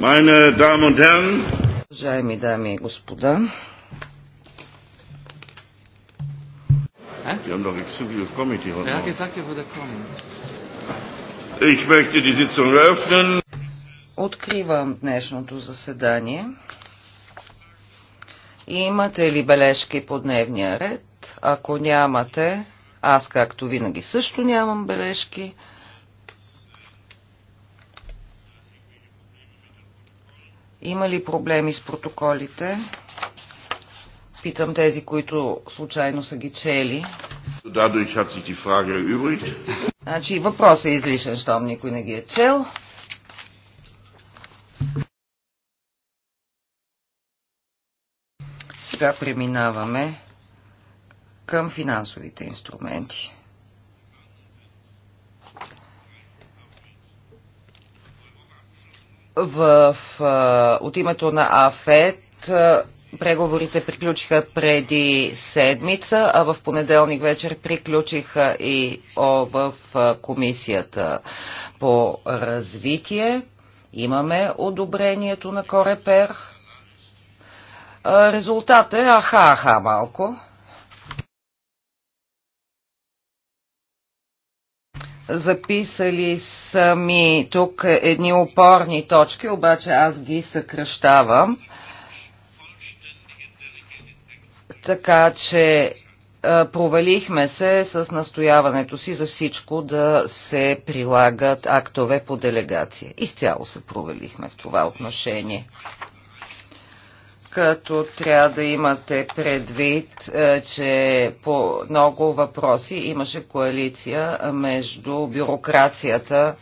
Meine Damen und Herren, Уважаеми дами и господа, haben doch heute. Er hat gesagt, er würde kommen. Ich möchte die Sitzung eröffnen. Откривам днешното заседание. Имате ли бележки по дневния ред? Ако нямате, аз както винаги също нямам бележки. Има ли проблеми с протоколите? Питам тези, които случайно са ги чели. Dadurch hat sich die Frage erübrigt. Значи въпросът е излишен, щом никой не ги е чел. Сега преминаваме към финансовите инструменти. в, от името на АФЕД преговорите приключиха преди седмица, а в понеделник вечер приключиха и в комисията по развитие. Имаме одобрението на Корепер. Резултат е аха-аха малко. Записали са ми тук едни опорни точки, обаче аз ги съкръщавам. Така че провалихме се с настояването си за всичко да се прилагат актове по делегация. Изцяло се провалихме в това отношение като трябва да имате предвид, е, че по много въпроси имаше коалиция между бюрокрацията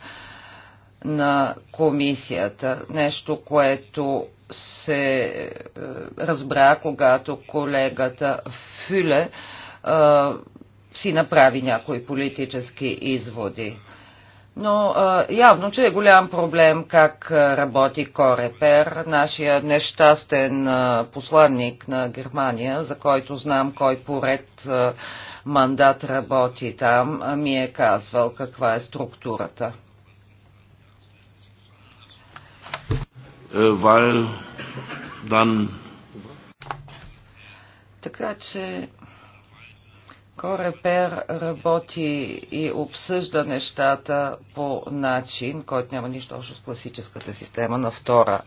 на комисията. Нещо, което се е, разбра, когато колегата Фюле е, си направи някои политически изводи. Но а, явно, че е голям проблем как работи Корепер, нашия нещастен а, посланник на Германия, за който знам кой поред а, мандат работи там, а ми е казвал каква е структурата. Е, така че Корепер работи и обсъжда нещата по начин, който няма нищо общо с класическата система на втора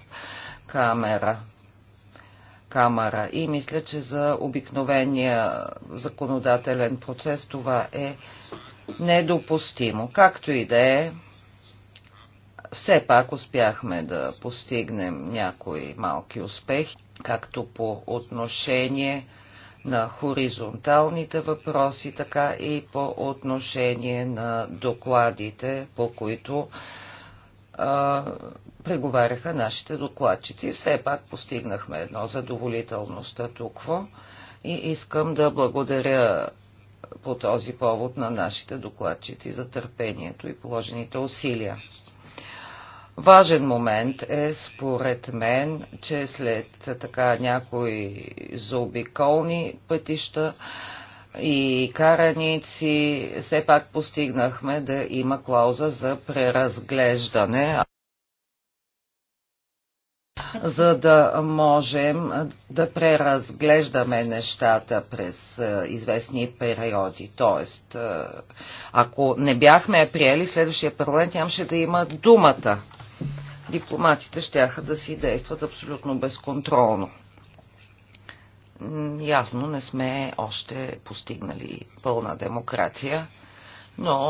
камера. Камера. И мисля, че за обикновения законодателен процес това е недопустимо. Както и да е, все пак успяхме да постигнем някои малки успехи, както по отношение на хоризонталните въпроси, така и по отношение на докладите, по които а, преговаряха нашите докладчици. Все пак постигнахме едно задоволително статукво и искам да благодаря по този повод на нашите докладчици за търпението и положените усилия. Важен момент е, според мен, че след така някои заобиколни пътища и караници, все пак постигнахме да има клауза за преразглеждане за да можем да преразглеждаме нещата през известни периоди. Тоест, ако не бяхме я приели, следващия парламент нямаше да има думата дипломатите щяха да си действат абсолютно безконтролно. Ясно не сме още постигнали пълна демокрация, но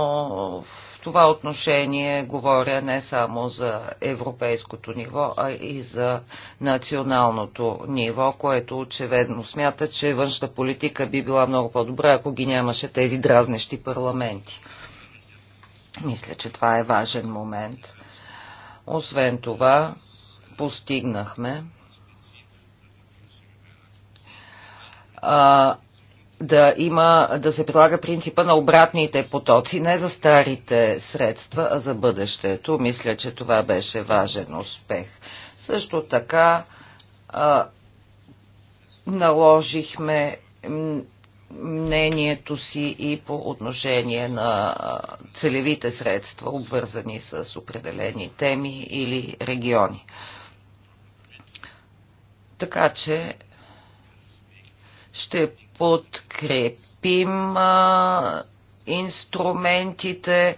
в това отношение говоря не само за европейското ниво, а и за националното ниво, което очевидно смята, че външна политика би била много по-добра, ако ги нямаше тези дразнещи парламенти. Мисля, че това е важен момент. Освен това, постигнахме а, да има, да се прилага принципа на обратните потоци, не за старите средства, а за бъдещето. Мисля, че това беше важен успех. Също така а, наложихме мнението си и по отношение на целевите средства, обвързани с определени теми или региони. Така че ще подкрепим инструментите,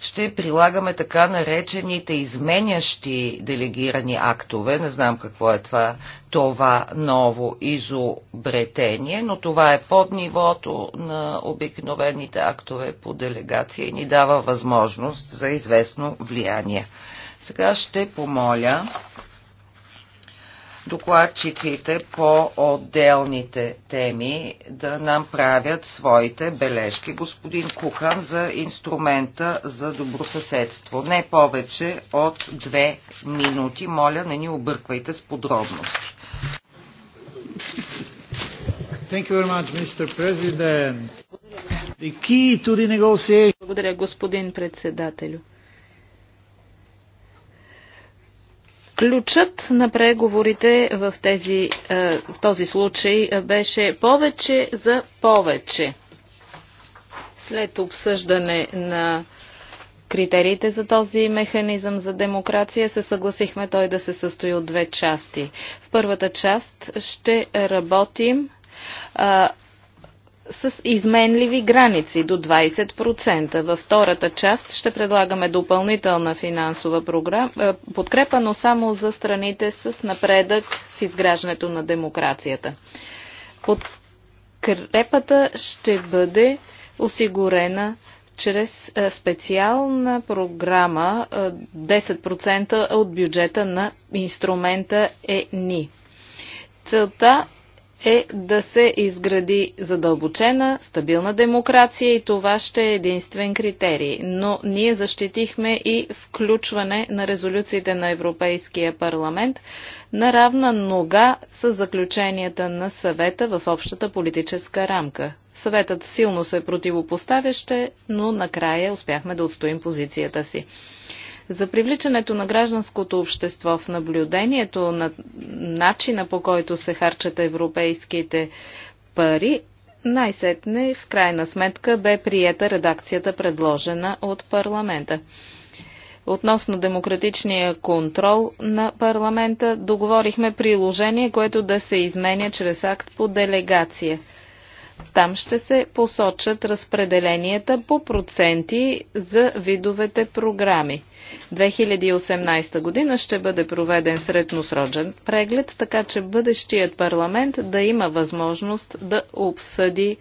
ще прилагаме така наречените изменящи делегирани актове. Не знам какво е това, това ново изобретение, но това е под нивото на обикновените актове по делегация и ни дава възможност за известно влияние. Сега ще помоля докладчиците по отделните теми да нам правят своите бележки. Господин Кухан за инструмента за добросъседство. Не повече от две минути. Моля, не ни обърквайте с подробности. Much, Благодаря, господин председателю. Ключът на преговорите в, тези, е, в този случай е, беше повече за повече. След обсъждане на Критериите за този механизъм за демокрация се съгласихме той да се състои от две части. В първата част ще работим е, с изменливи граници до 20%. Във втората част ще предлагаме допълнителна финансова програма, е, подкрепа, но само за страните с напредък в изграждането на демокрацията. Подкрепата ще бъде осигурена чрез е, специална програма 10% е, от бюджета на инструмента ЕНИ. Целта е да се изгради задълбочена, стабилна демокрация и това ще е единствен критерий. Но ние защитихме и включване на резолюциите на Европейския парламент на равна нога с заключенията на съвета в общата политическа рамка. Съветът силно се противопоставяще, но накрая успяхме да отстоим позицията си. За привличането на гражданското общество в наблюдението на начина по който се харчат европейските пари, най-сетне в крайна сметка бе приета редакцията предложена от парламента относно демократичния контрол на парламента, договорихме приложение, което да се изменя чрез акт по делегация. Там ще се посочат разпределенията по проценти за видовете програми. 2018 година ще бъде проведен средносрочен преглед, така че бъдещият парламент да има възможност да обсъди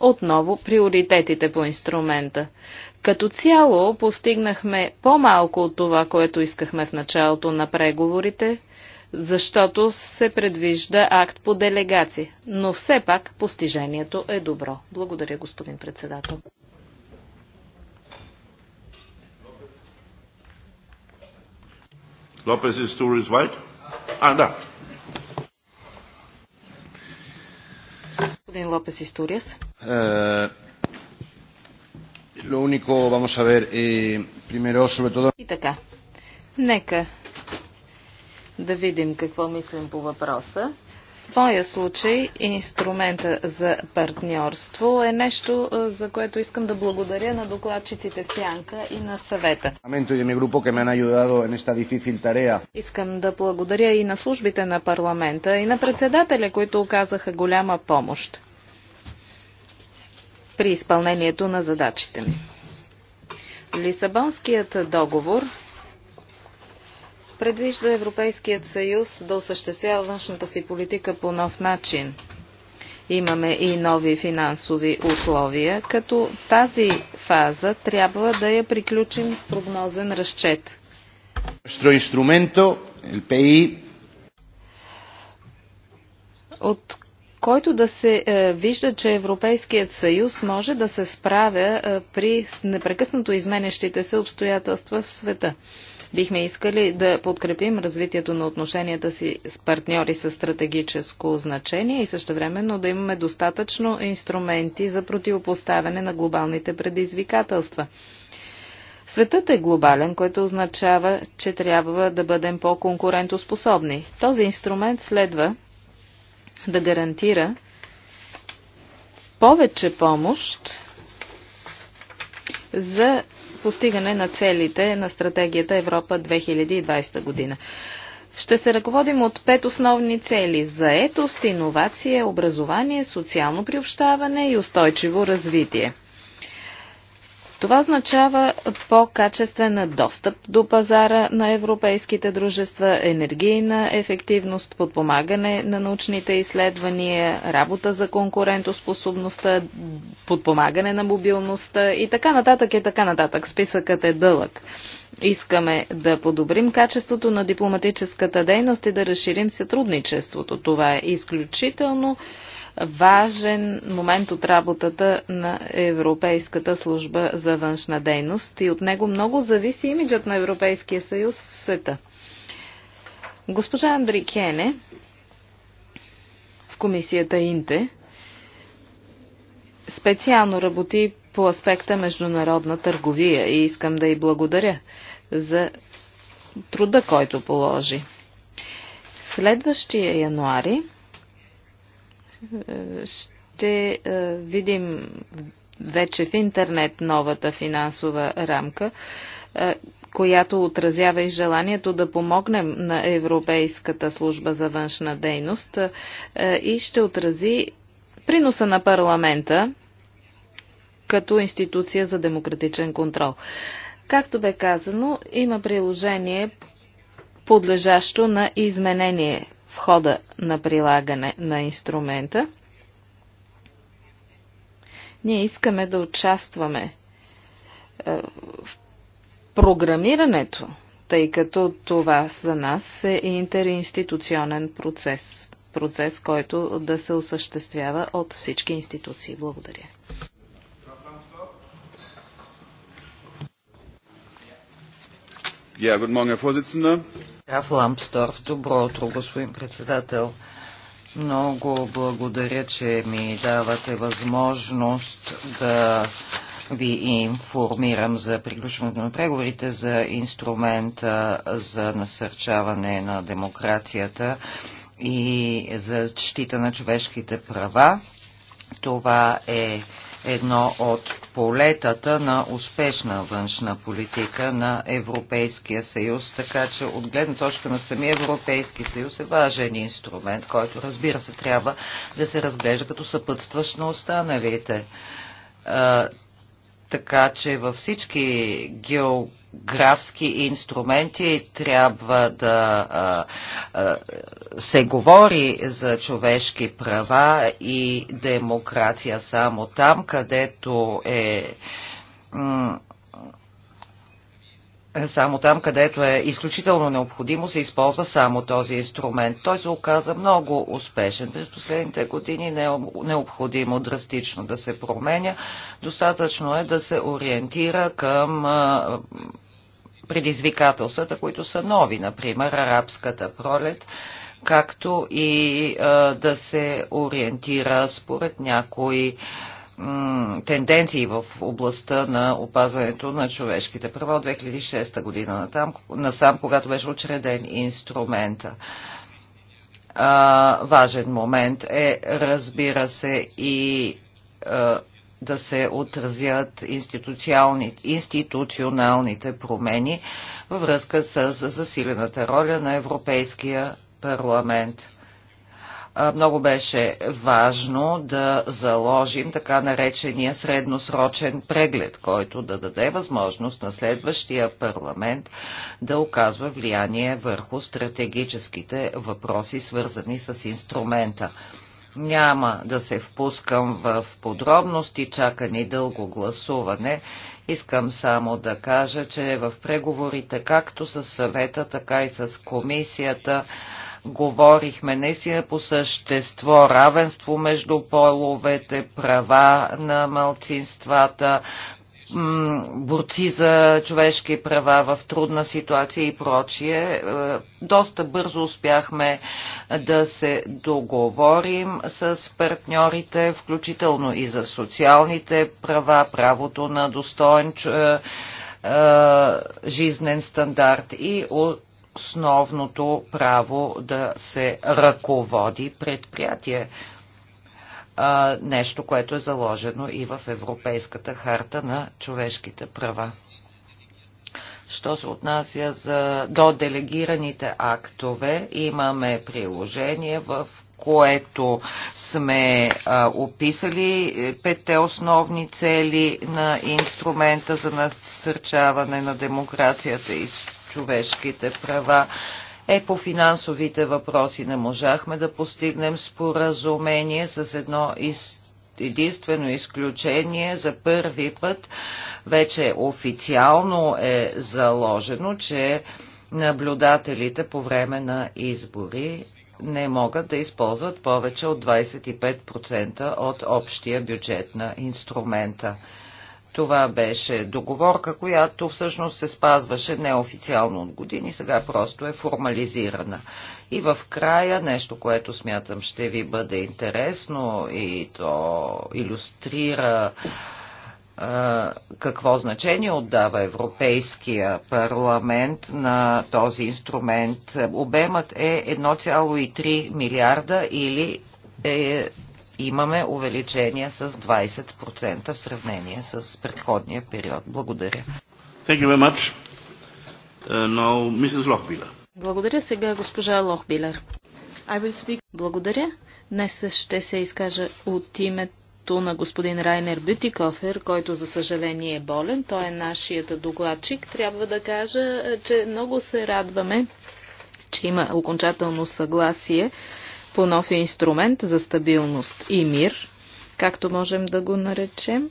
отново приоритетите по инструмента. Като цяло постигнахме по-малко от това, което искахме в началото на преговорите, защото се предвижда акт по делегация. Но все пак постижението е добро. Благодаря, господин председател. Lopez is too is right. А, да. Господин Лопес Историас. Е, lo único, vamos a ver, eh, primero, sobre todo... И така, нека да видим какво мислим по въпроса твоя случай инструмента за партньорство е нещо, за което искам да благодаря на докладчиците в Сянка и на съвета. Искам да благодаря и на службите на парламента и на председателя, които оказаха голяма помощ при изпълнението на задачите ми. Лисабонският договор предвижда Европейският съюз да осъществява външната си политика по нов начин. Имаме и нови финансови условия, като тази фаза трябва да я приключим с прогнозен разчет. От който да се е, вижда, че Европейският съюз може да се справя е, при непрекъснато изменещите се обстоятелства в света. Бихме искали да подкрепим развитието на отношенията си с партньори с стратегическо значение и същевременно да имаме достатъчно инструменти за противопоставяне на глобалните предизвикателства. Светът е глобален, което означава, че трябва да бъдем по-конкурентоспособни. Този инструмент следва да гарантира повече помощ за постигане на целите на стратегията Европа 2020 година. Ще се ръководим от пет основни цели – заетост, иновация, образование, социално приобщаване и устойчиво развитие – това означава по-качествена достъп до пазара на европейските дружества, енергийна ефективност, подпомагане на научните изследвания, работа за конкурентоспособността, подпомагане на мобилността и така нататък и така нататък. Списъкът е дълъг. Искаме да подобрим качеството на дипломатическата дейност и да разширим сътрудничеството. Това е изключително важен момент от работата на Европейската служба за външна дейност и от него много зависи имиджът на Европейския съюз в света. Госпожа Андри Кене в комисията Инте специално работи по аспекта международна търговия и искам да й благодаря за труда, който положи. Следващия януари ще е, видим вече в интернет новата финансова рамка, е, която отразява и желанието да помогнем на Европейската служба за външна дейност е, и ще отрази приноса на парламента като институция за демократичен контрол. Както бе казано, има приложение подлежащо на изменение в хода на прилагане на инструмента. Ние искаме да участваме е, в програмирането, тъй като това за нас е интеринституционен процес. Процес, който да се осъществява от всички институции. Благодаря. Ja, guten Morgen, Herr Vorsitzender. Граф Ламсторф, добро утро, господин председател. Много благодаря, че ми давате възможност да ви информирам за приключването на преговорите за инструмента за насърчаване на демокрацията и за защита на човешките права. Това е едно от полетата на успешна външна политика на Европейския съюз, така че от гледна точка на самия Европейски съюз е важен инструмент, който разбира се трябва да се разглежда като съпътстващ на останалите. А, така че във всички геополитики графски инструменти, трябва да а, а, се говори за човешки права и демокрация само там, където е само там, където е изключително необходимо, се използва само този инструмент. Той се оказа много успешен. През последните години не е необходимо драстично да се променя. Достатъчно е да се ориентира към предизвикателствата, които са нови, например арабската пролет, както и да се ориентира според някои тенденции в областта на опазването на човешките права от 2006 година натам, насам, когато беше учреден инструмента. А, важен момент е, разбира се, и а, да се отразят институционалните промени във връзка с засилената роля на Европейския парламент. Много беше важно да заложим така наречения средносрочен преглед, който да даде възможност на следващия парламент да оказва влияние върху стратегическите въпроси, свързани с инструмента. Няма да се впускам в подробности, чака ни дълго гласуване. Искам само да кажа, че в преговорите както с съвета, така и с комисията говорихме наистина по същество равенство между половете, права на малцинствата, борци за човешки права в трудна ситуация и прочие. Е, доста бързо успяхме да се договорим с партньорите, включително и за социалните права, правото на достоен е, е, жизнен стандарт и основното право да се ръководи предприятие а, нещо, което е заложено и в Европейската харта на човешките права. Що се отнася за, до делегираните актове, имаме приложение, в което сме а, описали петте основни цели на инструмента за насърчаване на демокрацията и човешките права. Е, по финансовите въпроси не можахме да постигнем споразумение с едно из единствено изключение за първи път вече официално е заложено, че наблюдателите по време на избори не могат да използват повече от 25% от общия бюджет на инструмента. Това беше договорка, която всъщност се спазваше неофициално от години, сега просто е формализирана. И в края нещо, което смятам ще ви бъде интересно и то иллюстрира какво значение отдава Европейския парламент на този инструмент. Обемът е 1,3 милиарда или е имаме увеличение с 20% в сравнение с предходния период. Благодаря. Thank you very much. Uh, now, Mrs. Lochbiller. Благодаря сега госпожа Лохбилер. I will speak. Благодаря. Днес ще се изкажа от името на господин Райнер Бютикофер, който за съжаление е болен. Той е нашият докладчик. Трябва да кажа, че много се радваме, че има окончателно съгласие по нов инструмент за стабилност и мир, както можем да го наречем.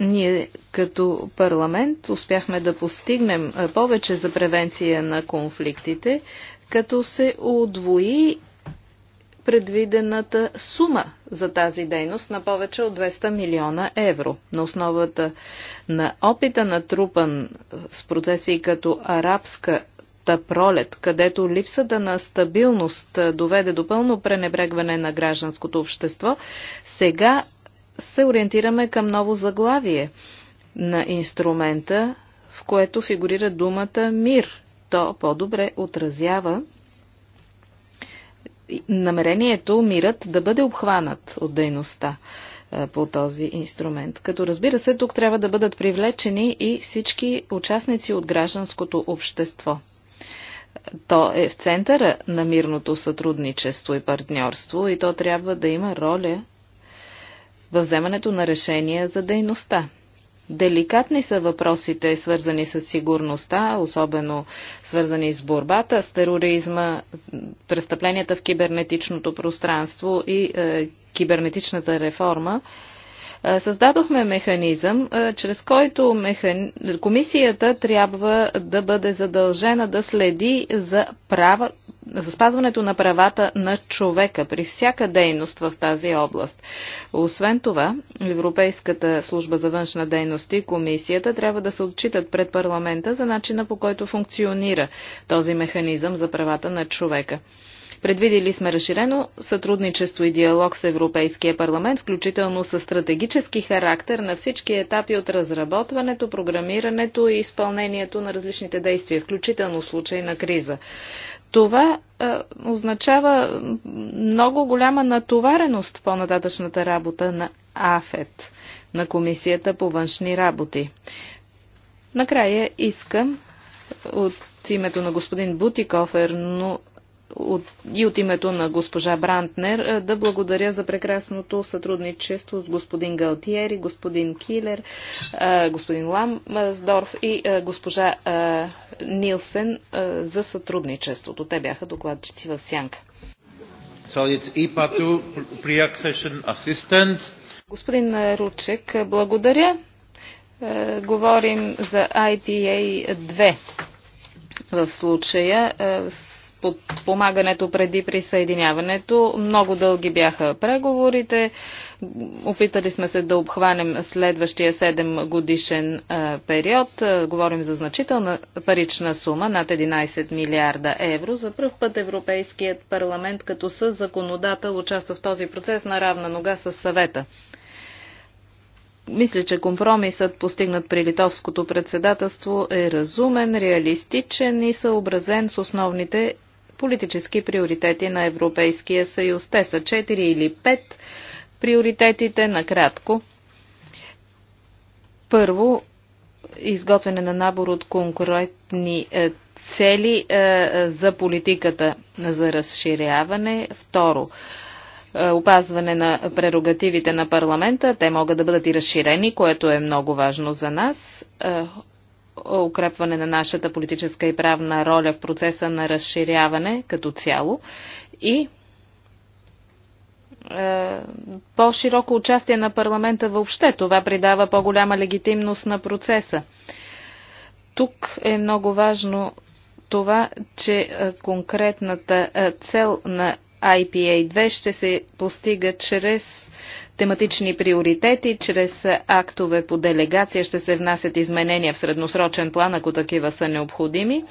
Ние като парламент успяхме да постигнем повече за превенция на конфликтите, като се удвои предвидената сума за тази дейност на повече от 200 милиона евро. На основата на опита на трупан с процеси като арабска арабската пролет, където липсата на стабилност доведе до пълно пренебрегване на гражданското общество, сега се ориентираме към ново заглавие на инструмента, в което фигурира думата мир. То по-добре отразява намерението мирът да бъде обхванат от дейността по този инструмент. Като разбира се, тук трябва да бъдат привлечени и всички участници от гражданското общество. То е в центъра на мирното сътрудничество и партньорство и то трябва да има роля в вземането на решения за дейността. Деликатни са въпросите, свързани с сигурността, особено свързани с борбата с тероризма, престъпленията в кибернетичното пространство и е, кибернетичната реформа. Създадохме механизъм, чрез който механи... комисията трябва да бъде задължена да следи за, права... за спазването на правата на човека при всяка дейност в тази област. Освен това, Европейската служба за външна дейност и комисията трябва да се отчитат пред парламента за начина по който функционира този механизъм за правата на човека. Предвидили сме разширено сътрудничество и диалог с Европейския парламент, включително с стратегически характер на всички етапи от разработването, програмирането и изпълнението на различните действия, включително в случай на криза. Това е, означава много голяма натовареност в по-нататъчната работа на АФЕТ, на Комисията по външни работи. Накрая искам от името на господин Бутиков, но от, и от името на госпожа Брантнер да благодаря за прекрасното сътрудничество с господин Галтиери, господин Килер, господин Ламсдорф и госпожа Нилсен за сътрудничеството. Те бяха докладчици в Сянка. So it's pre-accession assistance. Господин Ручек, благодаря. Говорим за IPA 2 в случая. С подпомагането преди присъединяването. Много дълги бяха преговорите. Опитали сме се да обхванем следващия 7 годишен период. Говорим за значителна парична сума над 11 милиарда евро. За първ път Европейският парламент като със законодател участва в този процес на равна нога с съвета. Мисля, че компромисът, постигнат при литовското председателство, е разумен, реалистичен и съобразен с основните политически приоритети на Европейския съюз. Те са 4 или 5 приоритетите, накратко. Първо, изготвяне на набор от конкурентни е, цели е, за политиката за разширяване. Второ, е, опазване на прерогативите на парламента. Те могат да бъдат и разширени, което е много важно за нас укрепване на нашата политическа и правна роля в процеса на разширяване като цяло и е, по-широко участие на парламента въобще. Това придава по-голяма легитимност на процеса. Тук е много важно това, че е, конкретната е, цел на IPA-2 ще се постига чрез тематични приоритети. Чрез актове по делегация ще се внасят изменения в средносрочен план, ако такива са необходими.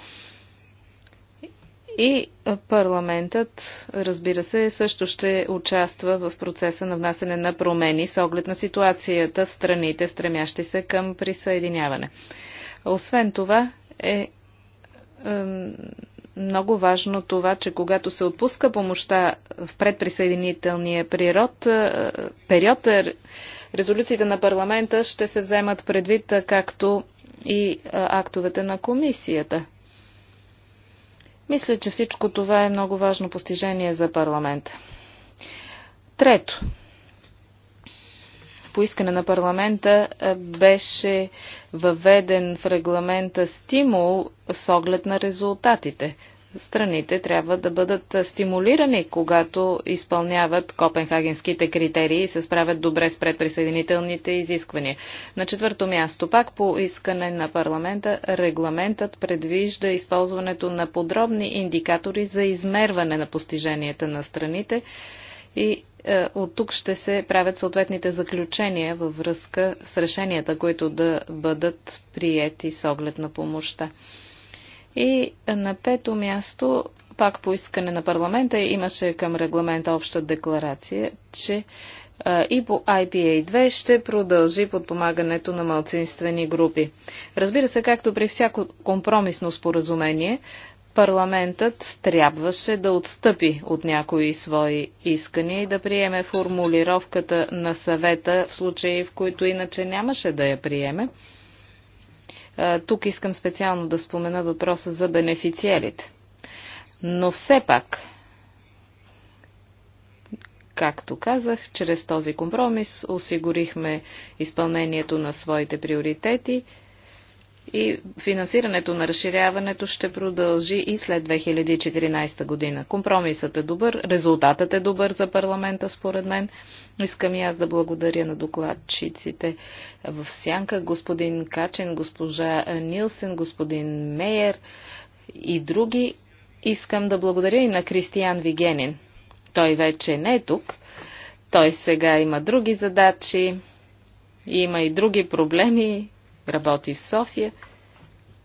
И парламентът, разбира се, също ще участва в процеса на внасене на промени с оглед на ситуацията в страните, стремящи се към присъединяване. Освен това е, е много важно това, че когато се отпуска помощта в предприсъединителния природ, период, е, е, резолюциите на парламента ще се вземат предвид, е, както и актовете на комисията. Мисля, че всичко това е много важно постижение за парламента. Трето, по искане на парламента е, беше въведен в регламента стимул с оглед на резултатите. Страните трябва да бъдат стимулирани, когато изпълняват копенхагенските критерии и се справят добре с предприсъединителните изисквания. На четвърто място, пак по искане на парламента, регламентът предвижда използването на подробни индикатори за измерване на постиженията на страните и е, от тук ще се правят съответните заключения във връзка с решенията, които да бъдат приети с оглед на помощта. И на пето място, пак по искане на парламента, имаше към регламента обща декларация, че е, и по IPA2 ще продължи подпомагането на малцинствени групи. Разбира се, както при всяко компромисно споразумение, парламентът трябваше да отстъпи от някои свои искания и да приеме формулировката на съвета в случаи, в които иначе нямаше да я приеме. Тук искам специално да спомена въпроса за бенефициерите. Но все пак, както казах, чрез този компромис осигурихме изпълнението на своите приоритети – и финансирането на разширяването ще продължи и след 2014 година. Компромисът е добър, резултатът е добър за парламента, според мен. Искам и аз да благодаря на докладчиците в Сянка, господин Качен, госпожа Нилсен, господин Мейер и други. Искам да благодаря и на Кристиян Вигенин. Той вече не е тук. Той сега има други задачи, има и други проблеми, работи в София,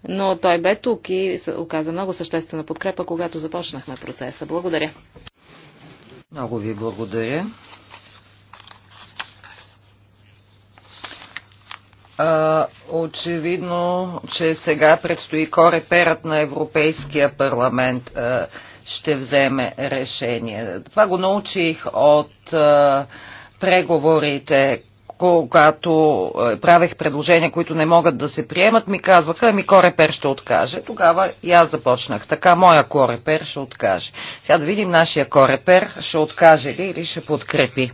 но той бе тук и оказа много съществена подкрепа, когато започнахме процеса. Благодаря. Много ви благодаря. А, очевидно, че сега предстои кореперът на Европейския парламент а, ще вземе решение. Това го научих от а, преговорите когато е, правех предложения, които не могат да се приемат, ми казваха, ами Корепер ще откаже. Тогава и аз започнах. Така, моя Корепер ще откаже. Сега да видим нашия Корепер ще откаже ли или ще подкрепи.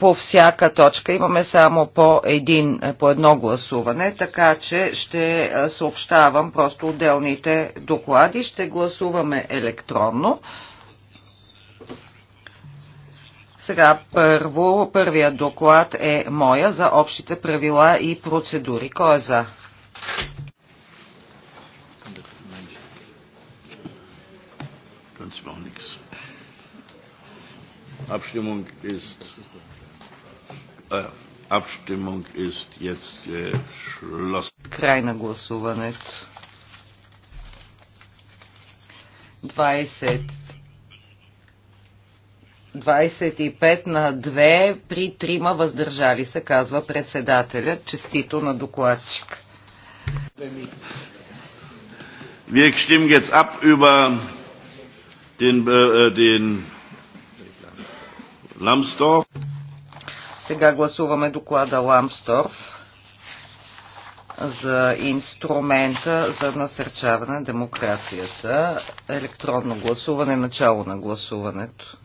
По всяка точка имаме само по, един, е, по едно гласуване, така че ще е, съобщавам просто отделните доклади. Ще гласуваме електронно. Сега първо, първият доклад е моя за общите правила и процедури. Кой е за? Äh, äh, Край на гласуването. 25 на 2 при 3 въздържали се, казва председателя. Честито на докладчик. Wir stimmen jetzt ab über den, äh, den Lambsdorff. Сега гласуваме доклада Ламсторф за инструмента за насърчаване на демокрацията. Електронно гласуване, начало на гласуването.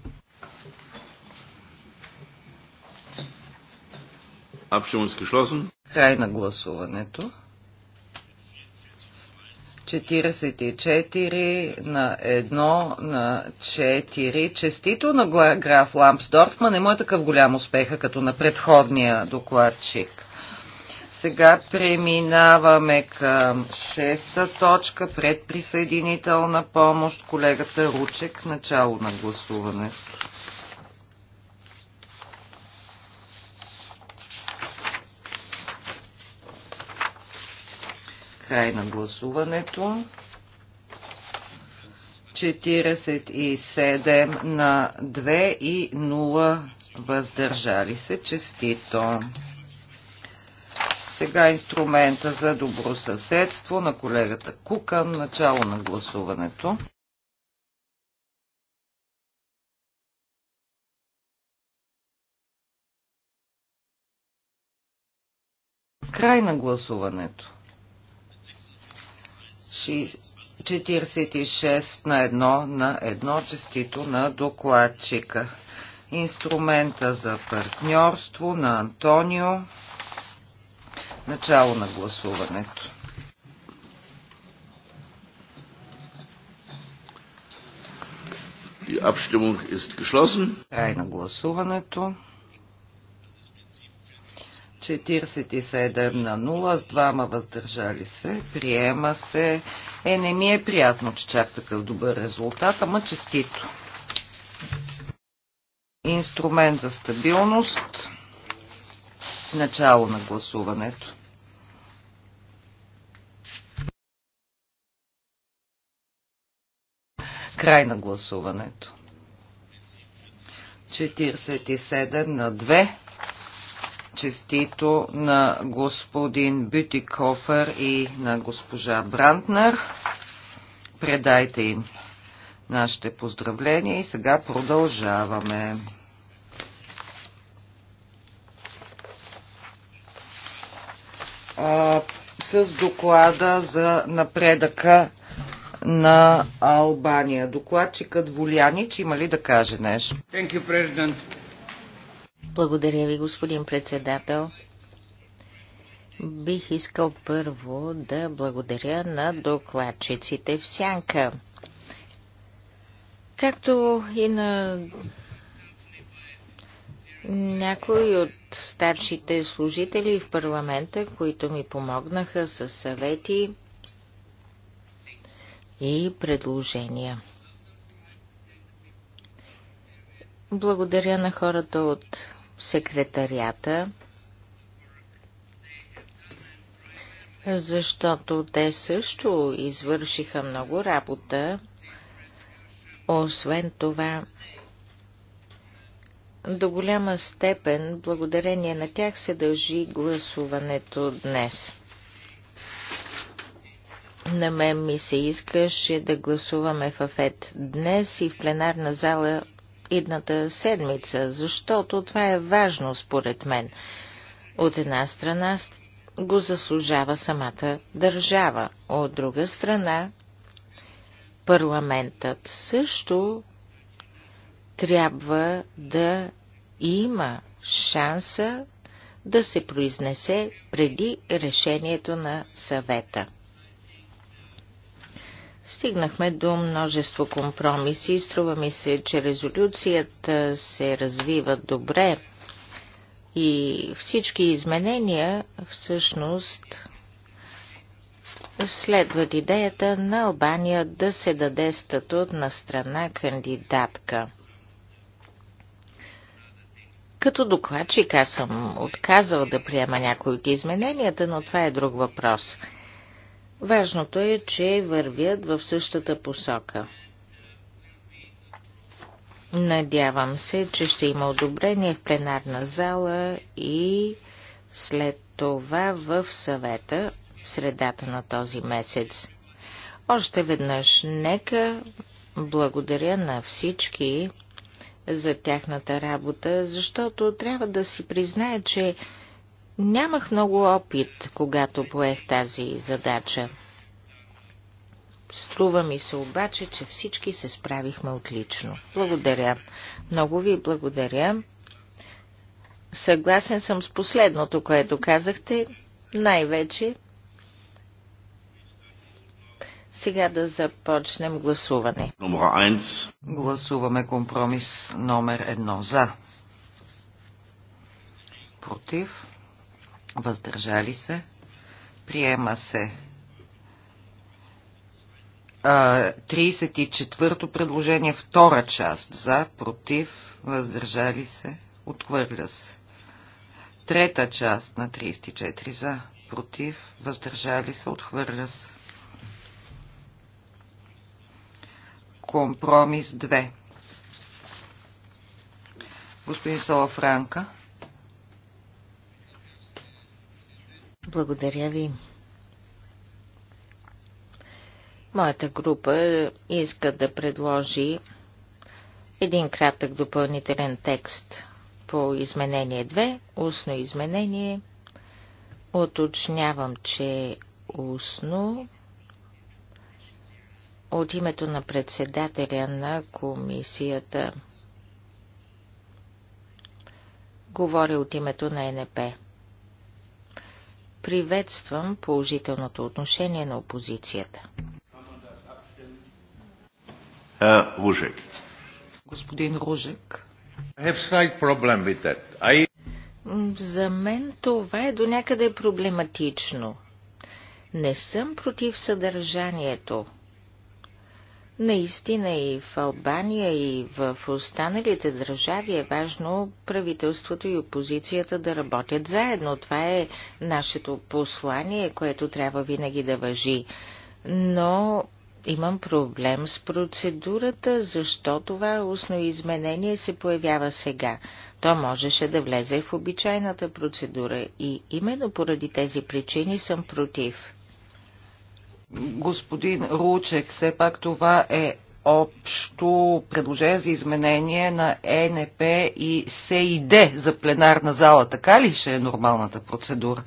Край на гласуването. 44 на 1 на 4. Честито на граф Лампсдорф, но не му е такъв голям успех, като на предходния докладчик. Сега преминаваме към шеста точка, предприсъединителна помощ, колегата Ручек, начало на гласуването. Край на гласуването. 47 на 2 и 0 въздържали се. Честито! Сега инструмента за добросъседство на колегата Кукан. Начало на гласуването. Край на гласуването. 46 на 1 на 1 честито на докладчика. Инструмента за партньорство на Антонио. Начало на гласуването. Die Abstimmung ist geschlossen. Край на гласуването. 47 на 0 с двама въздържали се. Приема се. Е, не ми е приятно, че чак такъв добър резултат, ама честито. Инструмент за стабилност. Начало на гласуването. Край на гласуването. 47 на 2 Честито на господин Бютикофер и на госпожа Брантнер. Предайте им нашите поздравления и сега продължаваме. А, с доклада за напредъка на Албания. Докладчикът Волянич има ли да каже нещо? Thank you, благодаря ви, господин председател. Бих искал първо да благодаря на докладчиците в Сянка, както и на някои от старшите служители в парламента, които ми помогнаха с съвети и предложения. Благодаря на хората от секретарията, защото те също извършиха много работа. Освен това, до голяма степен, благодарение на тях, се дължи гласуването днес. На мен ми се искаше да гласуваме в ЕФЕД днес и в пленарна зала идната седмица, защото това е важно според мен. От една страна го заслужава самата държава, от друга страна парламентът също трябва да има шанса да се произнесе преди решението на съвета. Стигнахме до множество компромиси. Струва ми се, че резолюцията се развива добре и всички изменения всъщност следват идеята на Албания да се даде статут на страна кандидатка. Като докладчик аз съм отказал да приема някои от измененията, но това е друг въпрос. Важното е, че вървят в същата посока. Надявам се, че ще има одобрение в пленарна зала и след това в съвета в средата на този месец. Още веднъж нека благодаря на всички за тяхната работа, защото трябва да си призная, че Нямах много опит, когато поех тази задача. Струва ми се обаче, че всички се справихме отлично. Благодаря. Много ви благодаря. Съгласен съм с последното, което казахте. Най-вече сега да започнем гласуване. Гласуваме компромис номер едно за. Против въздържали се, приема се. 34-то предложение, втора част, за, против, въздържали се, отхвърля се. Трета част на 34 за, против, въздържали се, отхвърля се. Компромис 2. Господин Салафранка. Франка. Благодаря ви. Моята група иска да предложи един кратък допълнителен текст по изменение 2, устно изменение. Оточнявам, че устно от името на председателя на комисията. Говоря от името на НП. Приветствам положителното отношение на опозицията. Ружек. Господин Ружек. За мен това е до някъде проблематично. Не съм против съдържанието, Наистина и в Албания, и в останалите държави е важно правителството и опозицията да работят заедно. Това е нашето послание, което трябва винаги да въжи. Но имам проблем с процедурата, защо това устно изменение се появява сега. То можеше да влезе в обичайната процедура и именно поради тези причини съм против. Господин Ручек, все пак това е общо предложение за изменение на ЕНП и СИД за пленарна зала. Така ли ще е нормалната процедура?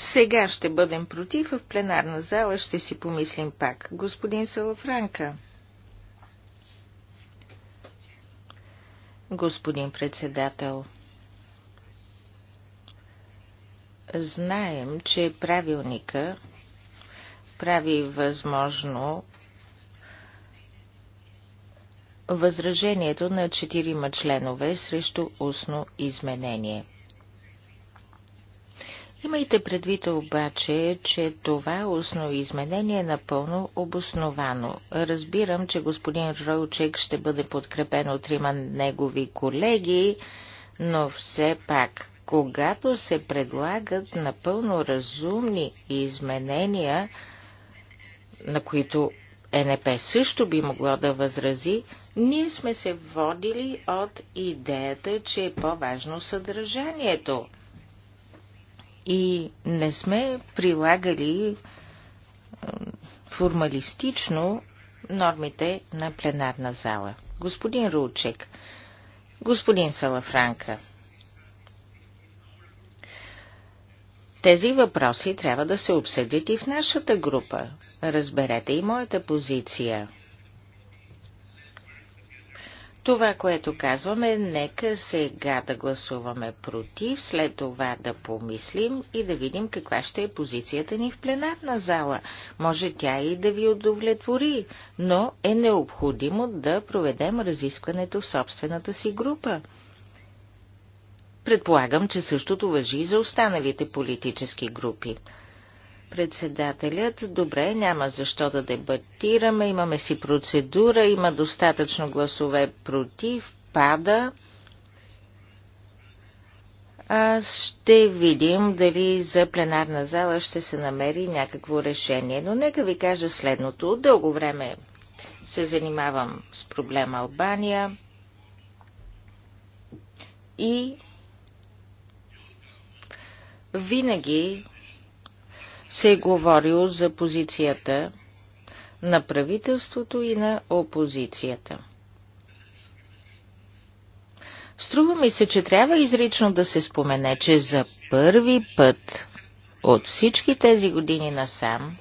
Сега ще бъдем против, в пленарна зала ще си помислим пак. Господин Салафранка. господин председател. Знаем, че правилника прави възможно възражението на четирима членове срещу устно изменение – Имайте предвид обаче, че това устно изменение е напълно обосновано. Разбирам, че господин Ролчек ще бъде подкрепен от трима негови колеги, но все пак, когато се предлагат напълно разумни изменения, на които ЕНП също би могло да възрази, ние сме се водили от идеята, че е по-важно съдържанието и не сме прилагали формалистично нормите на пленарна зала. Господин Ручек, господин Салафранка, тези въпроси трябва да се обсъдят и в нашата група. Разберете и моята позиция. Това, което казваме, нека сега да гласуваме против, след това да помислим и да видим каква ще е позицията ни в пленарна зала. Може тя и да ви удовлетвори, но е необходимо да проведем разискването в собствената си група. Предполагам, че същото въжи и за останалите политически групи. Председателят, добре, няма защо да дебатираме, имаме си процедура, има достатъчно гласове против, пада. А ще видим дали за пленарна зала ще се намери някакво решение. Но нека ви кажа следното. Дълго време се занимавам с проблема Албания и винаги се е говорил за позицията на правителството и на опозицията. Струва ми се, че трябва изрично да се спомене, че за първи път от всички тези години насам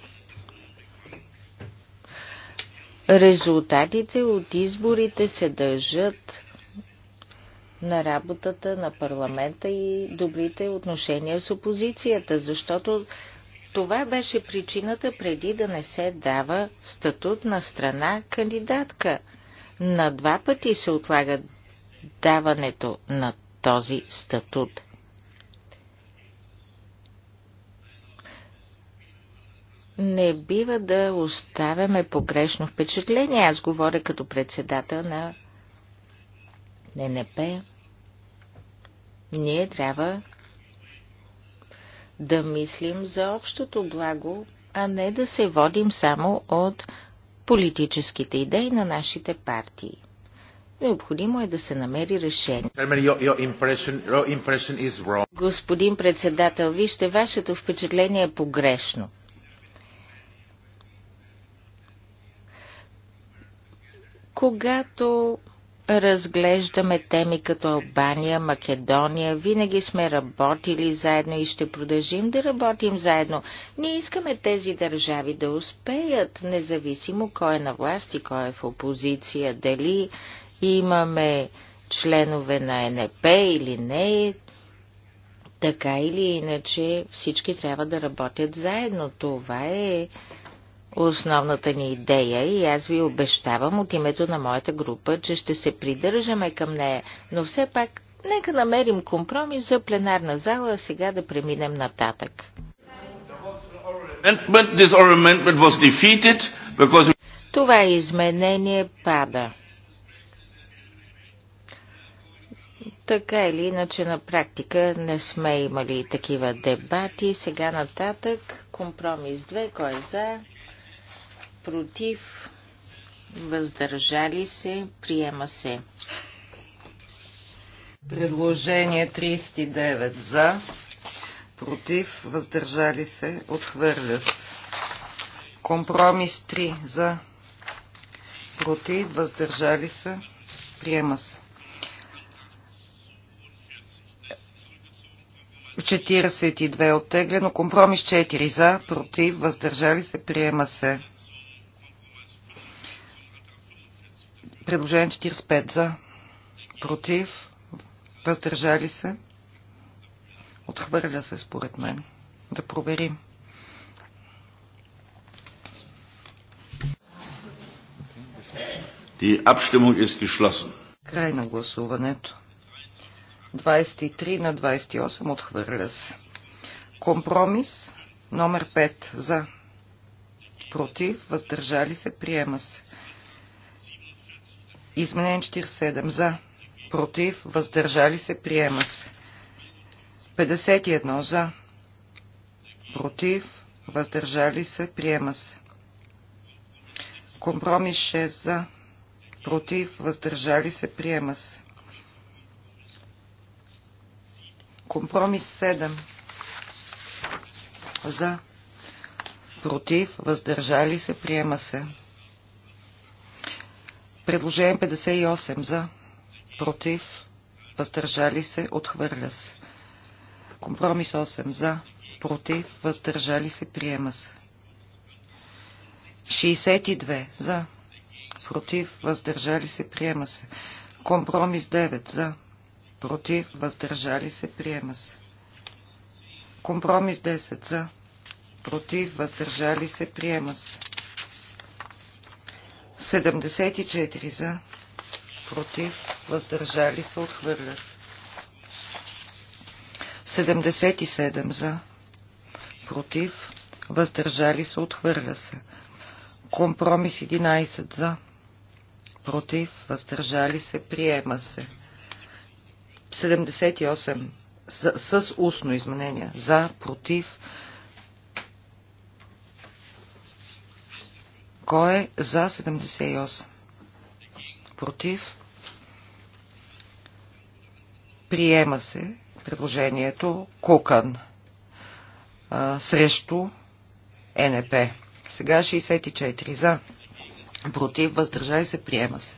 резултатите от изборите се дължат на работата на парламента и добрите отношения с опозицията, защото това беше причината преди да не се дава статут на страна кандидатка. На два пъти се отлага даването на този статут. Не бива да оставяме погрешно впечатление. Аз говоря като председател на ННП. Ние трябва да мислим за общото благо, а не да се водим само от политическите идеи на нашите партии. Необходимо е да се намери решение. Господин председател, вижте, вашето впечатление е погрешно. Когато разглеждаме теми като Албания, Македония. Винаги сме работили заедно и ще продължим да работим заедно. Ние искаме тези държави да успеят, независимо кой е на власт и кой е в опозиция, дали имаме членове на НП или не. Така или иначе всички трябва да работят заедно. Това е основната ни идея и аз ви обещавам от името на моята група, че ще се придържаме към нея, но все пак нека намерим компромис за пленарна зала, а сега да преминем нататък. Това изменение пада. Така или иначе на практика не сме имали такива дебати. Сега нататък компромис 2. Кой е за? против, въздържали се, приема се. Предложение 39 за, против, въздържали се, отхвърля се. Компромис 3 за, против, въздържали се, приема се. 42 е оттеглено, компромис 4 за, против, въздържали се, приема се. Предложение 45 за. Против. Въздържали се. Отхвърля се според мен. Да проверим. Die Abstimmung ist geschlossen. Край на гласуването. 23 на 28 отхвърля се. Компромис номер 5 за. Против, въздържали се, приема се. Изменение 47 за. Против. Въздържали се. Приема се. 51 за. Против. Въздържали се. Приема се. Компромис 6 за. Против. Въздържали се. Приема се. Компромис 7 за. Против. Въздържали се. Приема се. Предложение 58 за, против, въздържали се, отхвърля се. Компромис 8 за, против, въздържали се, приема се. 62 за, против, въздържали се, приема се. Компромис 9 за, против, въздържали се, приема се. Компромис 10 за, против, въздържали се, приема се. 74 за, против, въздържали се, отхвърля се. 77 за, против, въздържали се, отхвърля се. Компромис 11 за, против, въздържали се, приема се. 78 с, с устно изменение. За, против, Кой е за 78? Против? Приема се предложението Кукан а, срещу НП. Сега 64 за. Против, въздържали се, приема се.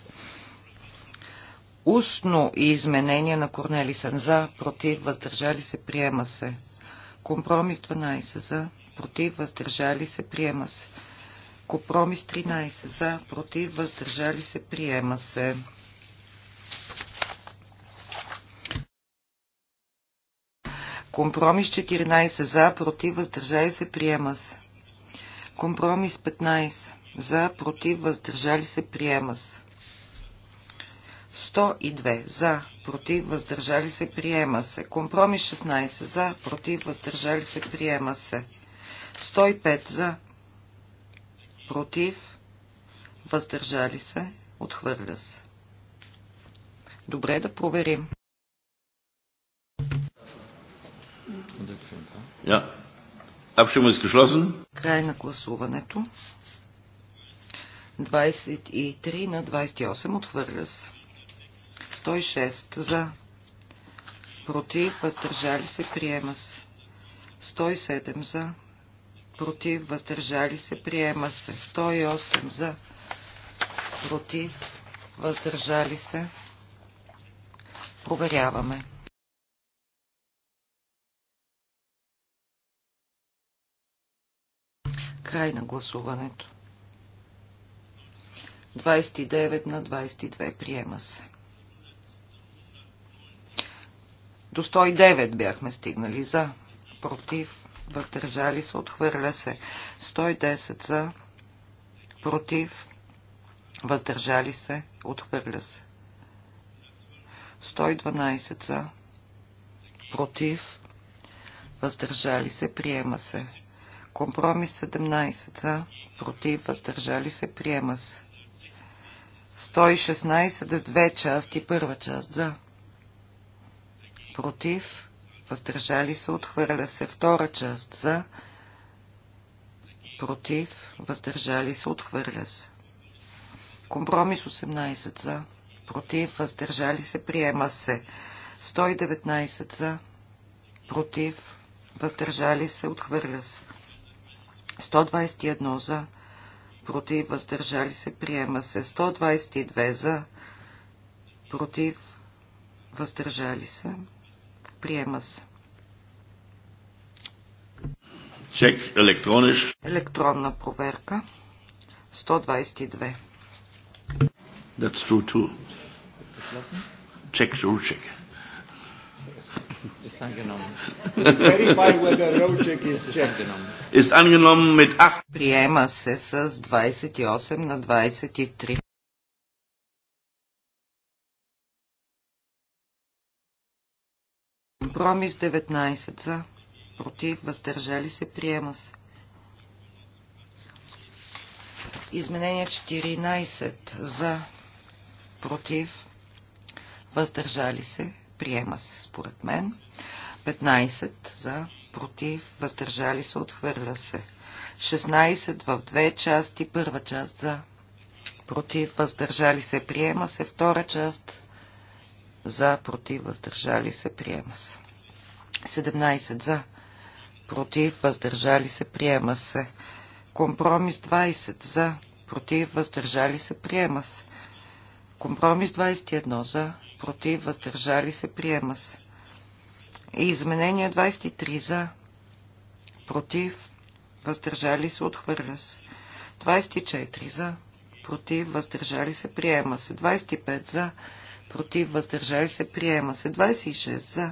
Устно изменение на Корнелисън за, против, въздържали се, приема се. Компромис 12 за, против, въздържали се, приема се. Компромис 13 за, против, въздържали се, приема се. Компромис 14 за, против, въздържали се, приема се. Компромис 15 за, против, въздържали се, приема се. 102 за, против, въздържали се, приема се. Компромис 16 за, против, въздържали се, приема се. 105 за, против, въздържали се, отхвърля се. Добре да проверим. Ja. Abstimmung ist geschlossen. Край на гласуването. 23 на 28 отхвърля се. 106 за. Против, въздържали се, приема се. 107 за против, въздържали се, приема се. 108 за, против, въздържали се. Проверяваме. Край на гласуването. 29 на 22 приема се. До 109 бяхме стигнали за, против, въздържали се, отхвърля се. 110 за, против, въздържали се, отхвърля се. 112 за, против, въздържали се, приема се. Компромис 17 за, против, въздържали се, приема се. 116 две части, първа част за, против, въздържали се, отхвърля се. Втора част за, против, въздържали се, отхвърля се. Компромис 18 за, против, въздържали се, приема се. 119 за, против, въздържали се, отхвърля се. 121 за, против, въздържали се, приема се. 122 за, против, въздържали се. Приема се. Чек електрониш. Електронна проверка. 122. That's true too. Check, sure, check. Ist angenommen. Verify whether road check is checked. Ist angenommen mit 8. Приема се с 28 на 23. Компромис 19 за, против, въздържали се, приема се. Изменение 14 за, против, въздържали се, приема се според мен. 15 за, против, въздържали се, отхвърля се. 16 в две части, първа част за, против, въздържали се, приема се, втора част за, против, въздържали се, приема се. 17 за, против, въздържали се, приема се. Компромис 20 за, против, въздържали се, приема се. Компромис 21 за, против, въздържали се, приема се. И изменение 23 за, против, въздържали се, отхвърля се. 24 за, против, въздържали се, приема се. 25 за, против, въздържали се, приема се. 26 за,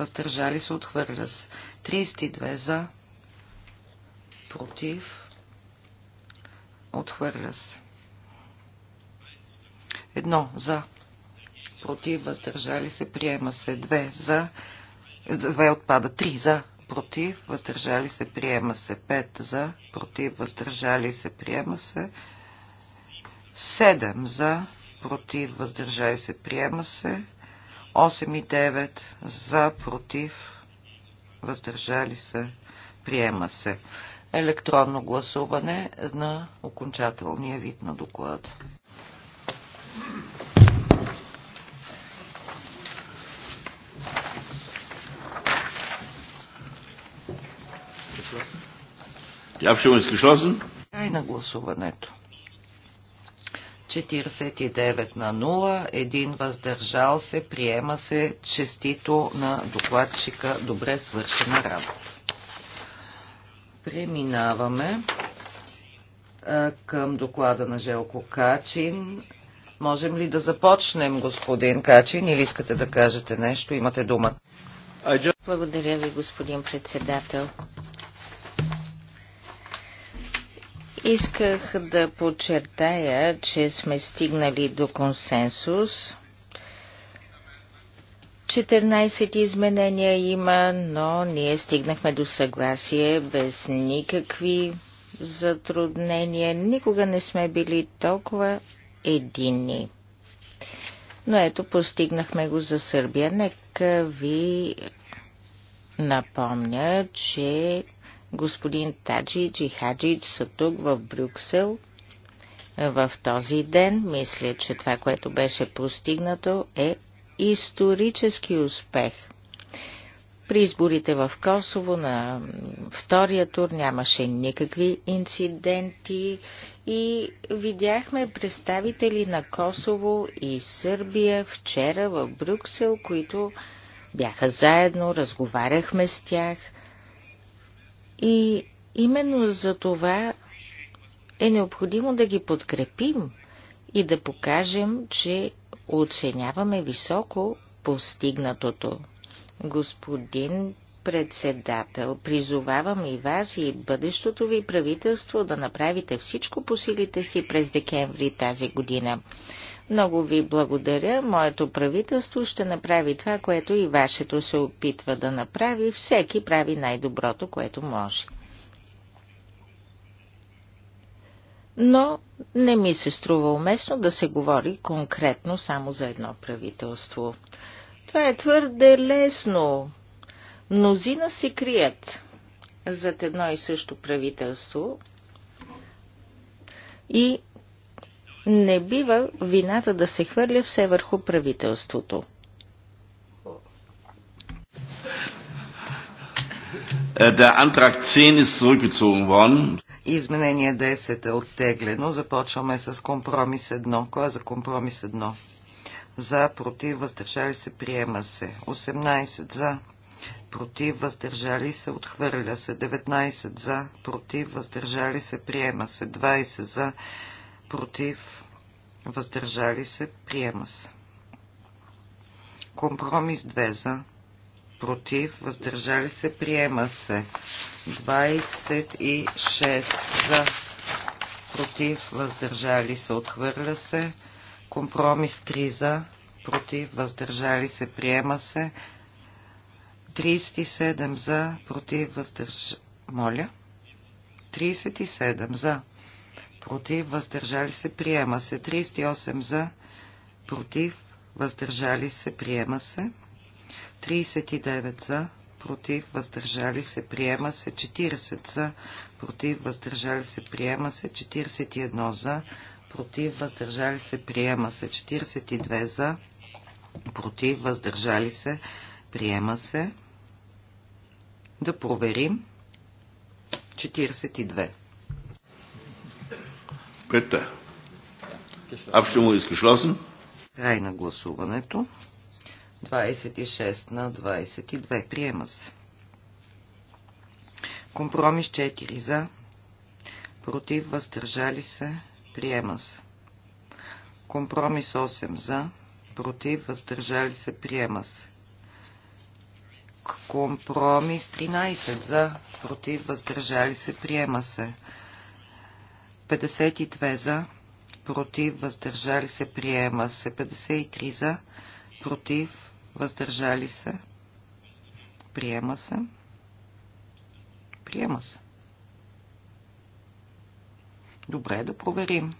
въздържали се, отхвърля се. 32 за, против, отхвърля се. Едно за, против, въздържали се, приема се. Две за, две отпада. Три за, против, въздържали се, приема се. Пет за, против, въздържали се, приема се. Седем за, против, въздържали се, приема се. 8 и 9 за, против, въздържали се, приема се. Електронно гласуване на окончателния вид на доклад. Я Abstimmung ist geschlossen. Край на гласуването. 49 на 0, един въздържал се, приема се честито на докладчика. Добре свършена работа. Преминаваме към доклада на Желко Качин. Можем ли да започнем, господин Качин, или искате да кажете нещо? Имате дума. Благодаря ви, господин председател. Исках да подчертая, че сме стигнали до консенсус. 14 изменения има, но ние стигнахме до съгласие без никакви затруднения. Никога не сме били толкова единни. Но ето, постигнахме го за Сърбия. Нека ви напомня, че господин Таджич и Хаджич са тук в Брюксел в този ден. Мисля, че това, което беше постигнато е исторически успех. При изборите в Косово на втория тур нямаше никакви инциденти и видяхме представители на Косово и Сърбия вчера в Брюксел, които бяха заедно, разговаряхме с тях – и именно за това е необходимо да ги подкрепим и да покажем, че оценяваме високо постигнатото. Господин председател, призовавам и вас и бъдещото ви правителство да направите всичко по силите си през декември тази година. Много ви благодаря. Моето правителство ще направи това, което и вашето се опитва да направи. Всеки прави най-доброто, което може. Но не ми се струва уместно да се говори конкретно само за едно правителство. Това е твърде лесно. Мнозина се крият зад едно и също правителство и не бива вината да се хвърля все върху правителството. Е, е Изменение 10 е оттеглено. Започваме с компромис 1. Кой е за компромис 1? За, против, въздържали се, приема се. 18 за, против, въздържали се, отхвърля се. 19 за, против, въздържали се, приема се. 20 за, против, въздържали се, приема се. Компромис 2 за, против, въздържали се, приема се. 26 за, против, въздържали се, отхвърля се. Компромис 3 за, против, въздържали се, приема се. 37 за, против, въздържали. Моля. 37 за, против, въздържали се, приема се. 38 за, против, въздържали се, приема се. 39 за, против, въздържали се, приема се. 40 за, против, въздържали се, приема се. 41 за, против, въздържали се, приема се. 42 за, против, въздържали се, приема се. Да проверим. 42. Bitte. Abstimmung ist Край на гласуването. 26 на 22. Приема се. Компромис 4 за. Против въздържали се. Приема се. Компромис 8 за. Против въздържали се. Приема се. Компромис 13 за. Против въздържали се. Приема се. 52 за, против, въздържали се, приема се. 53 за, против, въздържали се, приема се. Приема се. Добре, да проверим.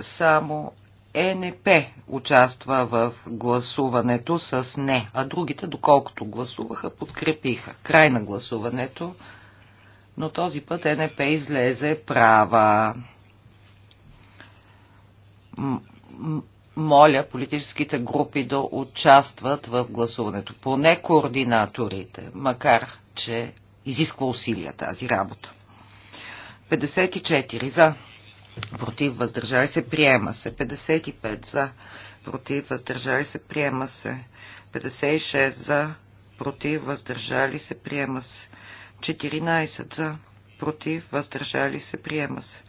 Само ЕНП участва в гласуването с не, а другите, доколкото гласуваха, подкрепиха. Край на гласуването но този път НП излезе права. Моля политическите групи да участват в гласуването, поне координаторите, макар че изисква усилия тази работа. 54 за, против въздържали се, приема се. 55 за, против въздържали се, приема се. 56 за, против въздържали се, приема се. 14 за, против, въздържали се, приема се.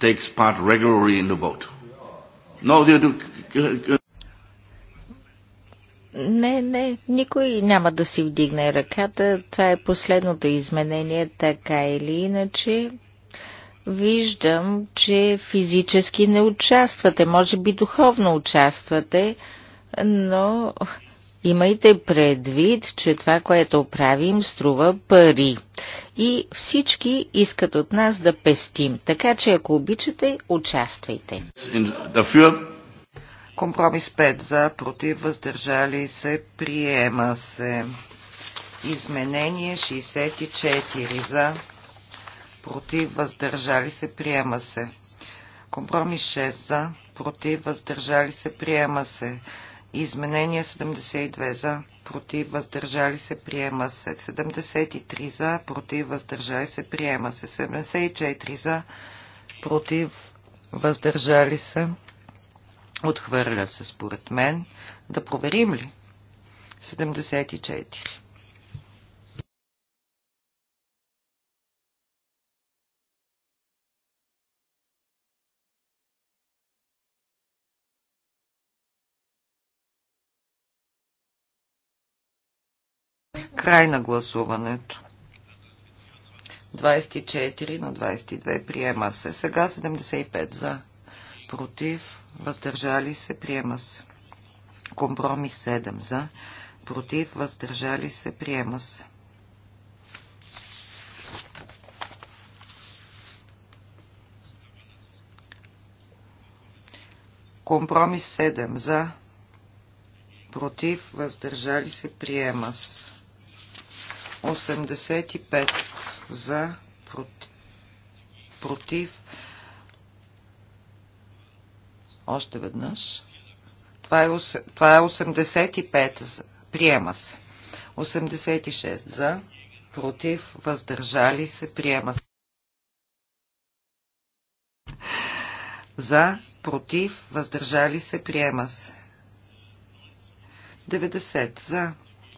Takes part regularly in the vote. No, they do. Не, не, никой няма да си вдигне ръката. Това е последното изменение, така или иначе. Виждам, че физически не участвате. Може би духовно участвате, но Имайте предвид, че това, което правим, струва пари. И всички искат от нас да пестим. Така че, ако обичате, участвайте. Компромис 5 за, против, въздържали се, приема се. Изменение 64 за, против, въздържали се, приема се. Компромис 6 за, против, въздържали се, приема се. Изменение 72 за, против, въздържали се, приема се. 73 за, против, въздържали се, приема се. 74 за, против, въздържали се, отхвърля се според мен. Да проверим ли? 74. Край на гласуването. 24 на 22 приема се. Сега 75 за. Против. Въздържали се. Приема се. Компромис 7 за. Против. Въздържали се. Приема се. Компромис 7 за. Против. Въздържали се. Приема се. 85 за, против. Още веднъж. Това е, това е 85. Приема се. 86 за, против, въздържали се, приема се. За, против, въздържали се, приема се. 90 за,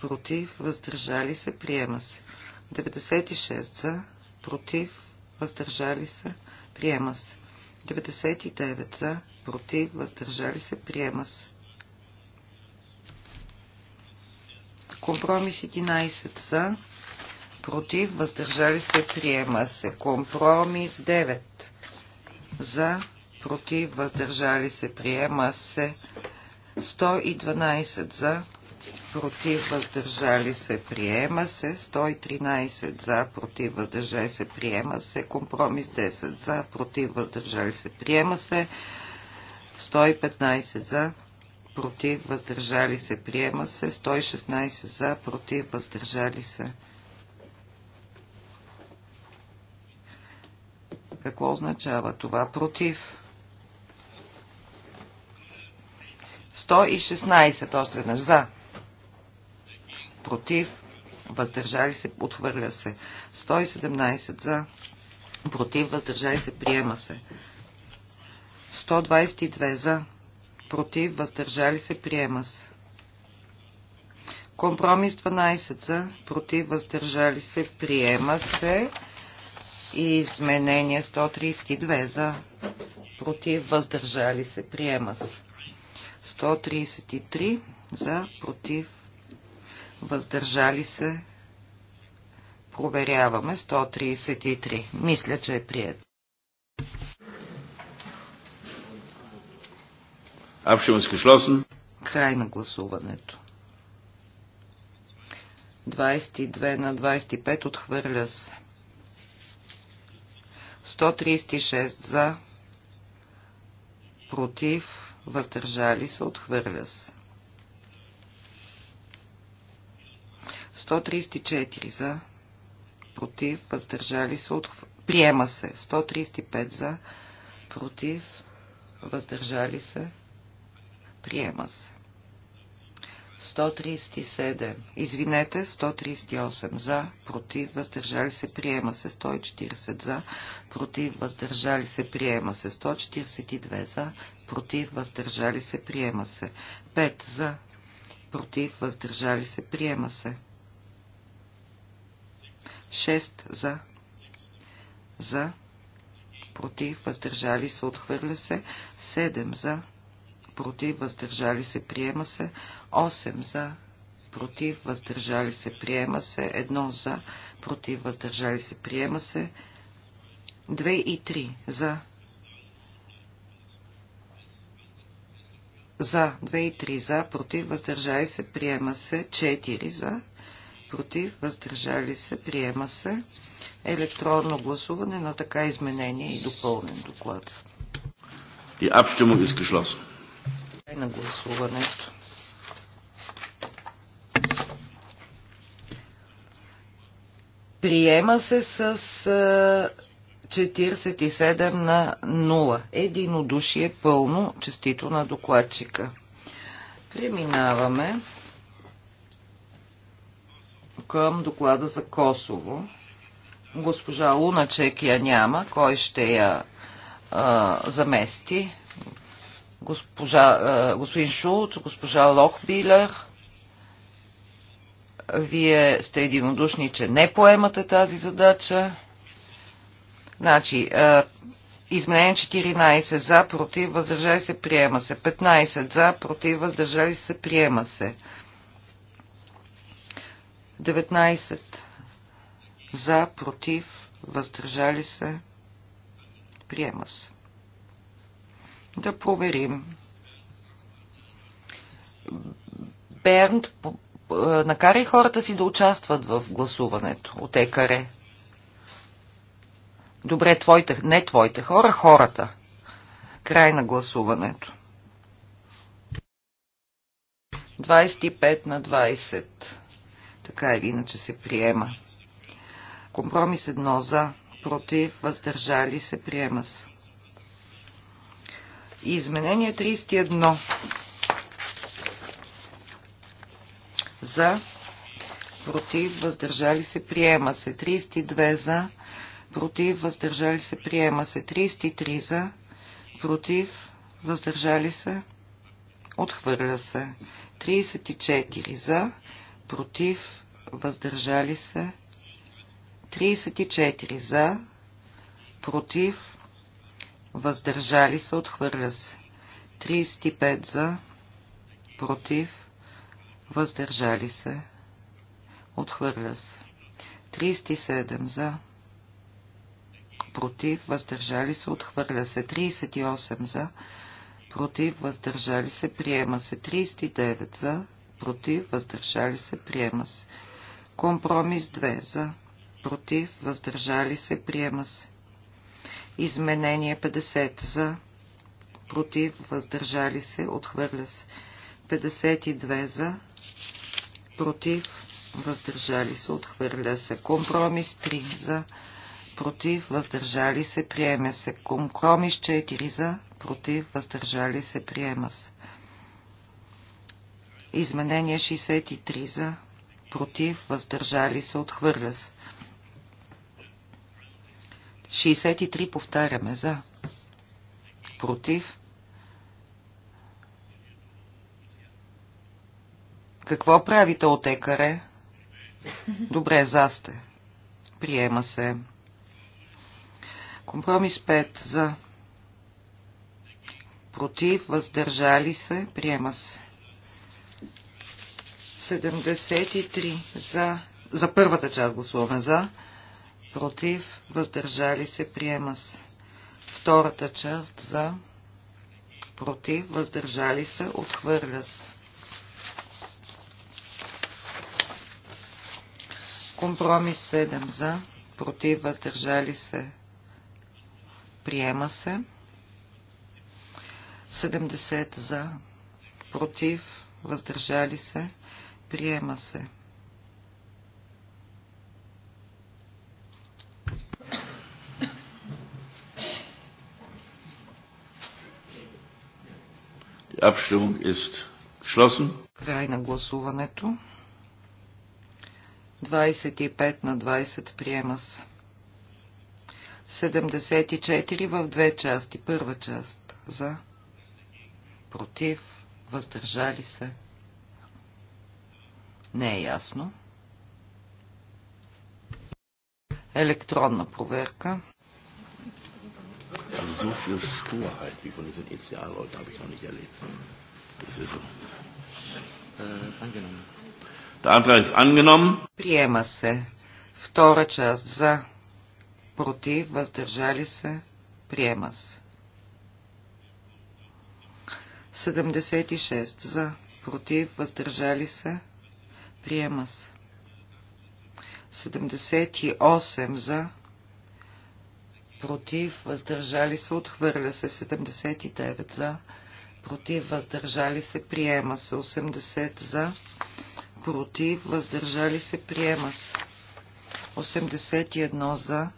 против, въздържали се, приема се. 96 за, против, въздържали се, приема се. 99 за, против, въздържали се, приема се. Компромис 11 за, против, въздържали се, приема се. Компромис 9 за, против, въздържали се, приема се. 112 за, против, въздържали се, приема се. 113 за, против, въздържали се, приема се. Компромис 10 за, против, въздържали се, приема се. 115 за, против, въздържали се, приема се. 116 за, против, въздържали се. Какво означава това? Против. 116 още веднъж за против, въздържали се, отхвърля се. 117 за, против, въздържали се, приема се. 122 за, против, въздържали се, приема се. Компромис 12 за, против, въздържали се, приема се. И изменение 132 за, против, въздържали се, приема се. 133 за, против, въздържали се, проверяваме 133. Мисля, че е прият. Край на гласуването. 22 на 25 отхвърля се. 136 за, против, въздържали се, отхвърля се. 134 за, против, въздържали се, отхвърля. Приема се. 135 за, против, въздържали се, приема се. 137. Извинете, 138 за, против, въздържали се, приема се, 140 за, против, въздържали се, приема се, 142 за, против, въздържали се, приема се, 5 за, против, въздържали се, приема се. 6 за. За. Против. Въздържали се. Отхвърля се. 7 за. Против. Въздържали се. Приема се. 8 за. Против. Въздържали се. Приема се. 1 за. Против. Въздържали се. Приема се. 2 и 3 за. За. 2 и 3 за. Против. Въздържали се. Приема се. 4 за против, въздържали се, приема се. Електронно гласуване на така изменение и допълнен доклад. И Abstimmung ist На гласуването. Приема се с 47 на 0. Единодушие пълно, честито на докладчика. Преминаваме към доклада за Косово. Госпожа Луначек я няма. Кой ще я а, замести? Госпожа, а, господин Шулц, госпожа Лохбилер. Вие сте единодушни, че не поемате тази задача. Значи, а, Изменение 14 за, против, въздържали се, приема се. 15 за, против, въздържали се, приема се. 19 за, против, въздържали се, приема се. Да проверим. Бернт е, накара и хората си да участват в гласуването от ЕКАРЕ. Добре, твоите, не твоите хора, хората. Край на гласуването. 25 на 20 така или иначе се приема. Компромис 1 за, против, въздържали се, приема се. изменение 31 за, против, въздържали се, приема се. 32 за, против, въздържали се, приема се. 33 за, против, въздържали се, отхвърля се. 34 за, против, въздържали се. 34 за, против, въздържали се, отхвърля се. 35 за, против, въздържали се, отхвърля се. 37 за, против, въздържали се, отхвърля се. 38 за, против, въздържали се, приема се. 39 за, против, въздържали се, приема се. Компромис 2 за, против, въздържали се, приема се. Изменение 50 за, против, въздържали се, отхвърля се. 52 за, против, въздържали се, отхвърля се. Компромис 3 за, против, въздържали се, приема се. Компромис 4 за, против, въздържали се, приема се. Изменение 63 за, против, въздържали се, отхвърля се. 63 повтаряме за, против. Какво правите от екаре? Добре, за сте. Приема се. Компромис 5 за. Против, въздържали се, приема се. 73 за, за първата част гласуваме за, против, въздържали се, приема се. Втората част за, против, въздържали се, отхвърля се. Компромис 7 за, против, въздържали се, приема се. 70 за, против, въздържали се, Приема се. Abstimmung ist geschlossen. Край на гласуването. 25 на 20 приема се. 74 в две части. Първа част за, против, въздържали се, не е ясно. Електронна проверка. Also so viel Sturheit wie von diesen ECA-Leuten habe ich noch nicht erlebt. Das ist so. Äh, angenommen. Der Antrag ist angenommen. Приема се. Втора част за. Против. Въздържали се. Приема се. 76 за. Против. Въздържали се. Приема с 78 за. Против. Въздържали се. Отхвърля се. 79 за. Против. Въздържали се. Приема се. 80 за. Против. Въздържали се. Приема се. 81 за.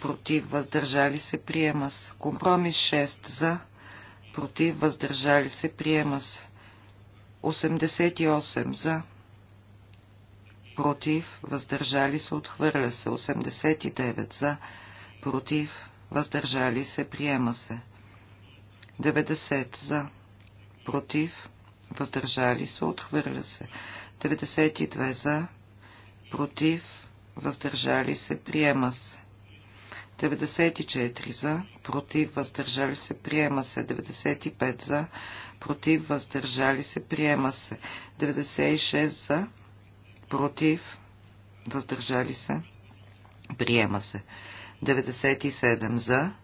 Против. Въздържали се. Приема с. Компромис 6 за. Против. Въздържали се. Приема се. 88 за против, въздържали се, отхвърля се. 89 за, против, въздържали се, приема се. 90 за, против, въздържали се, отхвърля се. 92 за, против, въздържали се, приема се. 94 за, против, въздържали се, приема се. 95 за, против, въздържали се, приема се. 96 за, против, въздържали се, приема се. 97 за,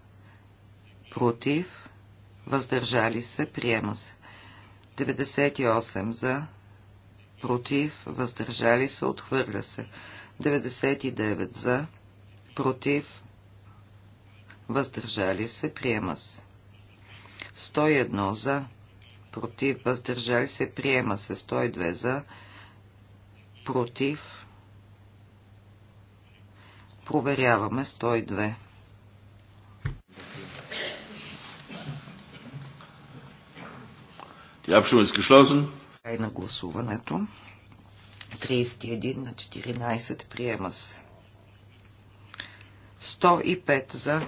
против, въздържали се, приема се. 98 за, против, въздържали се, отхвърля се. 99 за, против, въздържали се, приема се. 101 за, против, въздържали се, приема се. 102 за, против, против. Проверяваме 102. Die Abstimmung ist geschlossen. Край на гласуването. 31 на 14 приема се. 105 за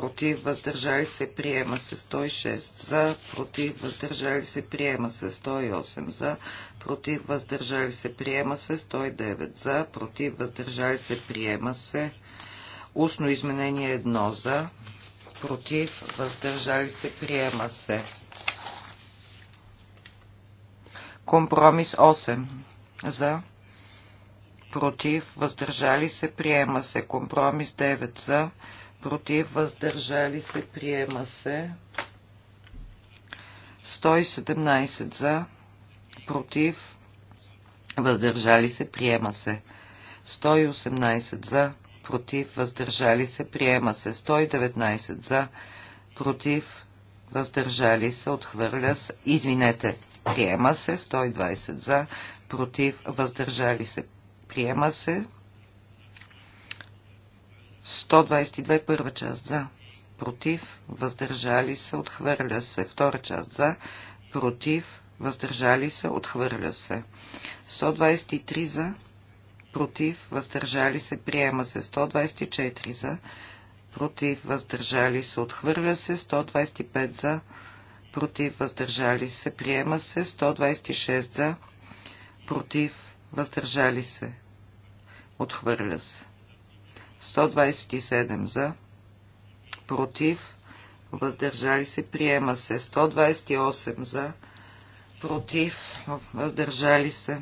против, въздържали се, приема се 106 за, против, въздържали се, приема се 108 за, против, въздържали се, приема се 109 за, против, въздържали се, приема се устно изменение 1 за, против, въздържали се, приема се. Компромис 8 за, против, въздържали се, приема се. Компромис 9 за, против, въздържали се, приема се. 117 за, против, въздържали се, приема се. 118 за, против, въздържали се, приема се. 119 за, против, въздържали се, отхвърля се, извинете, приема се, 120 за, против, въздържали се, приема се, 122 първа част за, против, въздържали се, отхвърля се. Втора част за, против, въздържали се, отхвърля се. 123 за, против, въздържали се, приема се. 124 за, против, въздържали се, отхвърля се. 125 за, против, въздържали се, приема се. 126 за, против, въздържали се, отхвърля се. 127 за, против, въздържали се, приема се. 128 за, против, въздържали се,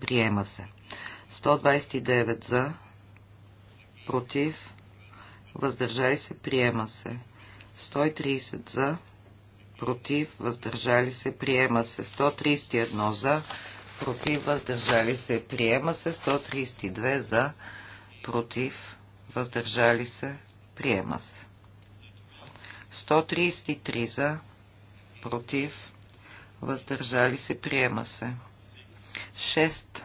приема се. 129 за, против, въздържали се, приема се. 130 за, против, въздържали се, приема се. 131 за, против, въздържали се, приема се. 132 за, против, против, въздържали се, приема се. 133 за, против, въздържали се, приема се. 6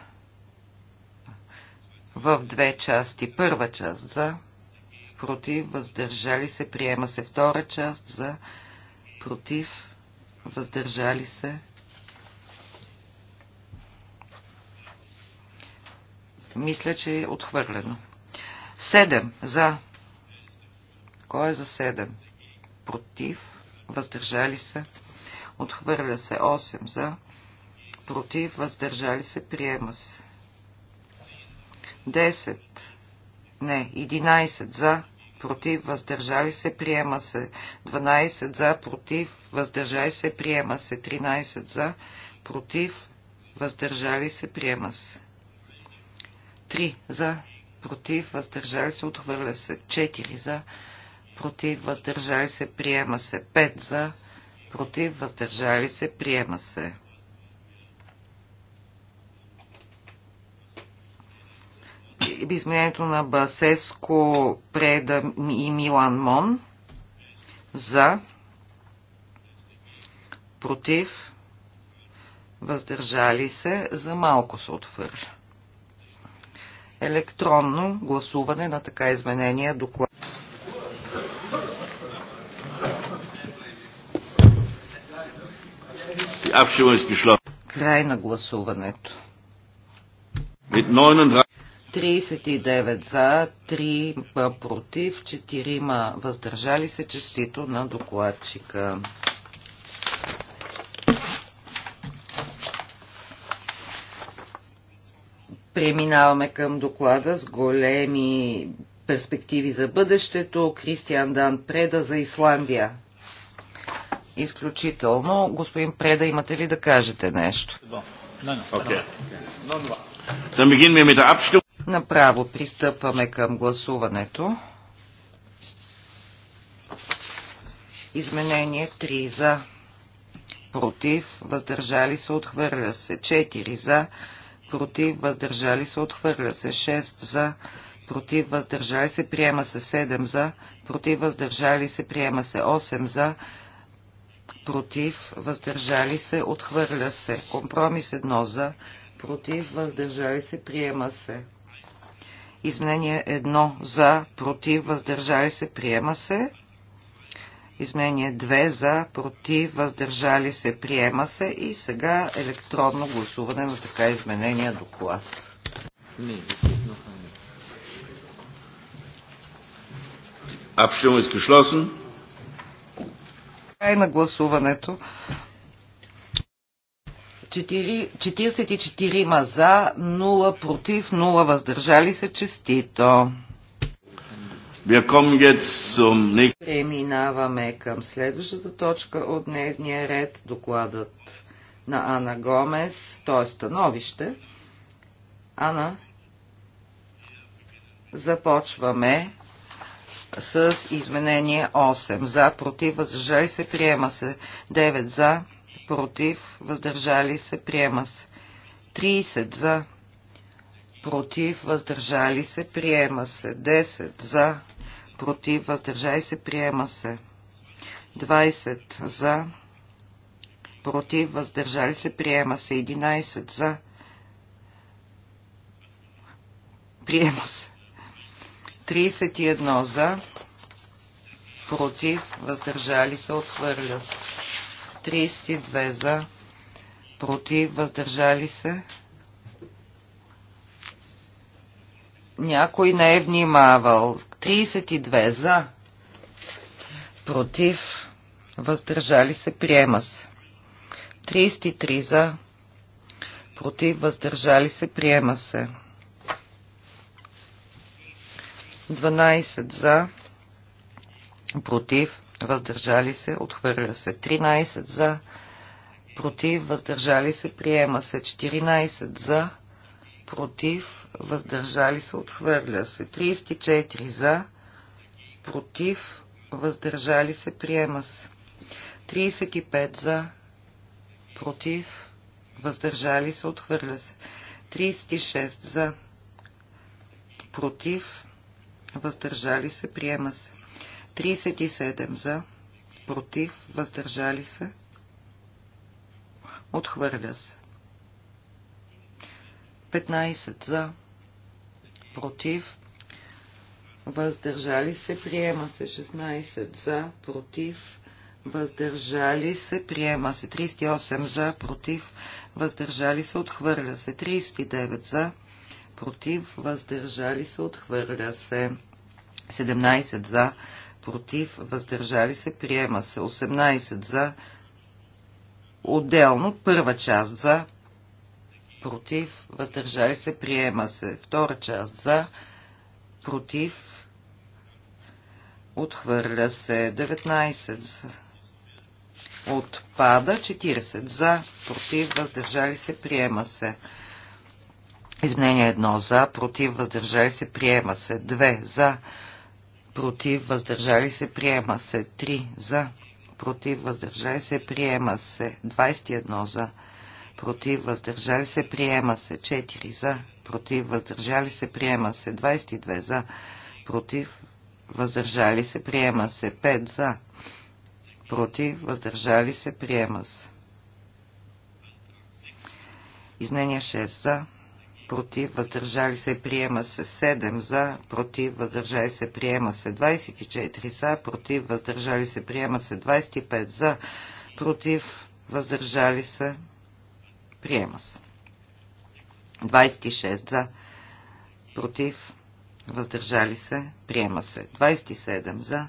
в две части. Първа част за, против, въздържали се, приема се. Втора част за, против, въздържали се. Мисля, че е отхвърлено. 7 за. Кой е за 7? Против. Въздържали се. Отхвърля се 8 за. Против. Въздържали се. Приема се. 10. Не, 11 за. Против. Въздържали се. Приема се. 12 за. Против. Въздържали се. Приема се. 13 за. Против. Въздържали се. Приема се. 3 за против, въздържали се, отхвърля се 4 за, против, въздържали се, приема се 5 за, против, въздържали се, приема се. Изменението на Басеско, Преда и Милан Мон за, против, въздържали се, за малко се отвърля електронно гласуване на така изменения доклад. Край на гласуването. 39 за, 3 против, 4 въздържали се. Честито на докладчика. Преминаваме към доклада с големи перспективи за бъдещето. Кристиан Дан Преда за Исландия. Изключително. Господин Преда, имате ли да кажете нещо? Okay. Направо пристъпваме към гласуването. Изменение 3 за. Против. Въздържали се. Отхвърля се. 4 за против, въздържали се, отхвърля се. 6 за, против, въздържали се, приема се. 7 за, против, въздържали се, приема се. 8 за, против, въздържали се, отхвърля се. Компромис 1 за, против, въздържали се, приема се. Изменение 1 за, против, въздържали се, приема се. Изменение 2 за, против, въздържали се, приема се. И сега електронно гласуване на така изменения доклад. Абшемо изкишлосен. Край на гласуването. 44 за, 0 против, 0 въздържали се. Честито! Преминаваме към следващата точка от дневния ред, докладът на Ана Гомес, т.е. становище. Ана, започваме с изменение 8. За, против, въздържали се, приема се. 9 за, против, въздържали се, приема се. 30 за, против, въздържали се, приема се. 10 за, против, въздържали се, приема се. 20 за, против, въздържали се, приема се. 11 за, приема се. 31 за, против, въздържали се, отхвърля се. 32 за, против, въздържали се, Някой не е внимавал. 32 за. Против. Въздържали се. Приема се. 33 за. Против. Въздържали се. Приема се. 12 за. Против. Въздържали се. Отхвърля се. 13 за. Против. Въздържали се. Приема се. 14 за. Против въздържали се, отхвърля се. 34 за, против, въздържали се, приема се. 35 за, против, въздържали се, отхвърля се. 36 за, против, въздържали се, приема се. 37 за, против, въздържали се, отхвърля се. 15 за, против, въздържали се, приема се 16 за, против, въздържали се, приема се 38 за, против, въздържали се, отхвърля се 39 за, против, въздържали се, отхвърля се 17 за, против, въздържали се, приема се 18 за, отделно първа част за, против, въздържали се, приема се. Втора част за, против, отхвърля се. 19 отпада, 40 за, против, въздържали се, приема се. Изменение 1 за, против, въздържали се, приема се. 2 за, против, въздържали се, приема се. 3 за, против, въздържали се, приема се. 21 за, против, против, въздържали се, приема се. 4 за, против, въздържали се, приема се. 22 за, против, въздържали се, приема се. 5 за, против, въздържали се, приема се. Изменя 6 за, против, въздържали се, приема се 7 за, против, въздържали се, приема се 24 за, против, въздържали се, приема се 25 за, против, въздържали се, Приема се. 26 за. Против. Въздържали се. Приема се. 27 за.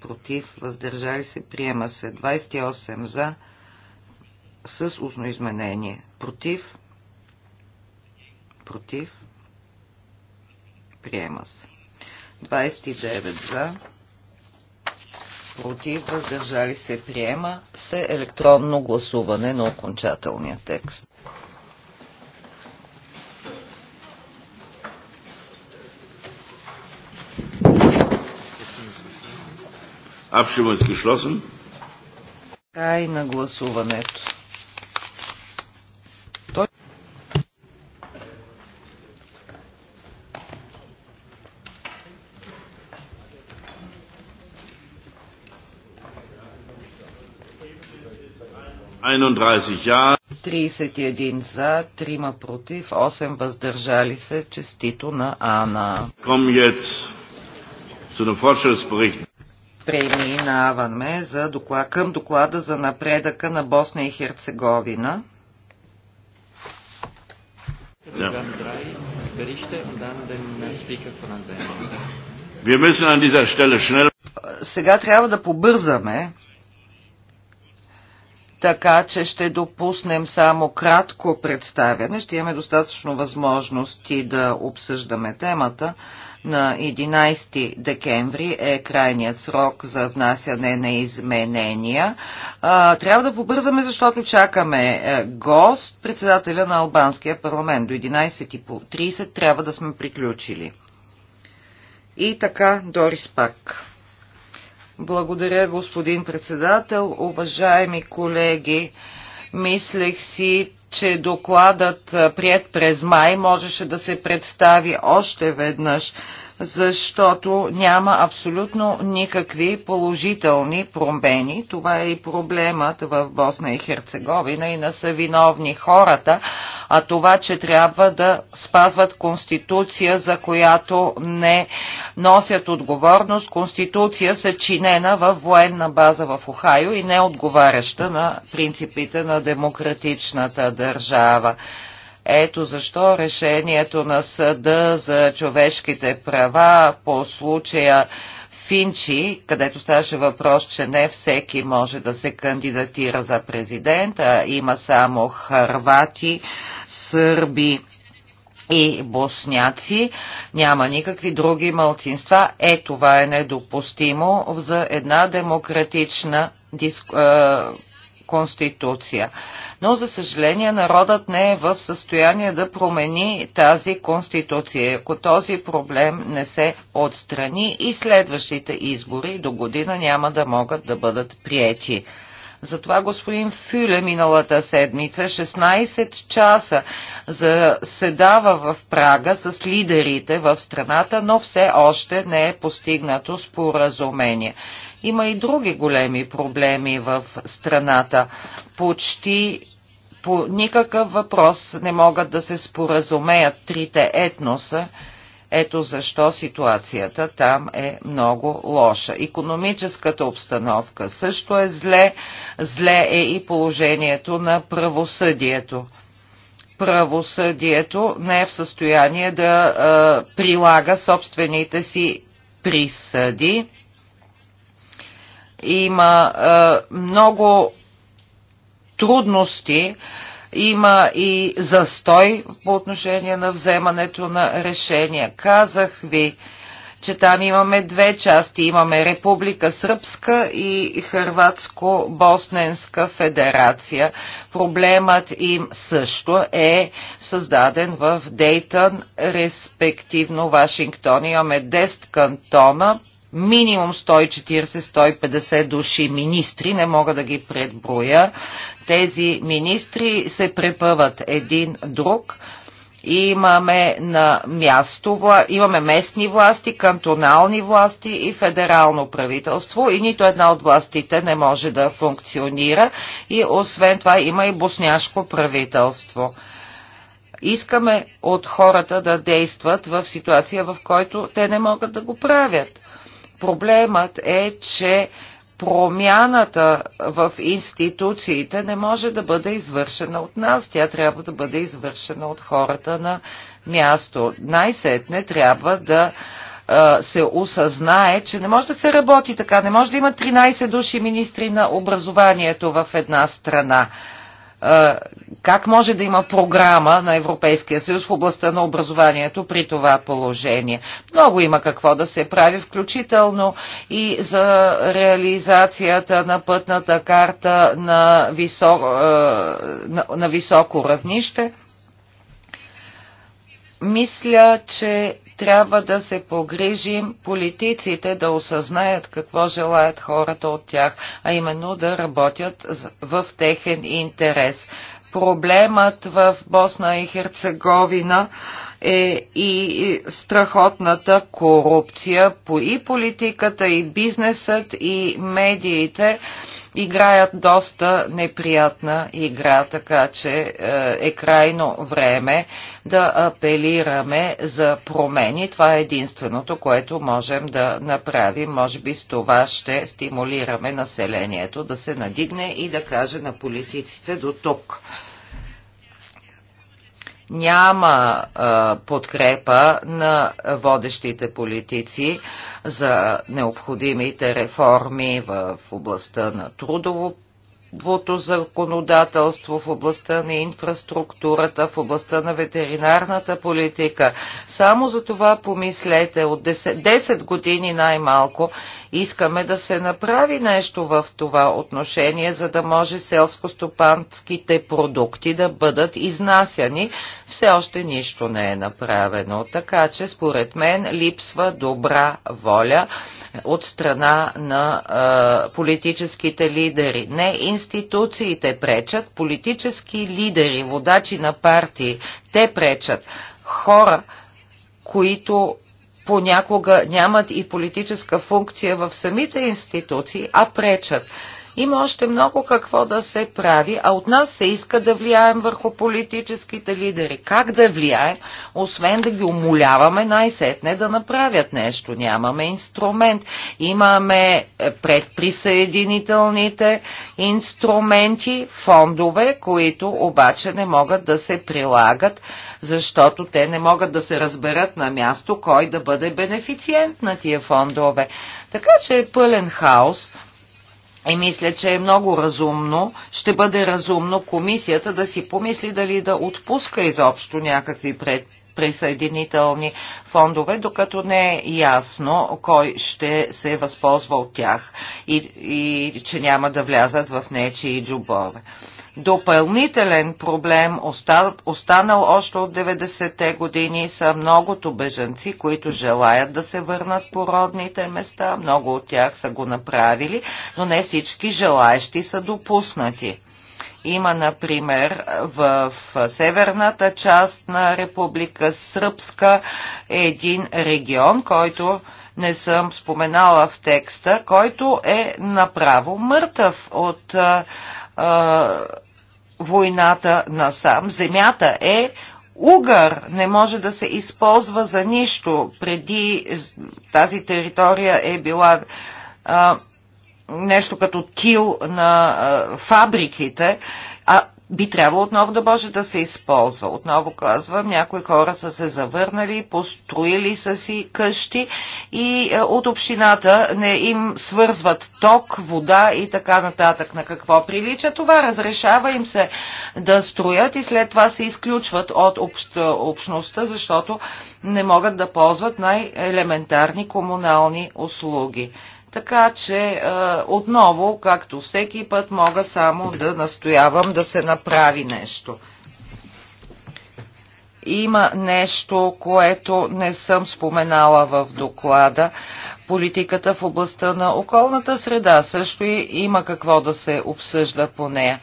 Против. Въздържали се. Приема се. 28 за. С устно изменение. Против. Против. Приема се. 29 за против, въздържали се, приема се електронно гласуване на окончателния текст. Абшимът е Край на гласуването. 31 за, 3 против, 8 въздържали се. Честито на Ана. Преминаваме за доклад, към доклада за напредъка на Босна и Херцеговина. Ja. Сега трябва да побързаме така че ще допуснем само кратко представяне. Ще имаме достатъчно възможности да обсъждаме темата. На 11 декември е крайният срок за внасяне на изменения. Трябва да побързаме, защото чакаме е, гост, председателя на Албанския парламент. До 11.30 трябва да сме приключили. И така, Дорис Пак. Благодаря, господин председател. Уважаеми колеги, мислех си, че докладът прият през май можеше да се представи още веднъж, защото няма абсолютно никакви положителни промени. Това е и проблемът в Босна и Херцеговина и на са виновни хората, а това, че трябва да спазват конституция, за която не носят отговорност, конституция чинена в военна база в Охайо и не отговаряща на принципите на демократичната държава. Ето защо решението на съда за човешките права по случая Финчи, където ставаше въпрос, че не всеки може да се кандидатира за президент, а има само харвати, сърби и босняци, няма никакви други мълцинства. Е, това е недопустимо за една демократична диск конституция. Но, за съжаление, народът не е в състояние да промени тази конституция. Ако този проблем не се отстрани и следващите избори до година няма да могат да бъдат приети. Затова господин Фюле миналата седмица 16 часа заседава в Прага с лидерите в страната, но все още не е постигнато споразумение. Има и други големи проблеми в страната. Почти по никакъв въпрос не могат да се споразумеят трите етноса. Ето защо ситуацията там е много лоша. Економическата обстановка също е зле. Зле е и положението на правосъдието. Правосъдието не е в състояние да а, прилага собствените си присъди има е, много трудности, има и застой по отношение на вземането на решения. Казах ви, че там имаме две части. Имаме Република Сръбска и Хрватско-Босненска федерация. Проблемът им също е създаден в Дейтън, респективно Вашингтон. Имаме 10 кантона, минимум 140-150 души министри, не мога да ги предброя. Тези министри се препъват един друг. Имаме на място, имаме местни власти, кантонални власти и федерално правителство и нито една от властите не може да функционира и освен това има и босняшко правителство искаме от хората да действат в ситуация, в който те не могат да го правят. Проблемът е, че промяната в институциите не може да бъде извършена от нас. Тя трябва да бъде извършена от хората на място. Най-сетне трябва да се осъзнае, че не може да се работи така. Не може да има 13 души министри на образованието в една страна. Как може да има програма на Европейския съюз в областта на образованието при това положение? Много има какво да се прави, включително и за реализацията на пътната карта на, висок, на, на високо равнище. Мисля, че трябва да се погрижим политиците да осъзнаят какво желаят хората от тях, а именно да работят в техен интерес. Проблемът в Босна и Херцеговина е и страхотната корупция по и политиката, и бизнесът, и медиите играят доста неприятна игра, така че е, е крайно време да апелираме за промени. Това е единственото, което можем да направим. Може би с това ще стимулираме населението да се надигне и да каже на политиците до тук няма а, подкрепа на водещите политици за необходимите реформи в областта на трудово трудовото законодателство, в областта на инфраструктурата, в областта на ветеринарната политика. Само за това помислете, от 10, 10 години най-малко Искаме да се направи нещо в това отношение, за да може селско-стопанските продукти да бъдат изнасяни. Все още нищо не е направено, така че според мен липсва добра воля от страна на е, политическите лидери. Не институциите пречат, политически лидери, водачи на партии, те пречат. Хора, които понякога нямат и политическа функция в самите институции, а пречат. Има още много какво да се прави, а от нас се иска да влияем върху политическите лидери. Как да влияем, освен да ги умоляваме най-сетне да направят нещо? Нямаме инструмент. Имаме е, предприсъединителните инструменти, фондове, които обаче не могат да се прилагат защото те не могат да се разберат на място кой да бъде бенефициент на тия фондове. Така че е пълен хаос и мисля, че е много разумно, ще бъде разумно комисията да си помисли дали да отпуска изобщо някакви пред, присъединителни фондове, докато не е ясно кой ще се възползва от тях и, и че няма да влязат в нечи и джубове. Допълнителен проблем, останал още от 90-те години, са многото бежанци, които желаят да се върнат по родните места. Много от тях са го направили, но не всички желаещи са допуснати. Има, например, в северната част на Република Сръбска един регион, който не съм споменала в текста, който е направо мъртъв от войната насам. Земята е угър, не може да се използва за нищо. Преди тази територия е била а, нещо като тил на а, фабриките, а би трябвало отново да може да се използва. Отново казвам, някои хора са се завърнали, построили са си къщи и е, от общината не им свързват ток, вода и така нататък. На какво прилича това? Разрешава им се да строят и след това се изключват от общ, общността, защото не могат да ползват най-елементарни комунални услуги. Така че е, отново, както всеки път, мога само да настоявам да се направи нещо. Има нещо, което не съм споменала в доклада. Политиката в областта на околната среда също и има какво да се обсъжда по нея.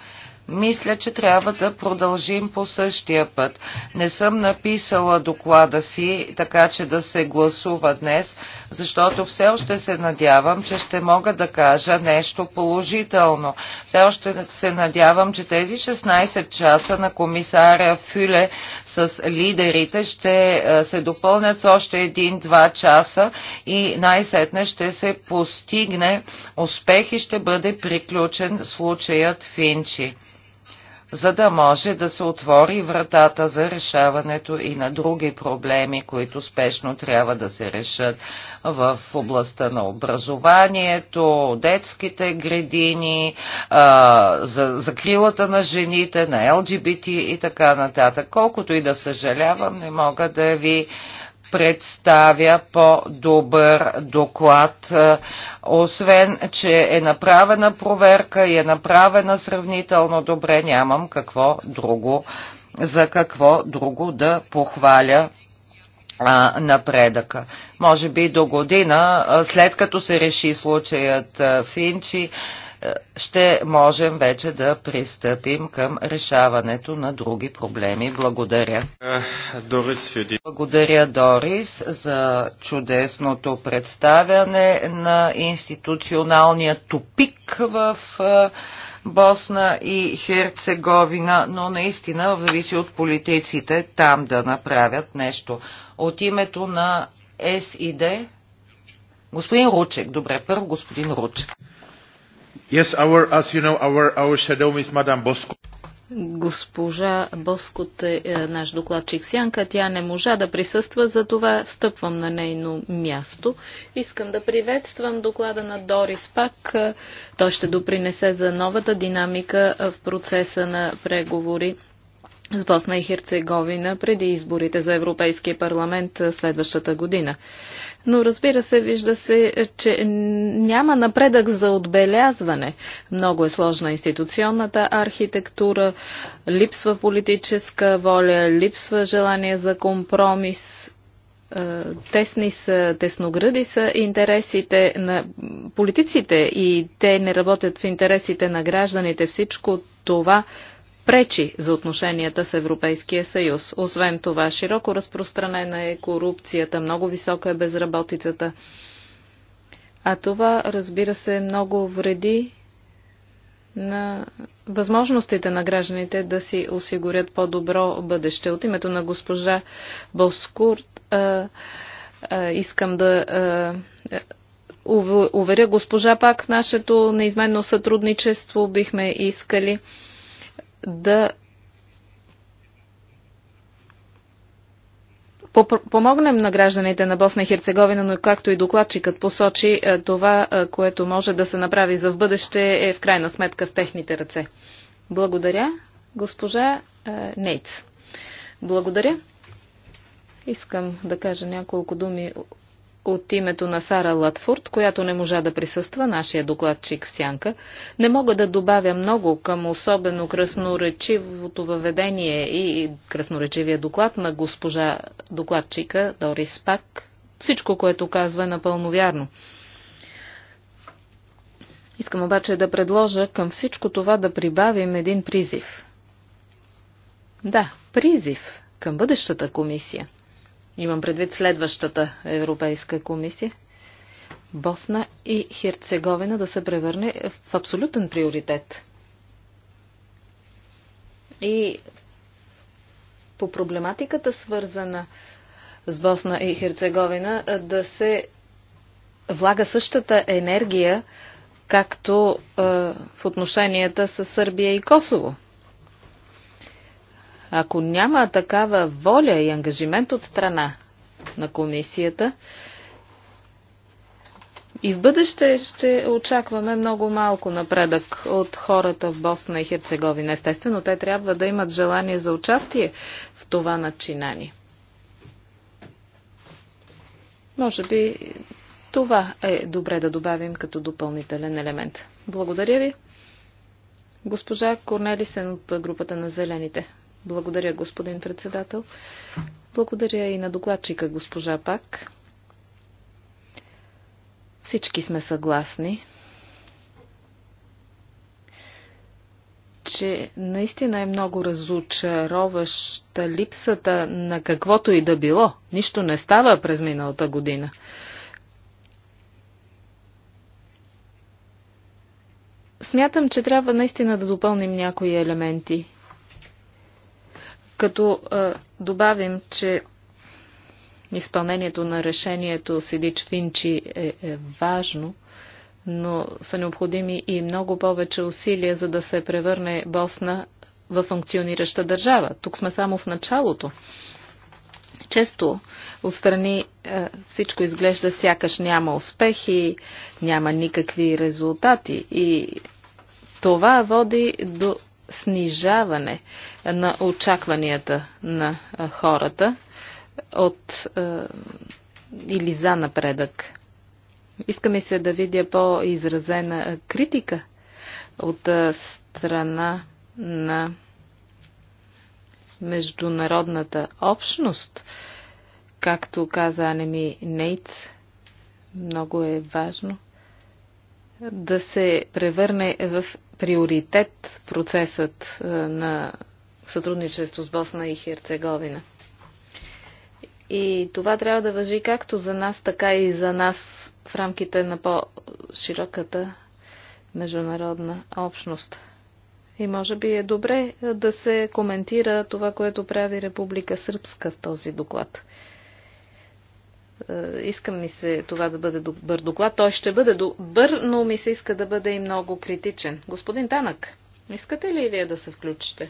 Мисля, че трябва да продължим по същия път. Не съм написала доклада си, така че да се гласува днес защото все още се надявам, че ще мога да кажа нещо положително. Все още се надявам, че тези 16 часа на комисаря Фюле с лидерите ще е, се допълнят с още един-два часа и най-сетне ще се постигне успех и ще бъде приключен случаят Финчи за да може да се отвори вратата за решаването и на други проблеми, които спешно трябва да се решат в областта на образованието, детските градини, за закрилата на жените, на ЛГБТ и така нататък. Колкото и да съжалявам, не мога да ви представя по-добър доклад. Е, освен, че е направена проверка и е направена сравнително добре, нямам какво друго, за какво друго да похваля напредъка. Може би до година, след като се реши случаят Финчи, ще можем вече да пристъпим към решаването на други проблеми. Благодаря. Е, Благодаря, Дорис, за чудесното представяне на институционалния тупик в е, Босна и Херцеговина, но наистина зависи от политиците там да направят нещо. От името на СИД, господин Ручек, добре, първо господин Ручек. Yes, our, as you know, our, our shadow is Madame Bosco. Госпожа Боскот е, е наш докладчик Сянка. Тя не можа да присъства, затова встъпвам на нейно място. Искам да приветствам доклада на Дорис Пак. Той ще допринесе за новата динамика е, в процеса на преговори с Босна и Херцеговина преди изборите за Европейския парламент следващата година. Но разбира се, вижда се, че няма напредък за отбелязване. Много е сложна институционната архитектура, липсва политическа воля, липсва желание за компромис. Тесни са, тесногради са интересите на политиците и те не работят в интересите на гражданите. Всичко това пречи за отношенията с Европейския съюз. Освен това, широко разпространена е корупцията, много висока е безработицата. А това, разбира се, много вреди на възможностите на гражданите да си осигурят по-добро бъдеще. От името на госпожа Боскурт а, а, искам да а, уверя госпожа пак нашето неизменно сътрудничество бихме искали да помогнем на гражданите на Босна и Херцеговина, но както и докладчикът посочи, е, това, е, което може да се направи за в бъдеще, е в крайна сметка в техните ръце. Благодаря, госпожа е, Нейц. Благодаря. Искам да кажа няколко думи от името на Сара Латфорд, която не можа да присъства, нашия докладчик в Сянка. Не мога да добавя много към особено красноречивото въведение и красноречивия доклад на госпожа докладчика Дорис Пак. Всичко, което казва е напълно вярно. Искам обаче да предложа към всичко това да прибавим един призив. Да, призив към бъдещата комисия – Имам предвид следващата Европейска комисия. Босна и Херцеговина да се превърне в абсолютен приоритет. И по проблематиката, свързана с Босна и Херцеговина, да се влага същата енергия, както е, в отношенията с Сърбия и Косово. Ако няма такава воля и ангажимент от страна на комисията, и в бъдеще ще очакваме много малко напредък от хората в Босна и Херцеговина. Естествено, те трябва да имат желание за участие в това начинание. Може би това е добре да добавим като допълнителен елемент. Благодаря ви. Госпожа Корнелисен от групата на Зелените. Благодаря, господин председател. Благодаря и на докладчика госпожа Пак. Всички сме съгласни, че наистина е много разочароваща липсата на каквото и да било. Нищо не става през миналата година. Смятам, че трябва наистина да допълним някои елементи като а, добавим, че изпълнението на решението Сидич Винчи е, е важно, но са необходими и много повече усилия, за да се превърне Босна в функционираща държава. Тук сме само в началото. Често отстрани е, всичко изглежда сякаш няма успехи, няма никакви резултати и това води до снижаване на очакванията на хората от или за напредък. Искаме се да видя по-изразена критика от страна на международната общност, както каза Анеми Нейц, много е важно да се превърне в приоритет процесът е, на сътрудничество с Босна и Херцеговина. И това трябва да въжи както за нас, така и за нас в рамките на по-широката международна общност. И може би е добре е, да се коментира това, което прави Република Сръбска в този доклад. Е, Искам ми се това да бъде добър доклад. Той ще бъде добър, но ми се иска да бъде и много критичен. Господин Танък, искате ли вие да се включите?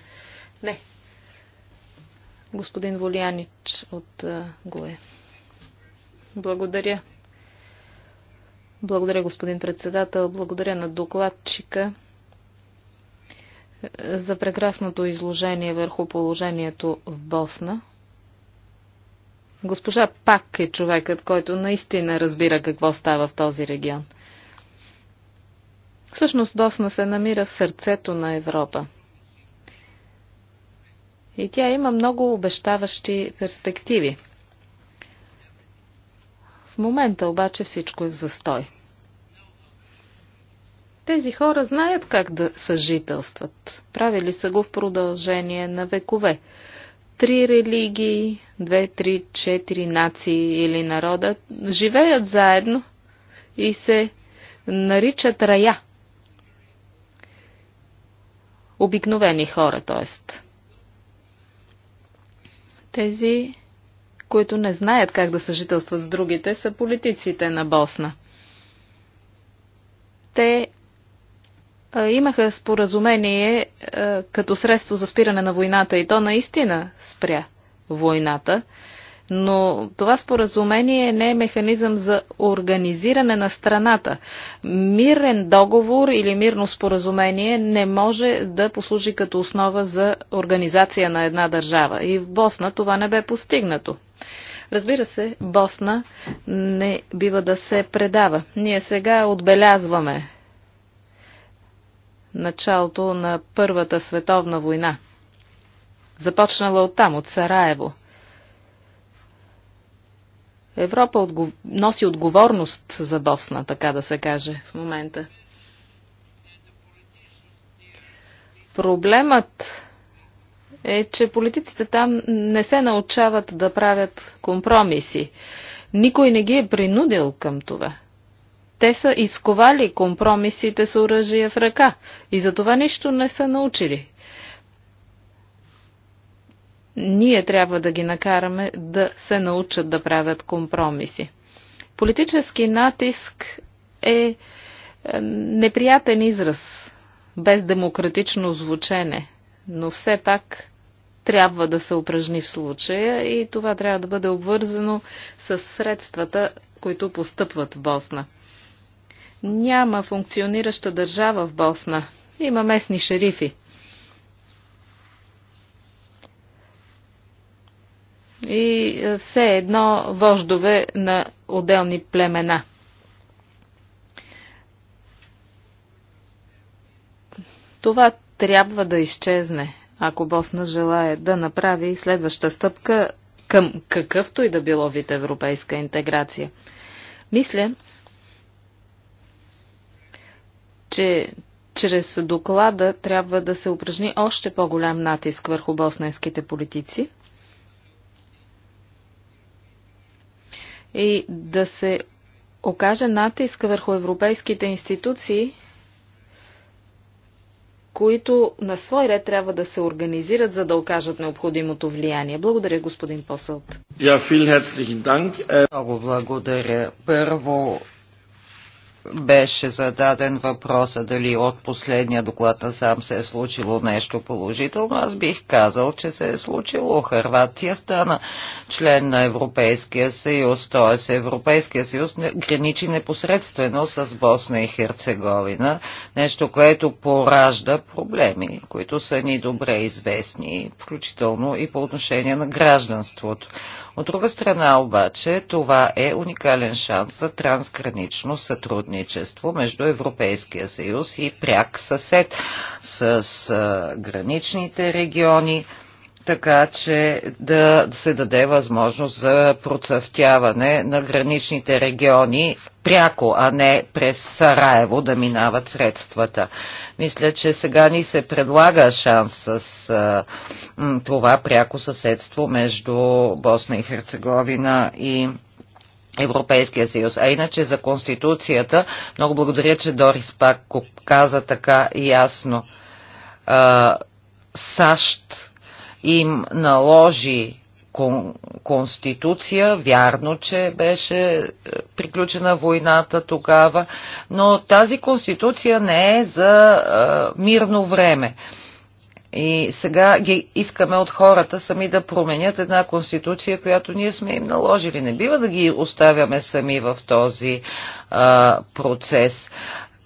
Не. Господин Волянич от ГОЕ. Благодаря. Благодаря, господин председател. Благодаря на докладчика е, за прекрасното изложение върху положението в Босна. Госпожа Пак е човекът, който наистина разбира какво става в този регион. Всъщност Босна се намира в сърцето на Европа. И тя има много обещаващи перспективи. В момента обаче всичко е в застой. Тези хора знаят как да съжителстват. Правили са го в продължение на векове три религии, две, три, четири нации или народа живеят заедно и се наричат рая. Обикновени хора, т.е. Тези, които не знаят как да съжителстват с другите, са политиците на Босна. Те имаха споразумение като средство за спиране на войната и то наистина спря войната. Но това споразумение не е механизъм за организиране на страната. Мирен договор или мирно споразумение не може да послужи като основа за организация на една държава. И в Босна това не бе постигнато. Разбира се, Босна не бива да се предава. Ние сега отбелязваме началото на Първата световна война, започнала оттам, от Сараево. Европа отго... носи отговорност за Босна, така да се каже в момента. Проблемът е, че политиците там не се научават да правят компромиси. Никой не ги е принудил към това. Те са изковали компромисите с оръжие в ръка и за това нищо не са научили. Ние трябва да ги накараме да се научат да правят компромиси. Политически натиск е, е неприятен израз, без демократично звучене, но все пак трябва да се упражни в случая и това трябва да бъде обвързано с средствата, които постъпват в Босна. Няма функционираща държава в Босна. Има местни шерифи. И е, все едно вождове на отделни племена. Това трябва да изчезне, ако Босна желая да направи следваща стъпка към какъвто и да било вид европейска интеграция. Мисля, че чрез доклада трябва да се упражни още по-голям натиск върху босненските политици и да се окаже натиск върху европейските институции, които на свой ред трябва да се организират, за да окажат необходимото влияние. Благодаря, господин Посълт. Äh, Много благодаря. Първо беше зададен въпроса дали от последния доклад на сам се е случило нещо положително. Аз бих казал, че се е случило. Харватия стана член на Европейския съюз, т.е. Европейския съюз граничи непосредствено с Босна и Херцеговина, нещо, което поражда проблеми, които са ни добре известни, включително и по отношение на гражданството. От друга страна обаче това е уникален шанс за трансгранично сътрудничество между Европейския съюз и пряк съсед с граничните региони така че да се даде възможност за процъфтяване на граничните региони пряко, а не през Сараево да минават средствата. Мисля, че сега ни се предлага шанс с а, това пряко съседство между Босна и Херцеговина и Европейския съюз. А иначе за Конституцията, много благодаря, че Дорис пак каза така ясно. А, САЩ им наложи кон, конституция. Вярно, че беше е, приключена войната тогава, но тази конституция не е за а, е, мирно време. И сега ги искаме от хората сами да променят една конституция, която ние сме им наложили. Не бива да ги оставяме сами в този а, процес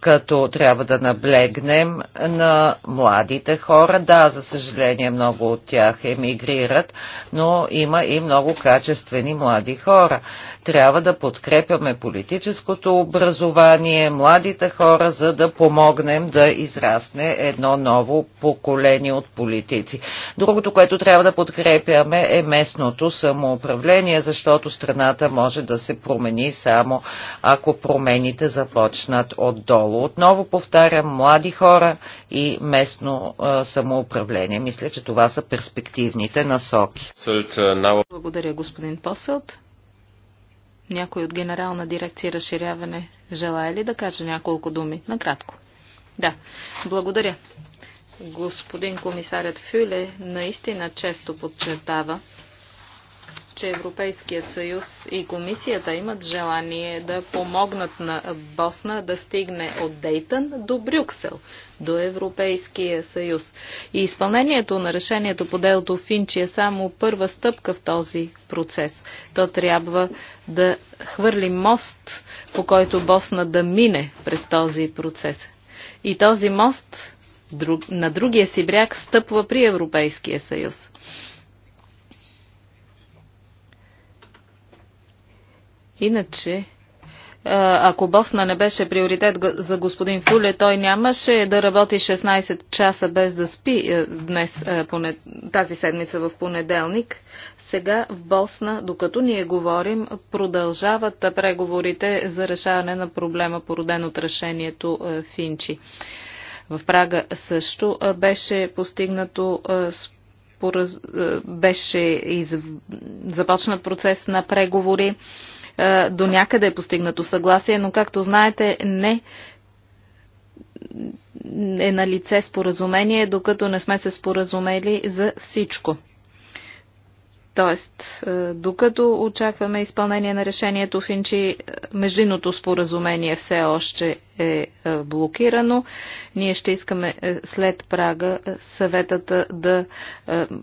като трябва да наблегнем на младите хора. Да, за съжаление много от тях емигрират, но има и много качествени млади хора. Трябва да подкрепяме политическото образование, младите хора, за да помогнем да израсне едно ново поколение от политици. Другото, което трябва да подкрепяме е местното самоуправление, защото страната може да се промени само ако промените започнат отдолу Хубаво. Отново повтарям, млади хора и местно а, самоуправление. Мисля, че това са перспективните насоки. Благодаря, господин Поселт. Някой от Генерална дирекция разширяване желая ли да каже няколко думи? Накратко. Да, благодаря. Господин комисарят Фюле наистина често подчертава, че Европейският съюз и комисията имат желание да помогнат на Босна да стигне от Дейтън до Брюксел, до Европейския съюз. И изпълнението на решението по делото Финчи е само първа стъпка в този процес. То трябва да хвърли мост, по който Босна да мине през този процес. И този мост на другия си бряг стъпва при Европейския съюз. Иначе, ако Босна не беше приоритет за господин Фуле, той нямаше да работи 16 часа без да спи е, днес, е, тази седмица в понеделник. Сега в Босна, докато ние говорим, продължават преговорите за решаване на проблема, породен от решението е, Финчи. В Прага също беше постигнато беше из... започнат процес на преговори е, до някъде е постигнато съгласие, но както знаете, не е на лице споразумение, докато не сме се споразумели за всичко. Тоест, е, докато очакваме изпълнение на решението в Инчи, е, междинното споразумение все още е, е блокирано. Ние ще искаме след Прага съветата да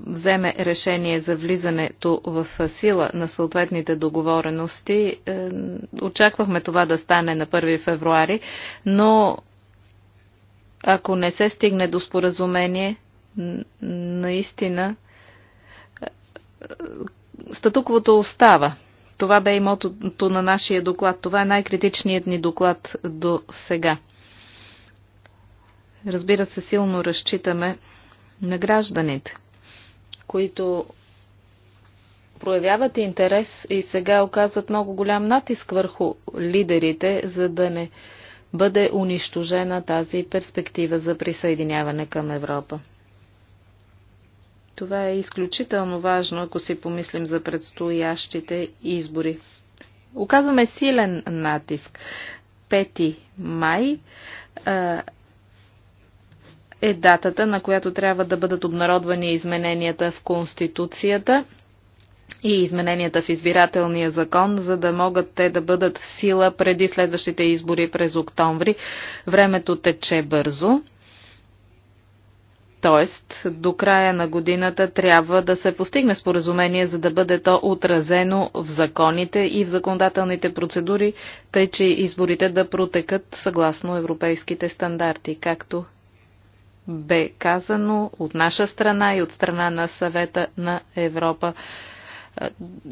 вземе решение за влизането в сила на съответните договорености. Очаквахме това да стане на 1 февруари, но ако не се стигне до споразумение, наистина статуквото остава. Това бе и мотото на нашия доклад. Това е най-критичният ни доклад до сега. Разбира се, силно разчитаме на гражданите, които проявяват интерес и сега оказват много голям натиск върху лидерите, за да не бъде унищожена тази перспектива за присъединяване към Европа. Това е изключително важно, ако си помислим за предстоящите избори. Оказваме силен натиск. 5 май е датата, на която трябва да бъдат обнародвани измененията в Конституцията и измененията в избирателния закон, за да могат те да бъдат в сила преди следващите избори през октомври. Времето тече бързо. Тоест, до края на годината трябва да се постигне споразумение, за да бъде то отразено в законите и в законодателните процедури, тъй че изборите да протекат съгласно европейските стандарти, както бе казано от наша страна и от страна на съвета на Европа.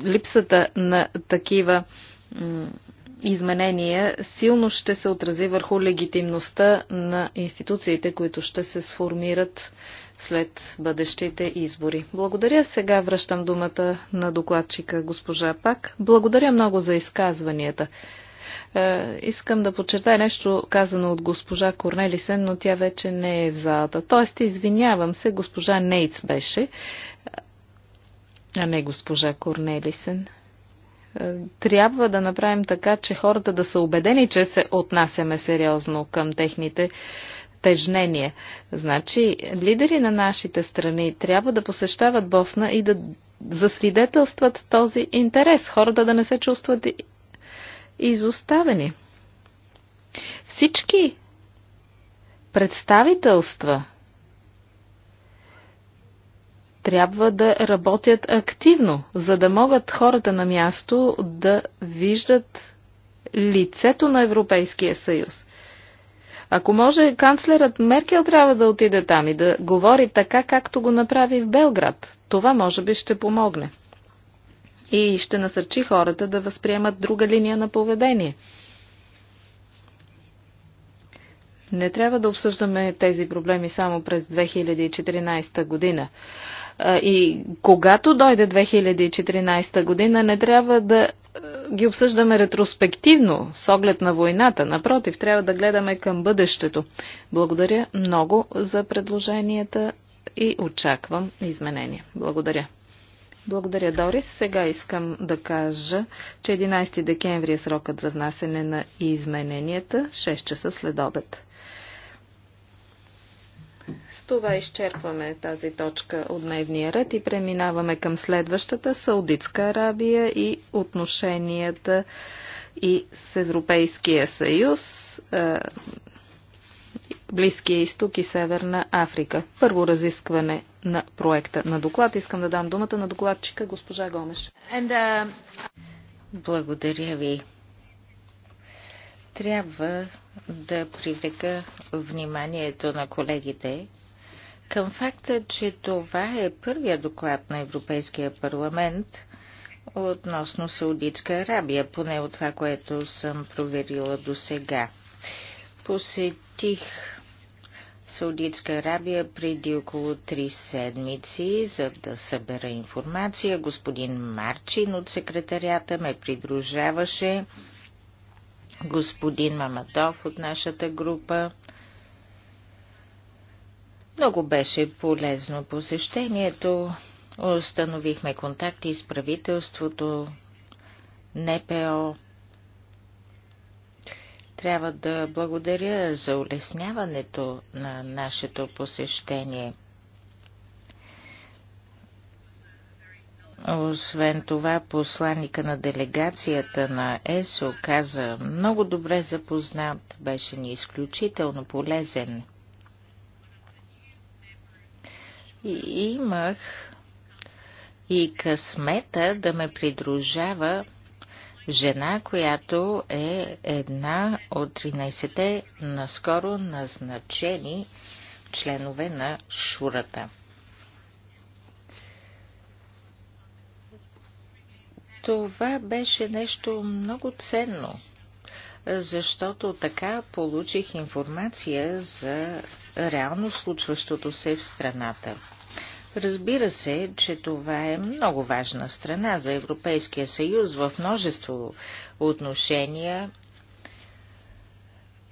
Липсата на такива Изменения силно ще се отрази върху легитимността на институциите, които ще се сформират след бъдещите избори. Благодаря. Сега връщам думата на докладчика госпожа Пак. Благодаря много за изказванията. Е, искам да подчертая нещо казано от госпожа Корнелисен, но тя вече не е в залата. Тоест, извинявам се, госпожа Нейц беше, а не госпожа Корнелисен. Е, трябва да направим така, че хората да са убедени, че се отнасяме сериозно към техните тежнения. Значи, лидери на нашите страни трябва да посещават Босна и да засвидетелстват този интерес, хората да не се чувстват изоставени. Всички представителства трябва да работят активно, за да могат хората на място да виждат лицето на Европейския съюз. Ако може, канцлерът Меркел трябва да отиде там и да говори така, както го направи в Белград. Това може би ще помогне. И ще насърчи хората да възприемат друга линия на поведение – Не трябва да обсъждаме тези проблеми само през 2014 година. И когато дойде 2014 година, не трябва да ги обсъждаме ретроспективно с оглед на войната. Напротив, трябва да гледаме към бъдещето. Благодаря много за предложенията и очаквам изменения. Благодаря. Благодаря, Дорис. Сега искам да кажа, че 11 декември е срокът за внасене на измененията, 6 часа след обед това изчерпваме тази точка от дневния ред и преминаваме към следващата Саудитска Арабия и отношенията и с Европейския съюз, Близкия изток и Северна Африка. Първо разискване на проекта на доклад. Искам да дам думата на докладчика госпожа Гомеш. And, uh... Благодаря ви. Трябва да привлека вниманието на колегите към факта, че това е първия доклад на Европейския парламент относно Саудитска Арабия, поне от това, което съм проверила до сега. Посетих Саудитска Арабия преди около три седмици, за да събера информация. Господин Марчин от секретарията ме придружаваше, господин Мамадов от нашата група. Много беше полезно посещението. Установихме контакти с правителството, НПО. Трябва да благодаря за улесняването на нашето посещение. Освен това, посланника на делегацията на ЕСО каза, много добре запознат, беше ни изключително полезен. И имах и късмета да ме придружава жена, която е една от 13-те наскоро назначени членове на Шурата. Това беше нещо много ценно защото така получих информация за реално случващото се в страната. Разбира се, че това е много важна страна за Европейския съюз в множество отношения.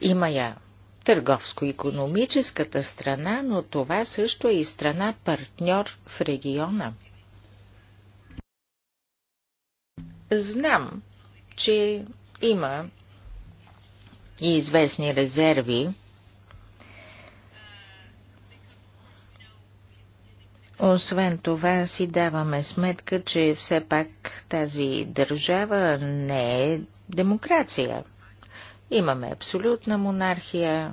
Има я търговско-економическата страна, но това също е и страна партньор в региона. Знам, че има и известни резерви, Освен това си даваме сметка, че все пак тази държава не е демокрация. Имаме абсолютна монархия,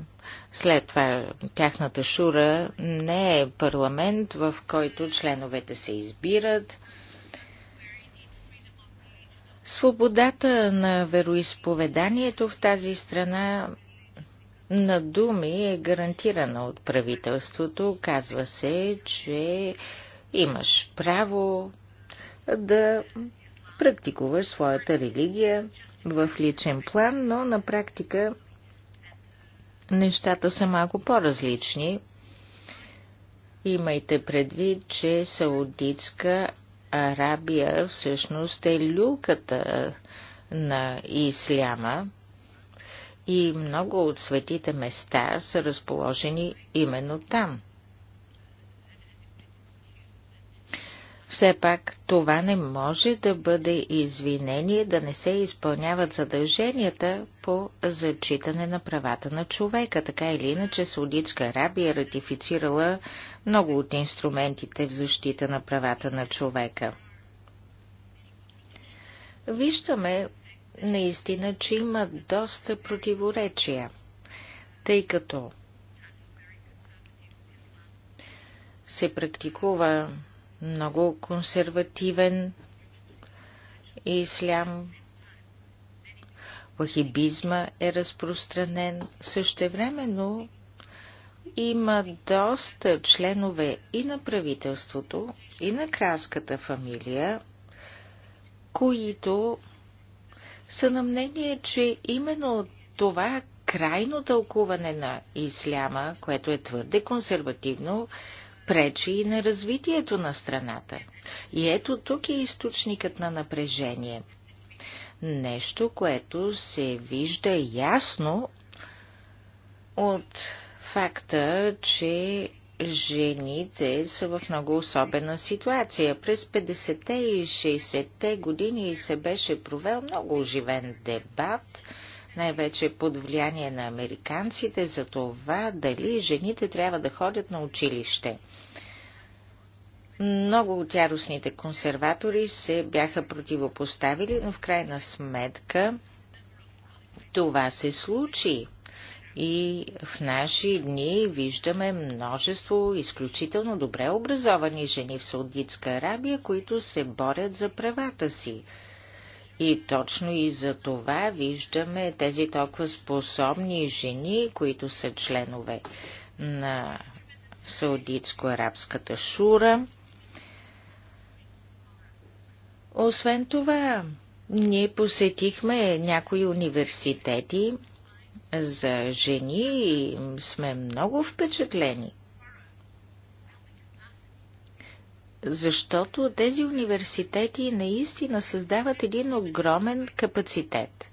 след това тяхната шура не е парламент, в който членовете се избират – Свободата на вероисповеданието в тази страна на думи е гарантирана от правителството. Казва се, че имаш право да практикуваш своята религия в личен план, но на практика нещата са малко по-различни. Имайте предвид, че Саудитска Арабия всъщност е люлката на исляма и много от светите места са разположени именно там. Все пак това не може да бъде извинение да не се изпълняват задълженията по зачитане на правата на човека. Така или иначе Саудитска Арабия е ратифицирала много от инструментите в защита на правата на човека. Виждаме наистина, че има доста противоречия, тъй като се практикува много консервативен ислям. Вахибизма е разпространен. Същевременно има доста членове и на правителството, и на кралската фамилия, които са на мнение, че именно това крайно тълкуване на исляма, което е твърде консервативно, пречи и на развитието на страната. И ето тук е източникът на напрежение. Нещо, което се вижда ясно от факта, че жените са в много особена ситуация. През 50-те и 60-те години се беше провел много оживен дебат, най-вече под влияние на американците, за това дали жените трябва да ходят на училище. Много от яростните консерватори се бяха противопоставили, но в крайна сметка това се случи. И в наши дни виждаме множество изключително добре образовани жени в Саудитска Арабия, които се борят за правата си. И точно и за това виждаме тези толкова способни жени, които са членове на Саудитско-арабската шура. Освен това, ние посетихме някои университети за жени и сме много впечатлени. Защото тези университети наистина създават един огромен капацитет.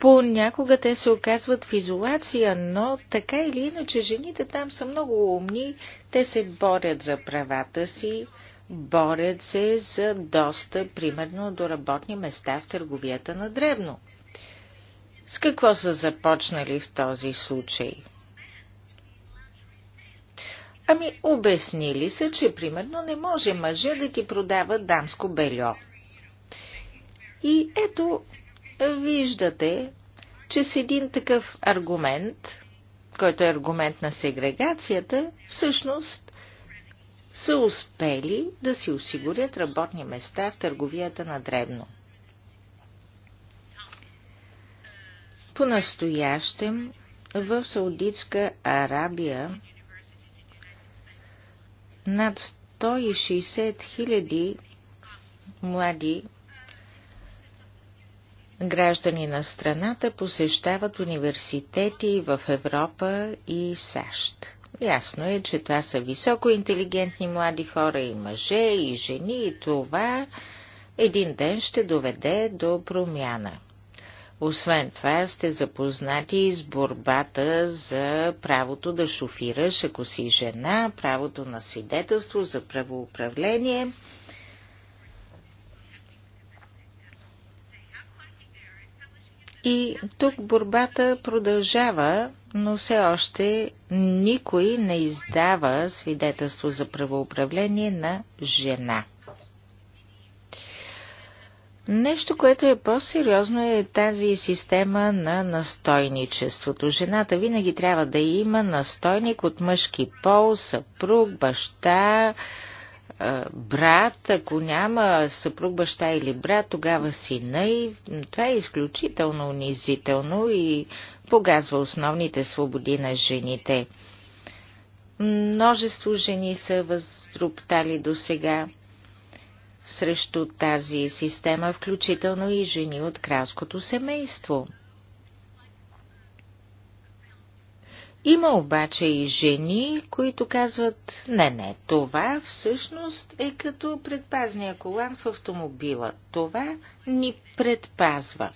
Понякога те се оказват в изолация, но така или иначе жените там са много умни, те се борят за правата си, борят се за доста, примерно, до работни места в търговията на дребно. С какво са започнали в този случай? Ами, обяснили са, че примерно не може мъжа да ти продава дамско бельо. И ето, виждате, че с един такъв аргумент, който е аргумент на сегрегацията, всъщност са успели да си осигурят работни места в търговията на дребно. По-настоящем в Саудитска Арабия над 160 хиляди млади граждани на страната посещават университети в Европа и САЩ. Ясно е, че това са високо интелигентни млади хора и мъже, и жени, и това един ден ще доведе до промяна – освен това сте запознати с борбата за правото да шофираш, ако си жена, правото на свидетелство за правоуправление. И тук борбата продължава, но все още никой не издава свидетелство за правоуправление на жена. Нещо, което е по-сериозно е тази система на настойничеството. Жената винаги трябва да има настойник от мъжки пол, съпруг, баща, брат. Ако няма съпруг, баща или брат, тогава сина и това е изключително унизително и погазва основните свободи на жените. Множество жени са въздруптали до сега срещу тази система, включително и жени от кралското семейство. Има обаче и жени, които казват, не, не, това всъщност е като предпазния колан в автомобила. Това ни предпазва.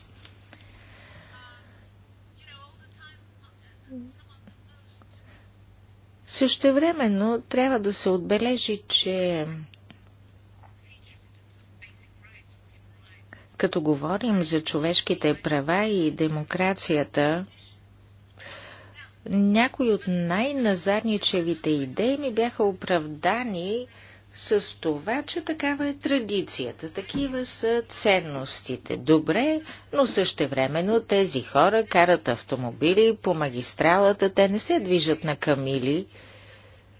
Същевременно трябва да се отбележи, че Като говорим за човешките права и демокрацията, някои от най-назадничевите идеи ми бяха оправдани с това, че такава е традицията, такива са ценностите. Добре, но същевременно тези хора карат автомобили по магистралата, те не се движат на камили,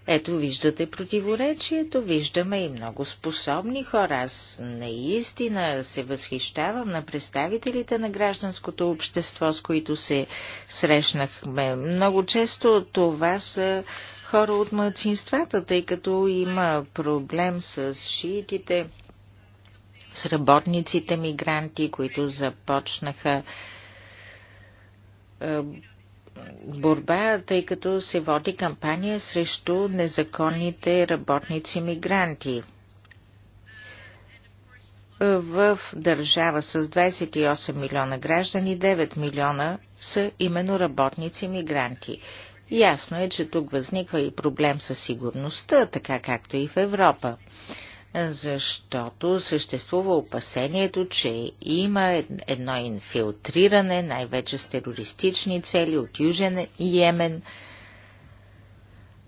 ето виждате противоречието, виждаме и много способни хора. Аз наистина се възхищавам на представителите на гражданското общество, с които се срещнахме. Много често това са хора от младсинствата, тъй като има проблем с шиитите, с работниците мигранти, които започнаха борба, тъй като се води кампания срещу незаконните работници-мигранти. В държава с 28 милиона граждани, 9 милиона са именно работници-мигранти. Ясно е, че тук възниква и проблем със сигурността, така както и в Европа защото съществува опасението, че има едно инфилтриране, най-вече с терористични цели от Южен Йемен.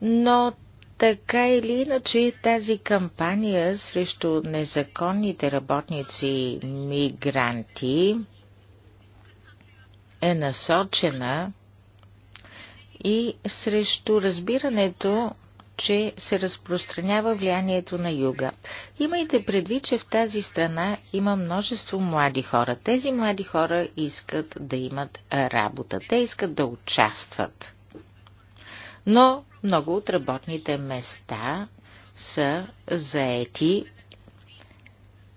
Но така или иначе тази кампания срещу незаконните работници мигранти е насочена и срещу разбирането че се разпространява влиянието на юга. Имайте предвид, че в тази страна има множество млади хора. Тези млади хора искат да имат работа. Те искат да участват. Но много от работните места са заети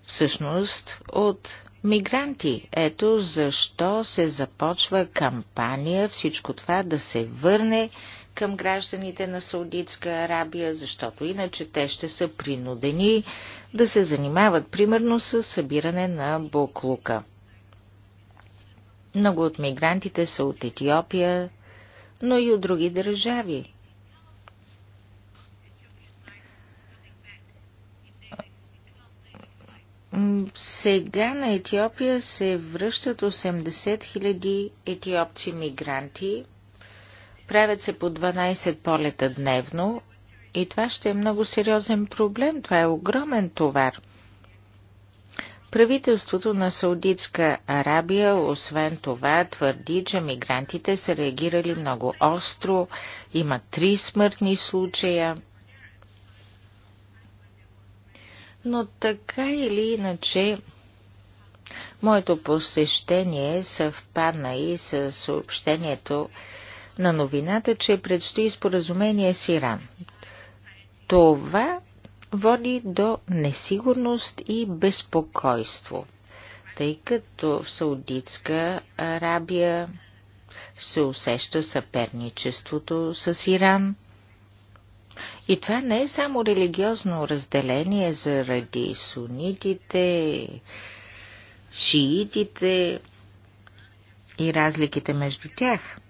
всъщност от мигранти. Ето защо се започва кампания всичко това да се върне към гражданите на Саудитска Арабия, защото иначе те ще са принудени да се занимават примерно с събиране на буклука. Много от мигрантите са от Етиопия, но и от други държави. Сега на Етиопия се връщат 80 000 етиопци мигранти – Правят се по 12 полета дневно и това ще е много сериозен проблем. Това е огромен товар. Правителството на Саудитска Арабия, освен това, твърди, че мигрантите са реагирали много остро, има три смъртни случая. Но така или иначе, моето посещение съвпадна и с съобщението, на новината, че предстои споразумение с Иран. Това води до несигурност и безпокойство, тъй като в Саудитска Арабия се усеща съперничеството с Иран. И това не е само религиозно разделение заради сунитите, шиитите и разликите между тях –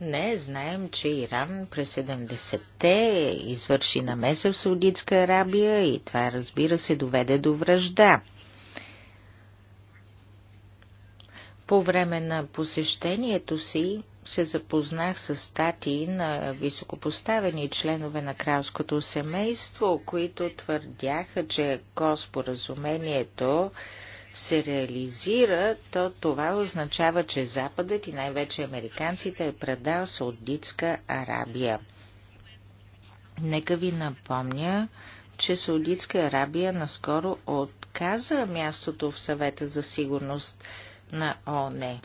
не, знаем, че Иран през 70-те извърши намеса в Саудитска Арабия и това, разбира се, доведе до връжда. По време на посещението си се запознах с статии на високопоставени членове на кралското семейство, които твърдяха, че ако споразумението се реализира, то това означава, че Западът и най-вече американците е предал Саудитска Арабия. Нека ви напомня, че Саудитска Арабия наскоро отказа мястото в съвета за сигурност на ООН.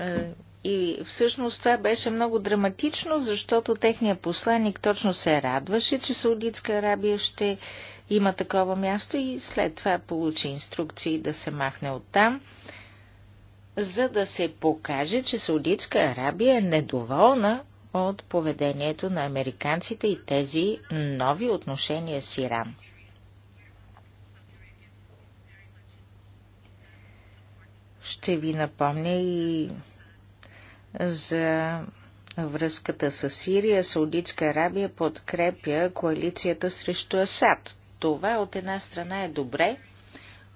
Е, и всъщност това беше много драматично, защото техният посланник точно се радваше, че Саудитска Арабия ще има такова място и след това получи инструкции да се махне оттам, за да се покаже, че Саудитска Арабия е недоволна от поведението на американците и тези нови отношения с Иран. Ще ви напомня и за връзката с Сирия. Саудитска Арабия подкрепя коалицията срещу Асад. Това от една страна е добре,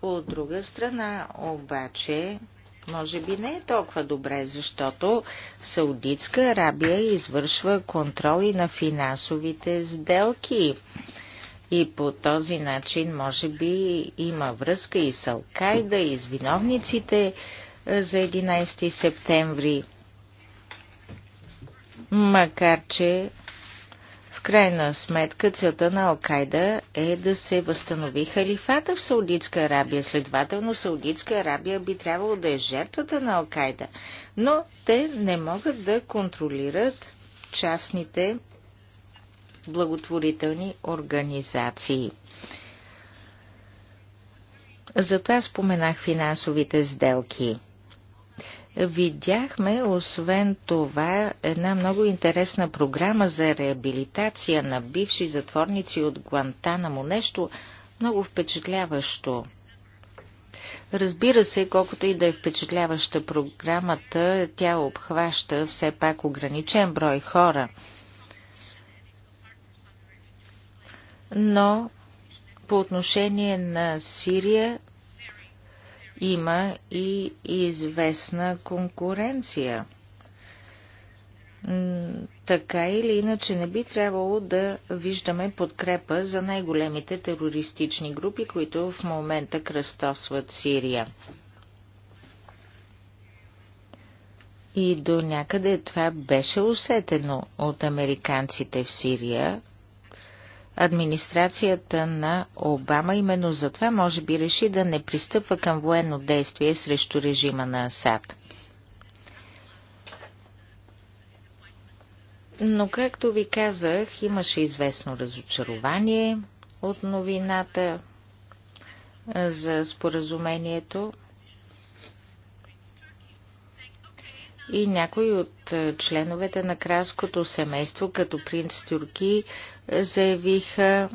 от друга страна обаче може би не е толкова добре, защото Саудитска Арабия извършва контроли на финансовите сделки. И по този начин, може би, има връзка и с Алкайда, и с виновниците е, за 11 септември. Макар, че крайна сметка целта на Алкайда е да се възстанови халифата в Саудитска Арабия. Следователно Саудитска Арабия би трябвало да е жертвата на Алкайда. Но те не могат да контролират частните благотворителни организации. Затова споменах финансовите сделки. Видяхме, освен това, една много интересна програма за реабилитация на бивши затворници от Гуантанамо. Нещо много впечатляващо. Разбира се, колкото и да е впечатляваща програмата, тя обхваща все пак ограничен брой хора. Но по отношение на Сирия има и известна конкуренция. Така или иначе не би трябвало да виждаме подкрепа за най-големите терористични групи, които в момента кръстосват Сирия. И до някъде това беше усетено от американците в Сирия, Администрацията на Обама именно за това може би реши да не пристъпва към военно действие срещу режима на Асад. Но, както ви казах, имаше известно разочарование от новината за споразумението. И някои от членовете на кралското семейство, като принц Тюрки, заявиха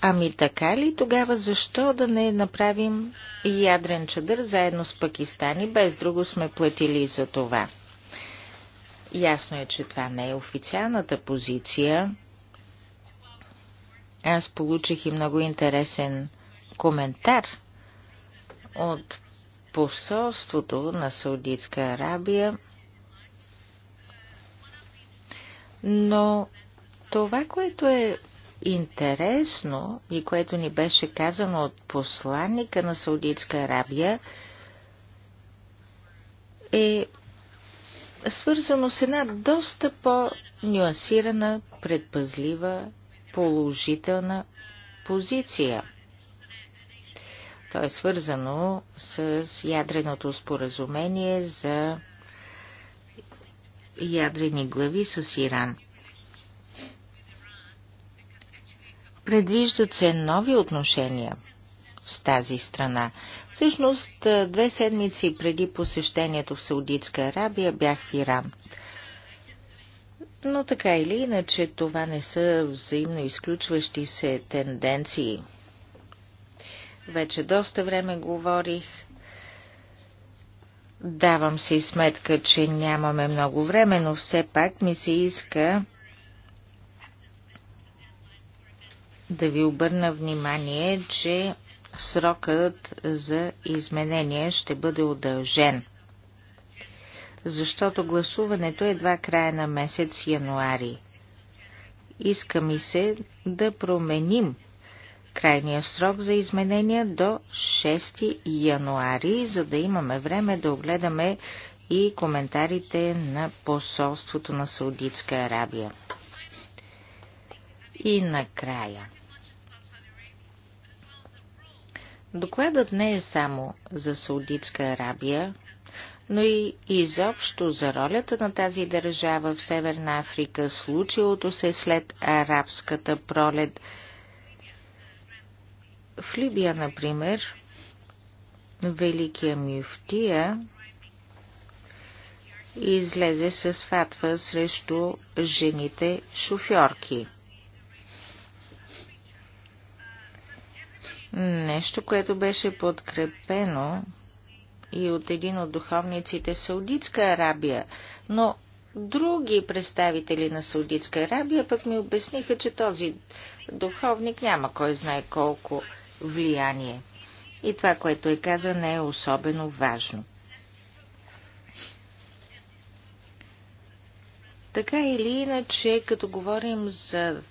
Ами така ли? Тогава защо да не направим ядрен чадър заедно с Пакистан и без друго сме платили за това? Ясно е, че това не е официалната позиция. Аз получих и много интересен коментар от посолството на Саудитска Арабия, но това, което е интересно и което ни беше казано от посланника на Саудитска Арабия, е свързано с една доста по-нюансирана, предпазлива, положителна позиция. То е свързано с ядреното споразумение за ядрени глави с Иран – Предвиждат се нови отношения с тази страна. Всъщност, две седмици преди посещението в Саудитска Арабия бях в Иран. Но така или иначе, това не са взаимно изключващи се тенденции. Вече доста време говорих. Давам си сметка, че нямаме много време, но все пак ми се иска да ви обърна внимание, че срокът за изменение ще бъде удължен, защото гласуването е едва края на месец януари. Иска ми се да променим крайния срок за изменения до 6 януари, за да имаме време да огледаме и коментарите на посолството на Саудитска Арабия. И накрая – Докладът не е само за Саудитска Арабия, но и изобщо за ролята на тази държава в Северна Африка, случилото се след арабската пролет. В Либия, например, Великия Мюфтия излезе с фатва срещу жените шофьорки – Нещо, което беше подкрепено и от един от духовниците в Саудитска Арабия, но други представители на Саудитска Арабия пък ми обясниха, че този духовник няма кой знае колко влияние. И това, което е каза, не е особено важно. Така или иначе, като говорим за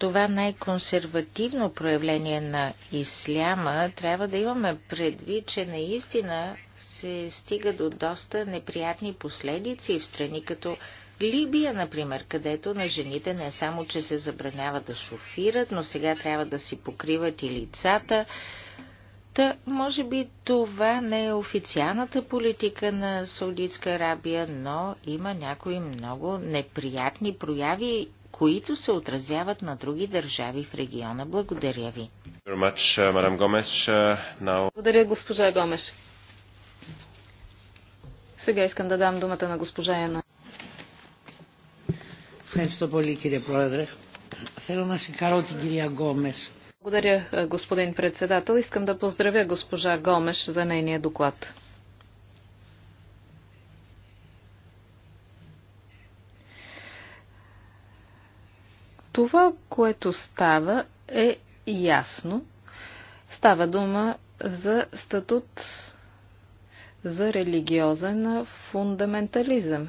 това най-консервативно проявление на исляма, трябва да имаме предвид, че наистина се стига до доста неприятни последици в страни като Либия, например, където на жените не само, че се забранява да шофират, но сега трябва да си покриват и лицата. Та, може би това не е официалната политика на Саудитска Арабия, но има някои много неприятни прояви които се отразяват на други държави в региона. Благодаря ви. Благодаря, госпожа Гомеш. Сега искам да дам думата на госпожа Яна. Благодаря, господин председател. Искам да поздравя госпожа Гомеш за нейния доклад. Това, което става, е ясно. Става дума за статут за религиозен фундаментализъм.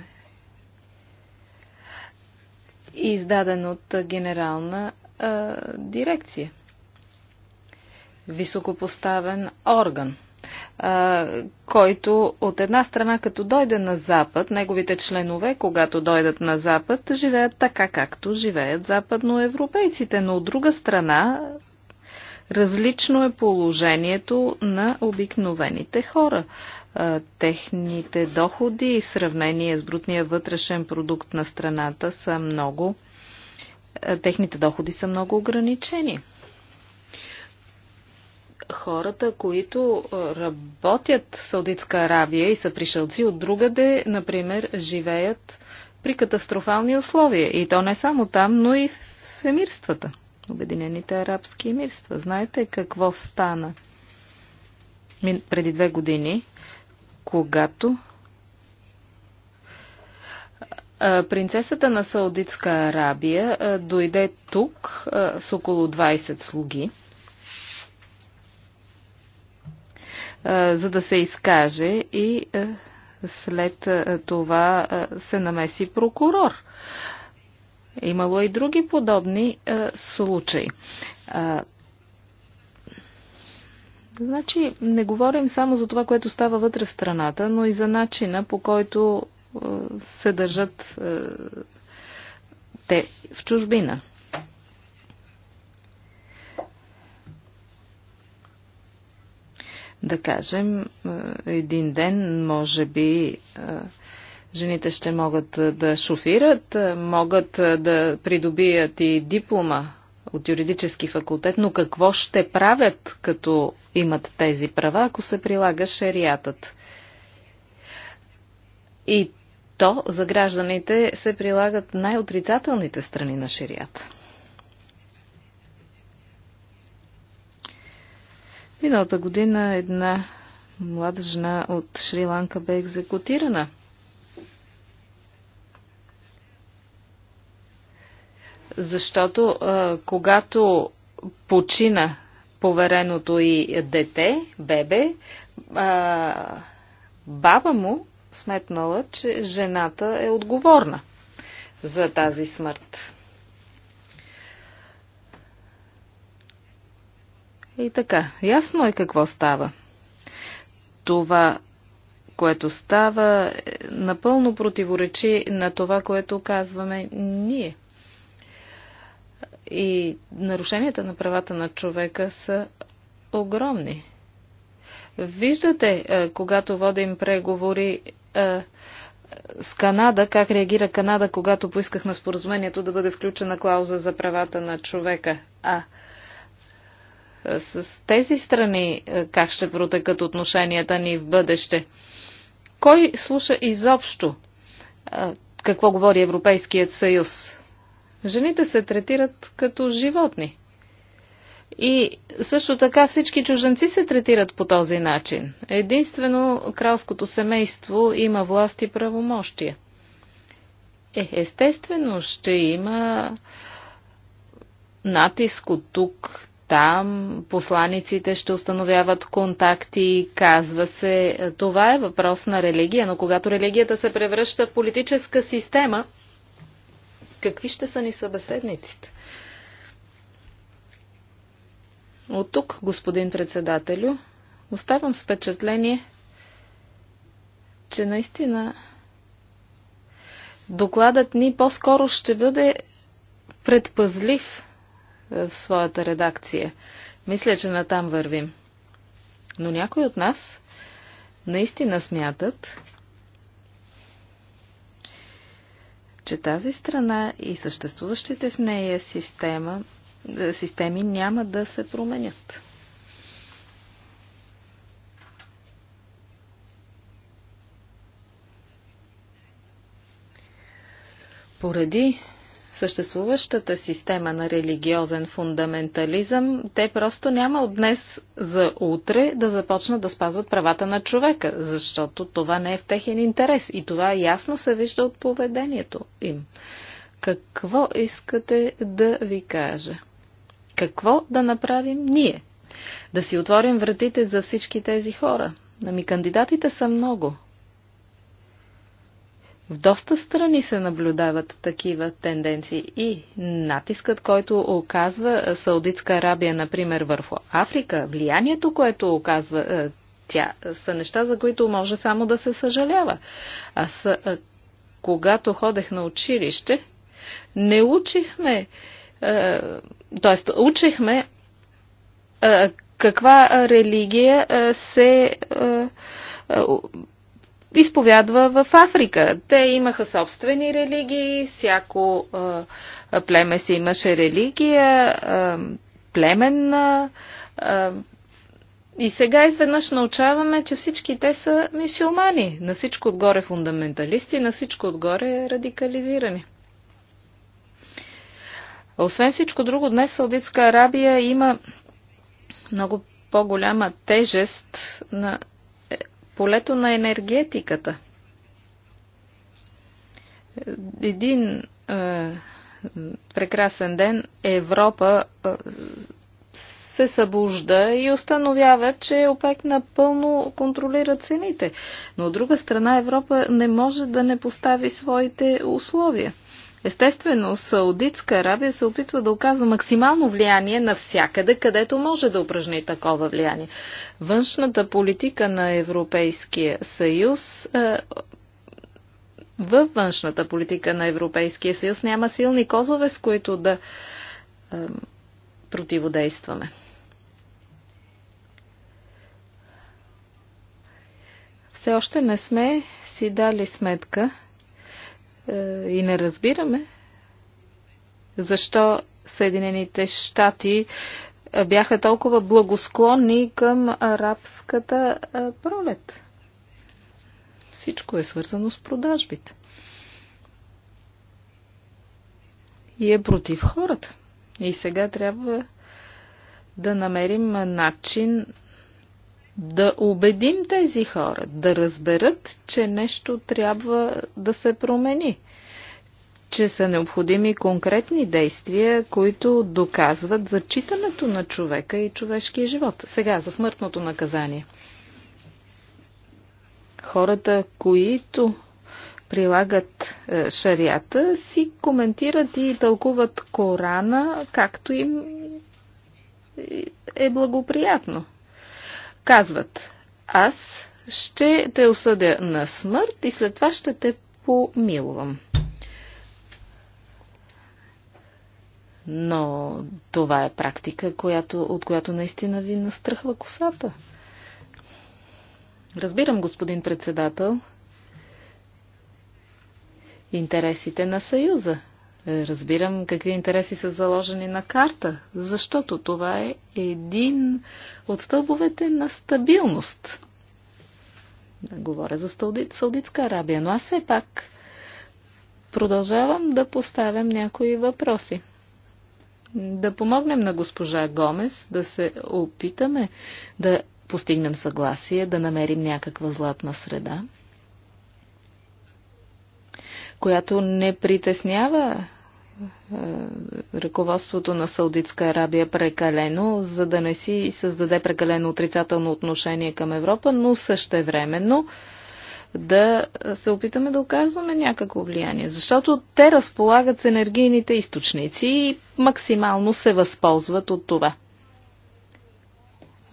Издаден от генерална а, дирекция. Високопоставен орган – който от една страна, като дойде на Запад, неговите членове, когато дойдат на Запад, живеят така, както живеят западноевропейците, но от друга страна, различно е положението на обикновените хора. Техните доходи в сравнение с брутния вътрешен продукт на страната са много. Техните доходи са много ограничени хората, които работят в Саудитска Арабия и са пришълци от другаде, например, живеят при катастрофални условия. И то не само там, но и в емирствата. Обединените арабски емирства. Знаете какво стана преди две години, когато принцесата на Саудитска Арабия дойде тук с около 20 слуги за да се изкаже и след това се намеси прокурор. Имало и други подобни случаи. Значи, не говорим само за това, което става вътре в страната, но и за начина по който се държат те в чужбина. Да кажем, е, един ден, може би, е, жените ще могат е, да шофират, могат да придобият и диплома от юридически факултет, но какво ще правят, като имат тези права, ако се прилага шериатът? И то за гражданите се прилагат най-отрицателните страни на ширията. Миналата година една млада жена от Шри-Ланка бе екзекутирана. Защото а, когато почина повереното и дете, бебе, а, баба му сметнала, че жената е отговорна за тази смърт. И така, ясно е какво става. Това, което става, е, напълно противоречи на това, което казваме ние. И нарушенията на правата на човека са огромни. Виждате, е, когато водим преговори е, с Канада, как реагира Канада, когато поискахме споразумението да бъде включена клауза за правата на човека. А е, с тези страни е, как ще протекат отношенията ни в бъдеще. Кой слуша изобщо е, какво говори Европейският съюз? Жените се третират като животни. И също така всички чужденци се третират по този начин. Единствено кралското семейство има власт и правомощия. Е, естествено ще има натиск от тук, там посланиците ще установяват контакти, казва се. Това е въпрос на религия, но когато религията се превръща в политическа система, какви ще са ни събеседниците? От тук, господин председателю, оставам с впечатление, че наистина докладът ни по-скоро ще бъде предпазлив в своята редакция. Мисля, че натам вървим. Но някои от нас наистина смятат, че тази страна и съществуващите в нея система, е, системи няма да се променят. Поради съществуващата система на религиозен фундаментализъм, те просто няма от днес за утре да започнат да спазват правата на човека, защото това не е в техен интерес и това ясно се вижда от поведението им. Какво искате да ви кажа? Какво да направим ние? Да си отворим вратите за всички тези хора. Ами кандидатите са много. В доста страни се наблюдават такива тенденции и натискът, който оказва Саудитска Арабия, например, върху Африка, влиянието, което оказва тя, са неща, за които може само да се съжалява. Аз, когато ходех на училище, не учихме, т.е. учихме каква религия се изповядва в Африка. Те имаха собствени религии, всяко а, племе си имаше религия, а, племенна. А, и сега изведнъж научаваме, че всички те са мисиомани. На всичко отгоре фундаменталисти, на всичко отгоре радикализирани. Освен всичко друго, днес Саудитска Арабия има много по-голяма тежест на полето на енергетиката. Един е, прекрасен ден Европа е, се събужда и установява, че е ОПЕК напълно контролира цените. Но от друга страна Европа не може да не постави своите условия. Естествено, Саудитска Арабия се опитва да оказва максимално влияние навсякъде, където може да упражни такова влияние. Външната политика на Европейския съюз е, във външната политика на Европейския съюз няма силни козове, с които да е, противодействаме. Все още не сме си дали сметка, е, и не разбираме защо Съединените щати е, бяха толкова благосклонни към арабската е, пролет. Всичко е свързано с продажбите. И е против хората. И сега трябва да намерим начин да убедим тези хора да разберат, че нещо трябва да се промени, че са необходими конкретни действия, които доказват зачитането на човека и човешкия живот. Сега за смъртното наказание. Хората, които прилагат е, шарията, си коментират и тълкуват Корана, както им е благоприятно казват аз ще те осъдя на смърт и след това ще те помилвам. Но това е практика, която, от която наистина ви настръхва косата. Разбирам, господин председател, интересите на Съюза. Е, разбирам какви интереси са заложени на карта, защото това е един от стълбовете на стабилност. Говоря за Саудитска Арабия, но аз все пак продължавам да поставям някои въпроси. Да помогнем на госпожа Гомес, да се опитаме да постигнем съгласие, да намерим някаква златна среда – която не притеснява е, ръководството на Саудитска Арабия прекалено, за да не си създаде прекалено отрицателно отношение към Европа, но същевременно да се опитаме да оказваме някакво влияние, защото те разполагат с енергийните източници и максимално се възползват от това.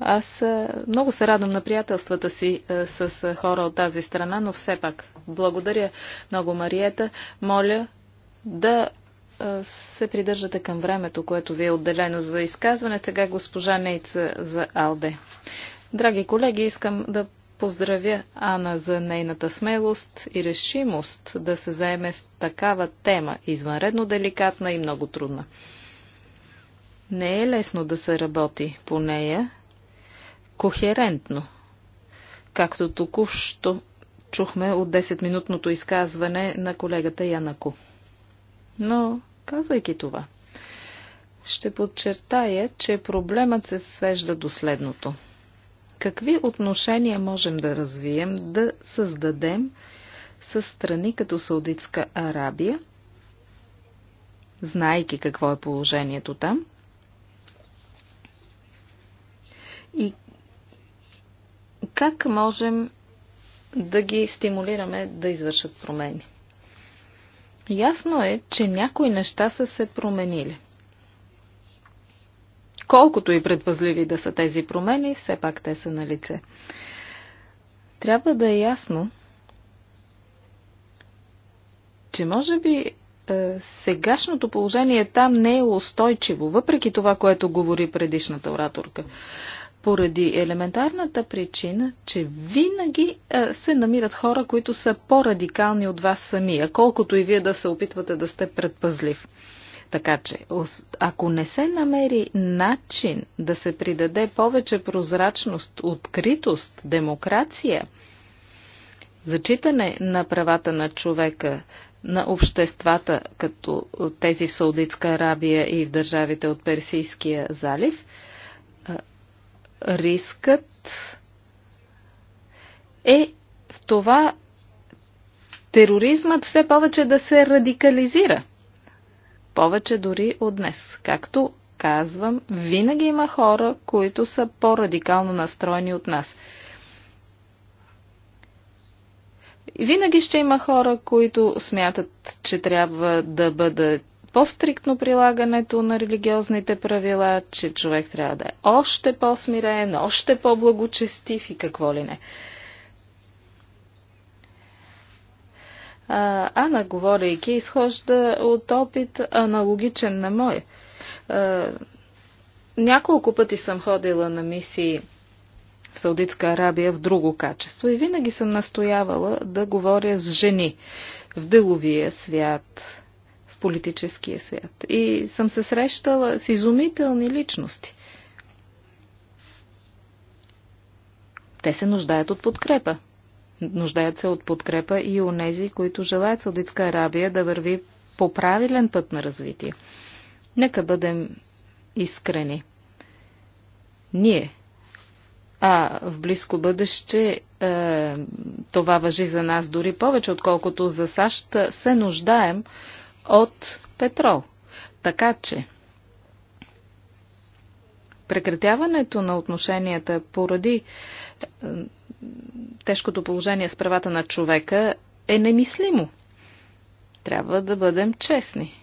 Аз е, много се радвам на приятелствата си е, с е, хора от тази страна, но все пак благодаря много, Мариета. Моля да се придържате към времето, което ви е отделено за изказване. Сега госпожа Нейца за Алде. Драги колеги, искам да поздравя Ана за нейната смелост и решимост да се заеме с такава тема, извънредно деликатна и много трудна. Не е лесно да се работи по нея кохерентно, както току-що чухме от 10-минутното изказване на колегата Янако. Но, казвайки това, ще подчертая, че проблемът се свежда до следното. Какви отношения можем да развием, да създадем с страни като Саудитска Арабия, знайки какво е положението там, и как можем да ги стимулираме да извършат промени? Ясно е, че някои неща са се променили. Колкото и предпазливи да са тези промени, все пак те са на лице. Трябва да е ясно, че може би е, сегашното положение там не е устойчиво, въпреки това, което говори предишната ораторка поради елементарната причина, че винаги а, е, се намират хора, които са по-радикални от вас самия, колкото и вие да се опитвате да сте предпазлив. Така че, ако не се намери начин да се придаде повече прозрачност, откритост, демокрация, зачитане на правата на човека, на обществата, като тези в Саудитска Арабия и в държавите от Персийския залив – рискът е в това тероризмът все повече да се радикализира. Повече дори от днес. Както казвам, винаги има хора, които са по-радикално настроени от нас. Винаги ще има хора, които смятат, че трябва да бъдат по-стриктно прилагането на религиозните правила, че човек трябва да е още по-смирен, още по-благочестив и какво ли не. А, Ана, говорейки, изхожда от опит аналогичен на мой. А, няколко пъти съм ходила на мисии в Саудитска Арабия в друго качество и винаги съм настоявала да говоря с жени в деловия свят, политическия свят. И съм се срещала с изумителни личности. Те се нуждаят от подкрепа. Нуждаят се от подкрепа и у нези, които желаят Саудитска Арабия да върви по правилен път на развитие. Нека бъдем искрени. Ние, а в близко бъдеще е, това въжи за нас дори повече, отколкото за САЩ, се нуждаем от петрол. Така че прекратяването на отношенията поради е, тежкото положение с правата на човека е немислимо. Трябва да бъдем честни.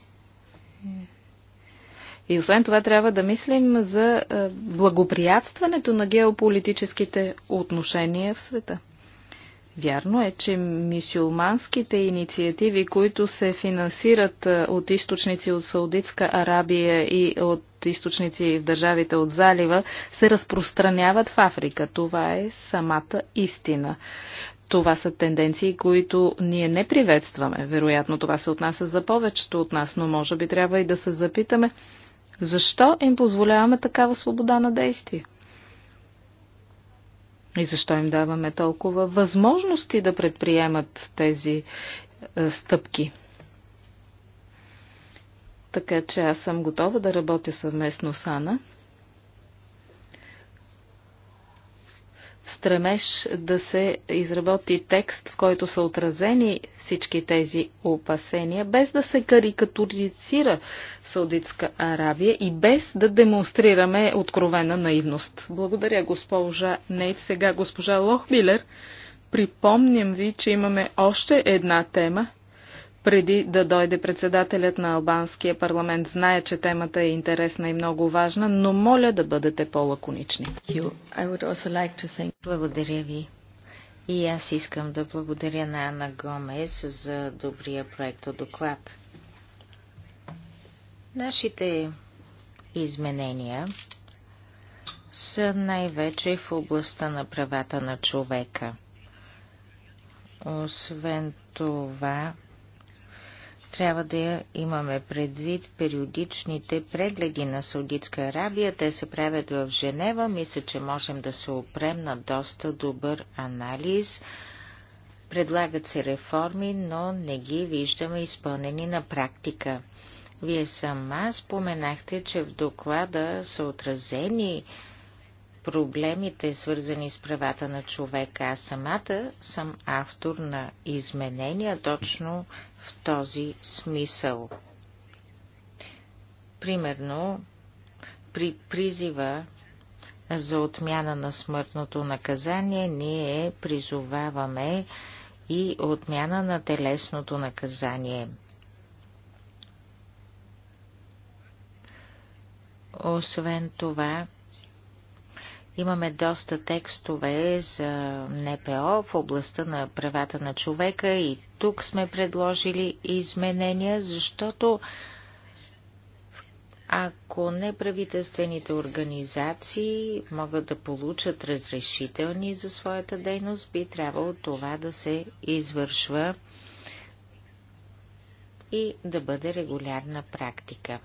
И освен това трябва да мислим за е, благоприятстването на геополитическите отношения в света. Вярно е, че мисюлманските инициативи, които се финансират е, от източници от Саудитска Арабия и от източници в държавите от залива, се разпространяват в Африка. Това е самата истина. Това са тенденции, които ние не приветстваме. Вероятно това се отнася за повечето от нас, но може би трябва и да се запитаме, защо им позволяваме такава свобода на действие? И защо им даваме толкова възможности да предприемат тези е, стъпки? Така че аз съм готова да работя съвместно с Ана стремеж да се изработи текст, в който са отразени всички тези опасения, без да се карикатурицира Саудитска Аравия и без да демонстрираме откровена наивност. Благодаря, госпожа Нейт. Сега госпожа Лохмилер. Припомням ви, че имаме още една тема преди да дойде председателят на Албанския парламент. Зная, че темата е интересна и много важна, но моля да бъдете по-лаконични. благодаря ви. И аз искам да благодаря на Анна Гомес за добрия проекто доклад. Нашите изменения са най-вече в областта на правата на човека. Освен това, трябва да имаме предвид периодичните прегледи на Саудитска Арабия. Те се правят в Женева. Мисля, че можем да се опрем на доста добър анализ. Предлагат се реформи, но не ги виждаме изпълнени на практика. Вие сама споменахте, че в доклада са отразени проблемите, свързани с правата на човека. Аз самата съм автор на изменения точно в този смисъл. Примерно, при призива за отмяна на смъртното наказание, ние призоваваме и отмяна на телесното наказание. Освен това, Имаме доста текстове за НПО в областта на правата на човека и тук сме предложили изменения, защото ако неправителствените организации могат да получат разрешителни за своята дейност, би трябвало това да се извършва и да бъде регулярна практика.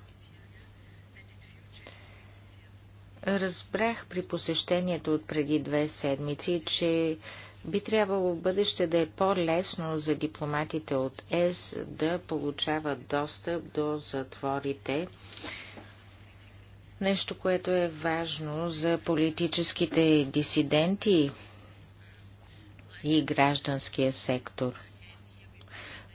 Разбрах при посещението от преди две седмици, че би трябвало в бъдеще да е по-лесно за дипломатите от ЕС да получават достъп до затворите. Нещо, което е важно за политическите дисиденти и гражданския сектор.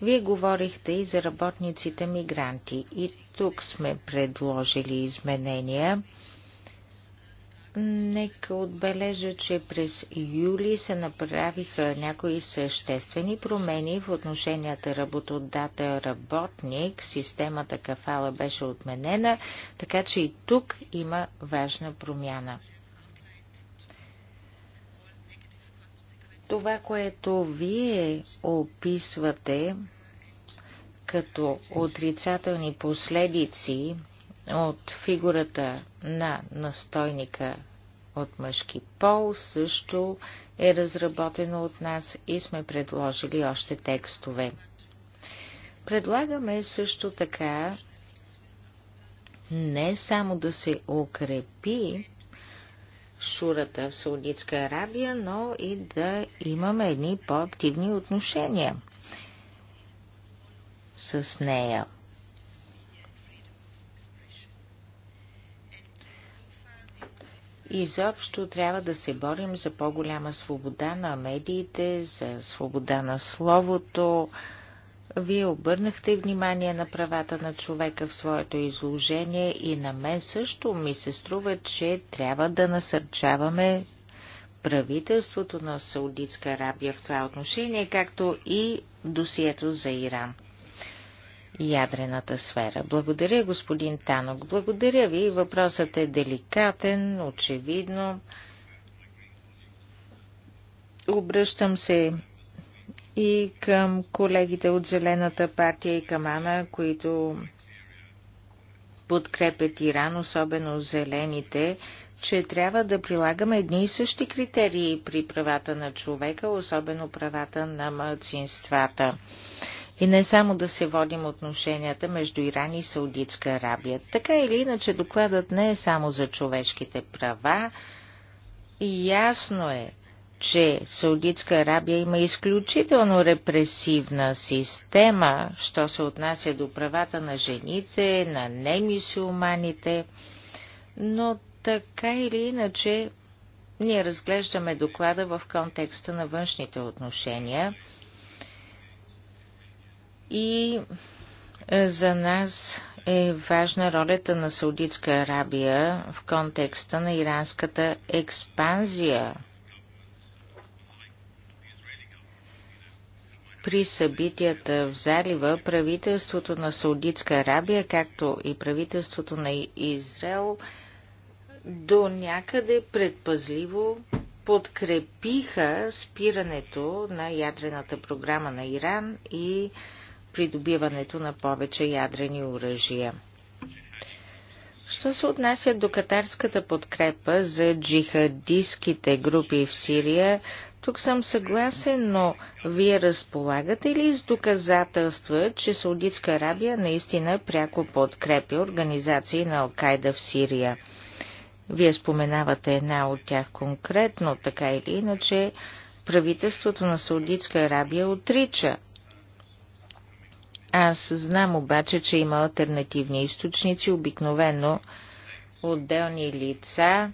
Вие говорихте и за работниците мигранти. И тук сме предложили изменения. Нека отбележа, че през юли се направиха някои съществени промени в отношенията работодател-работник. Системата кафала беше отменена, така че и тук има важна промяна. Това, което вие описвате като отрицателни последици от фигурата на настойника от мъжки пол също е разработено от нас и сме предложили още текстове. Предлагаме също така не само да се укрепи шурата в Саудитска Арабия, но и да имаме едни по-активни отношения с нея. Изобщо трябва да се борим за по-голяма свобода на медиите, за свобода на словото. Вие обърнахте внимание на правата на човека в своето изложение и на мен също ми се струва, че трябва да насърчаваме правителството на Саудитска Арабия в това отношение, както и досието за Иран ядрената сфера. Благодаря, господин Танок. Благодаря ви. Въпросът е деликатен, очевидно. Обръщам се и към колегите от Зелената партия и към Ана, които подкрепят Иран, особено зелените, че трябва да прилагаме едни и същи критерии при правата на човека, особено правата на мълцинствата и не само да се водим отношенията между Иран и Саудитска Арабия. Така или иначе докладът не е само за човешките права. И ясно е, че Саудитска Арабия има изключително репресивна система, що се отнася до правата на жените, на немисюлманите, но така или иначе ние разглеждаме доклада в контекста на външните отношения – и е, за нас е важна ролята на Саудитска Арабия в контекста на иранската експанзия. При събитията в залива правителството на Саудитска Арабия, както и правителството на Израел, до някъде предпазливо подкрепиха спирането на ядрената програма на Иран и придобиването на повече ядрени оръжия. Що се отнася до катарската подкрепа за джихадистските групи в Сирия, тук съм съгласен, но вие разполагате ли с доказателства, че Саудитска Арабия наистина пряко подкрепя организации на Алкайда в Сирия? Вие споменавате една от тях конкретно, така или иначе правителството на Саудитска Арабия отрича аз знам обаче, че има альтернативни източници, обикновено отделни лица,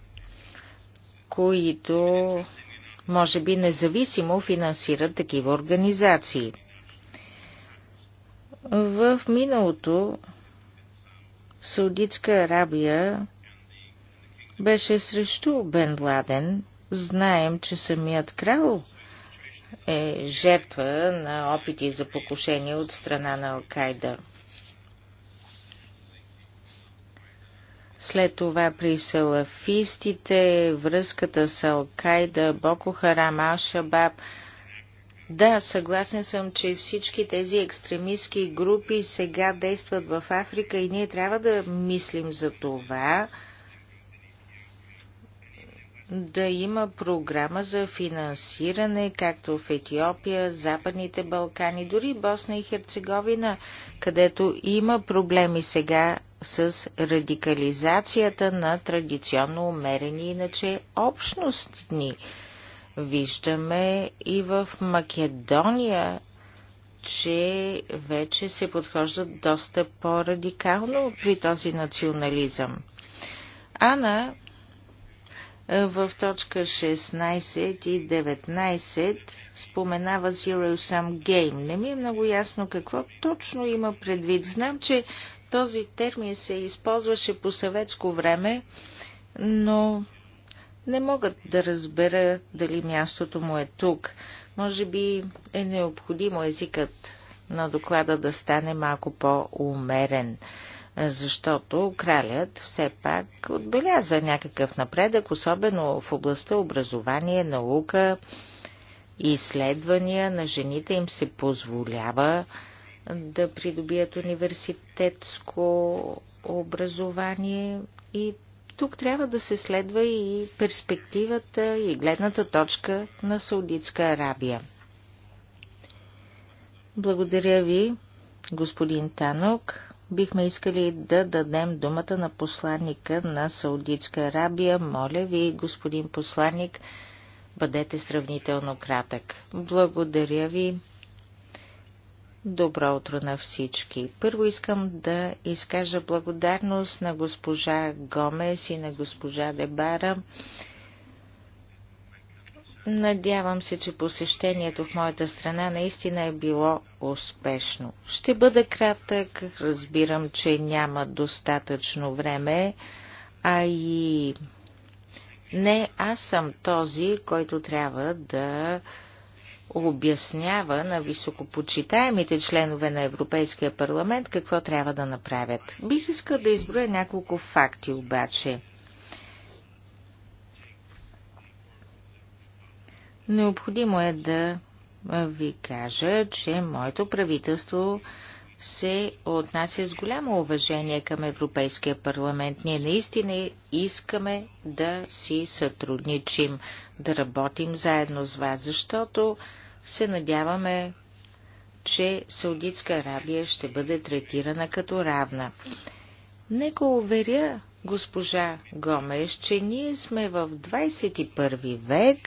които може би независимо финансират такива организации. В миналото в Саудитска Арабия беше срещу Бен Ладен. Знаем, че самият крал е жертва на опити за покушение от страна на Алкайда. След това при салафистите, връзката с Алкайда, Боко Харам, Алшабаб. Да, съгласен съм, че всички тези екстремистски групи сега действат в Африка и ние трябва да мислим за това – да има програма за финансиране, както в Етиопия, Западните Балкани, дори Босна и Херцеговина, където има проблеми сега с радикализацията на традиционно умерени, иначе общностни. Виждаме и в Македония, че вече се подхождат доста по-радикално при този национализъм. Ана в точка 16 и 19 споменава Zero Sum Game. Не ми е много ясно какво точно има предвид. Знам, че този термин се използваше по съветско време, но не мога да разбера дали мястото му е тук. Може би е необходимо езикът на доклада да стане малко по-умерен. Е, защото кралят все пак отбеляза някакъв напредък, особено в областта образование, наука, и изследвания на жените им се позволява да придобият университетско образование и тук трябва да се следва и перспективата и гледната точка на Саудитска Арабия. Благодаря ви, господин Танок бихме искали да дадем думата на посланника на Саудитска Арабия. Моля ви, господин посланник, бъдете сравнително кратък. Благодаря ви. Добро утро на всички. Първо искам да изкажа благодарност на госпожа Гомес и на госпожа Дебара Надявам се, че посещението в моята страна наистина е било успешно. Ще бъда кратък, разбирам, че няма достатъчно време, а и не аз съм този, който трябва да обяснява на високопочитаемите членове на Европейския парламент какво трябва да направят. Бих искал да изброя няколко факти обаче – Необходимо е да ви кажа, че моето правителство се отнася с голямо уважение към Европейския парламент. Ние наистина искаме да си сътрудничим, да работим заедно с вас, защото се надяваме, че Саудитска Арабия ще бъде третирана като равна. Нека уверя госпожа Гомеш, че ние сме в 21 век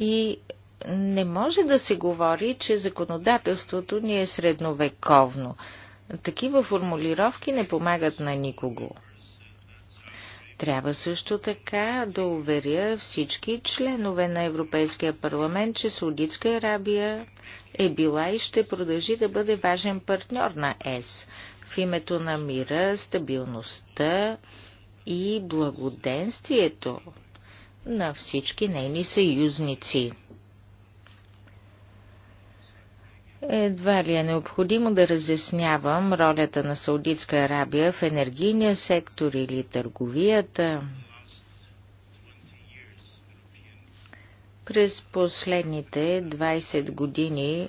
и не може да се говори, че законодателството ни е средновековно. Такива формулировки не помагат на никого. Трябва също така да уверя всички членове на Европейския парламент, че Саудитска Арабия е била и ще продължи да бъде важен партньор на ЕС в името на мира, стабилността и благоденствието на всички нейни съюзници. Едва ли е необходимо да разяснявам ролята на Саудитска Арабия в енергийния сектор или търговията. През последните 20 години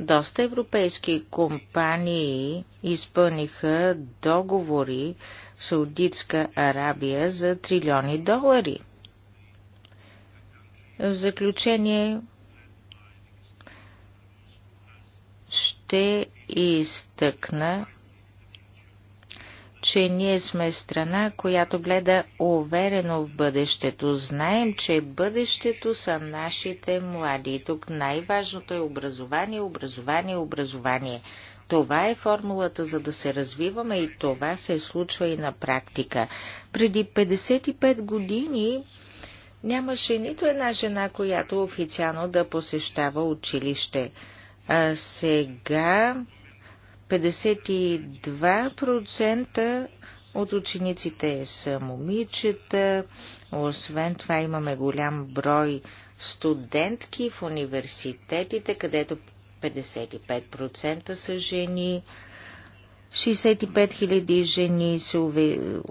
доста европейски компании изпълниха договори в Саудитска Арабия за трилиони долари – в заключение ще изтъкна, че ние сме страна, която гледа уверено в бъдещето. Знаем, че бъдещето са нашите млади. И тук най-важното е образование, образование, образование. Това е формулата за да се развиваме и това се случва и на практика. Преди 55 години Нямаше нито една жена, която официално да посещава училище. А сега 52% от учениците са момичета. Освен това имаме голям брой студентки в университетите, където 55% са жени. 65 000 жени се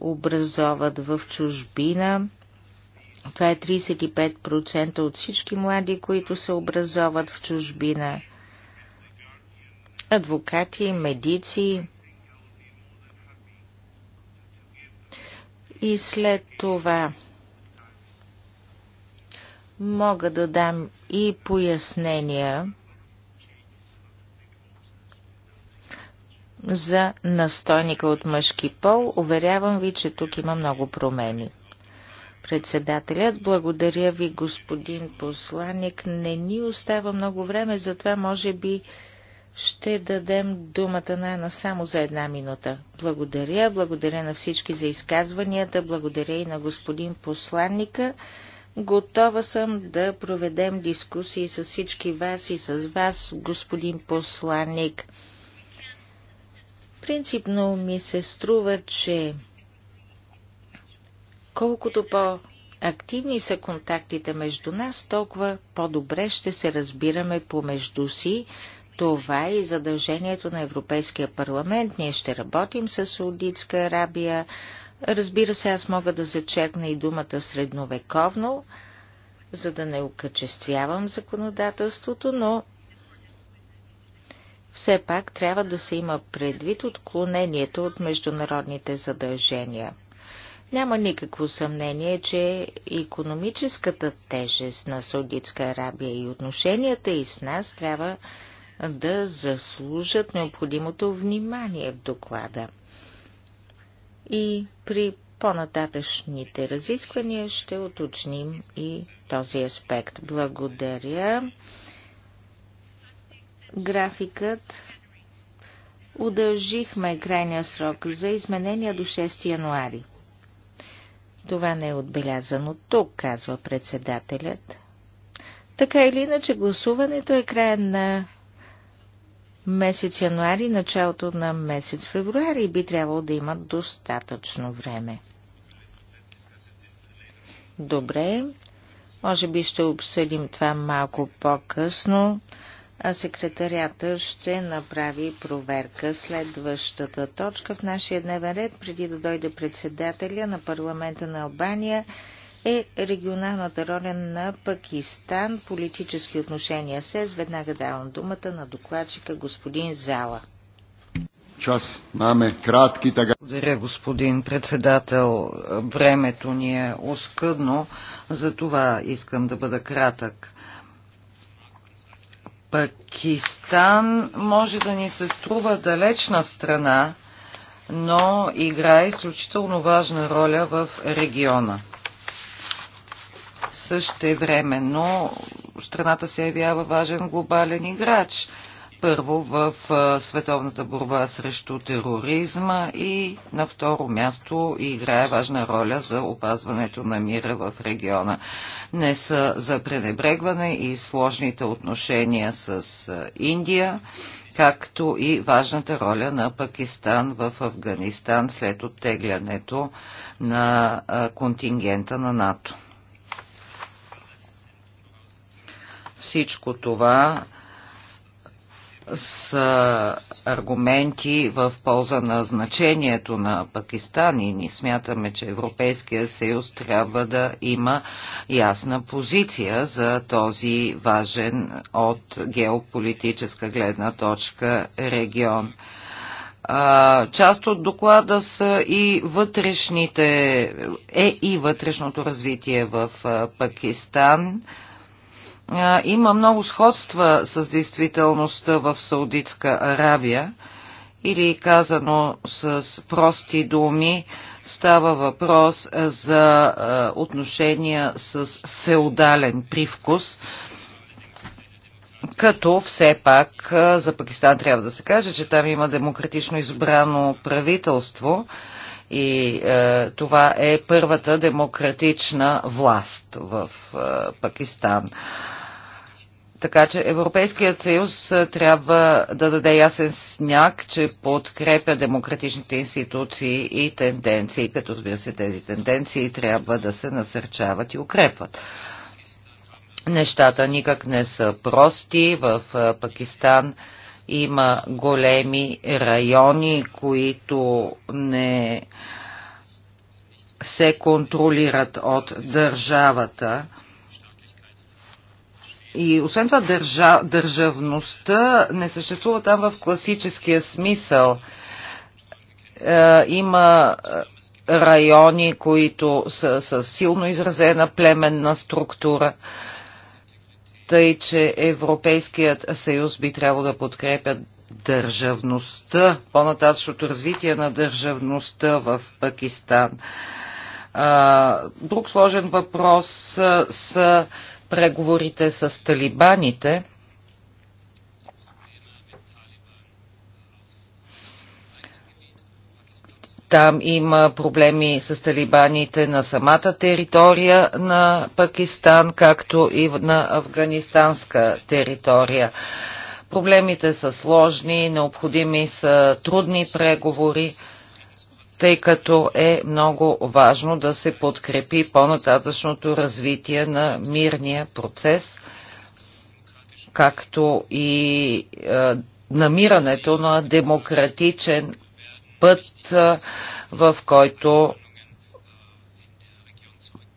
образоват в чужбина. Това е 35% от всички млади, които се образоват в чужбина. Адвокати, медици. И след това мога да дам и пояснения за настойника от мъжки пол. Уверявам ви, че тук има много промени. Председателят, благодаря ви, господин посланник. Не ни остава много време, затова може би ще дадем думата на Ана само за една минута. Благодаря, благодаря на всички за изказванията, благодаря и на господин посланника. Готова съм да проведем дискусии с всички вас и с вас, господин посланник. Принципно ми се струва, че Колкото по-активни са контактите между нас, толкова по-добре ще се разбираме помежду си. Това е и задължението на Европейския парламент. Ние ще работим с Саудитска Арабия. Разбира се, аз мога да зачерпна и думата средновековно, за да не окачествявам законодателството, но все пак трябва да се има предвид отклонението от международните задължения. Няма никакво съмнение, че економическата тежест на Саудитска Арабия и отношенията и с нас трябва да заслужат необходимото внимание в доклада. И при по-нататъчните разисквания ще уточним и този аспект. Благодаря. Графикът удължихме крайния срок за изменения до 6 януари. Това не е отбелязано тук, казва председателят. Така или иначе гласуването е края на месец януари, началото на месец февруари и би трябвало да имат достатъчно време. Добре, може би ще обсъдим това малко по-късно а секретарията ще направи проверка. Следващата точка в нашия дневен ред, преди да дойде председателя на парламента на Албания, е регионалната роля на Пакистан, политически отношения се. Веднага давам думата на докладчика господин Зала. Час маме кратки тага. Благодаря, господин председател. Времето ни е оскъдно, затова искам да бъда кратък. Пакистан може да ни се струва далечна страна, но играе изключително важна роля в региона. Същевременно страната се явява важен глобален играч – първо в световната борба срещу тероризма и на второ място играе важна роля за опазването на мира в региона. Не са за пренебрегване и сложните отношения с Индия, както и важната роля на Пакистан в Афганистан след оттеглянето на контингента на НАТО. Всичко това с аргументи в полза на значението на Пакистан и ни смятаме, че Европейския съюз трябва да има ясна позиция за този важен от геополитическа гледна точка регион. Част от доклада са и вътрешните, е и вътрешното развитие в Пакистан има много сходства с действителността в Саудитска Арабия или казано с прости думи, става въпрос за отношения с феодален привкус, като все пак за Пакистан трябва да се каже, че там има демократично избрано правителство и е, това е първата демократична власт в е, Пакистан. Е, така че Европейският съюз трябва да даде ясен сняг, че подкрепя демократичните институции и тенденции, като разбира се тези тенденции трябва да се насърчават и укрепват. Нещата никак не са прости. В Пакистан има големи райони, които не се контролират от държавата и освен това държа, държавността не съществува там в класическия смисъл. Е, има е, райони, които са с силно изразена племенна структура, тъй че Европейският съюз би трябвало да подкрепят държавността, по-нататъчното развитие на държавността в Пакистан. Друг сложен въпрос са преговорите с талибаните, Там има проблеми с талибаните на самата територия на Пакистан, както и на афганистанска територия. Проблемите са сложни, необходими са трудни преговори тъй като е много важно да се подкрепи по-нататъчното развитие на мирния процес, както и е, намирането на демократичен път, е, в който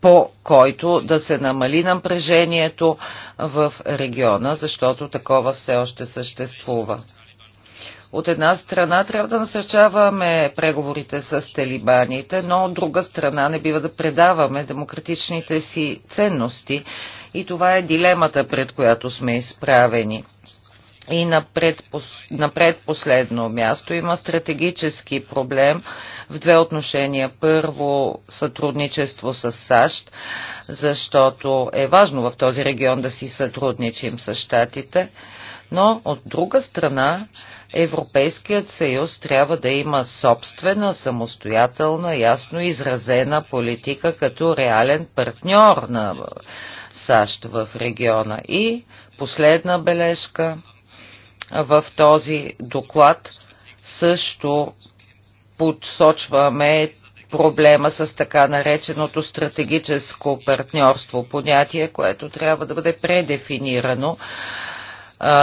по който да се намали напрежението в региона, защото такова все още съществува. От една страна трябва да насърчаваме преговорите с талибаните, но от друга страна не бива да предаваме демократичните си ценности и това е дилемата, пред която сме изправени. И на, предпоследно място има стратегически проблем в две отношения. Първо, сътрудничество с САЩ, защото е важно в този регион да си сътрудничим с щатите. Но от друга страна, Европейският съюз трябва да има собствена, самостоятелна, ясно изразена политика като реален партньор на САЩ в региона. И последна бележка в този доклад също подсочваме проблема с така нареченото стратегическо партньорство, понятие, което трябва да бъде предефинирано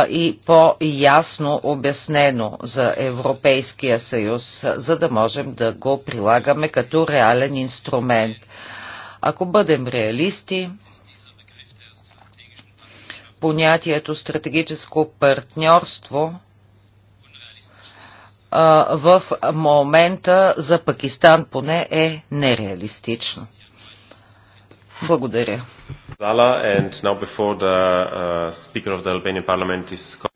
и по-ясно обяснено за Европейския съюз, за да можем да го прилагаме като реален инструмент. Ако бъдем реалисти, понятието стратегическо партньорство в момента за Пакистан поне е нереалистично. Благодаря. Uh,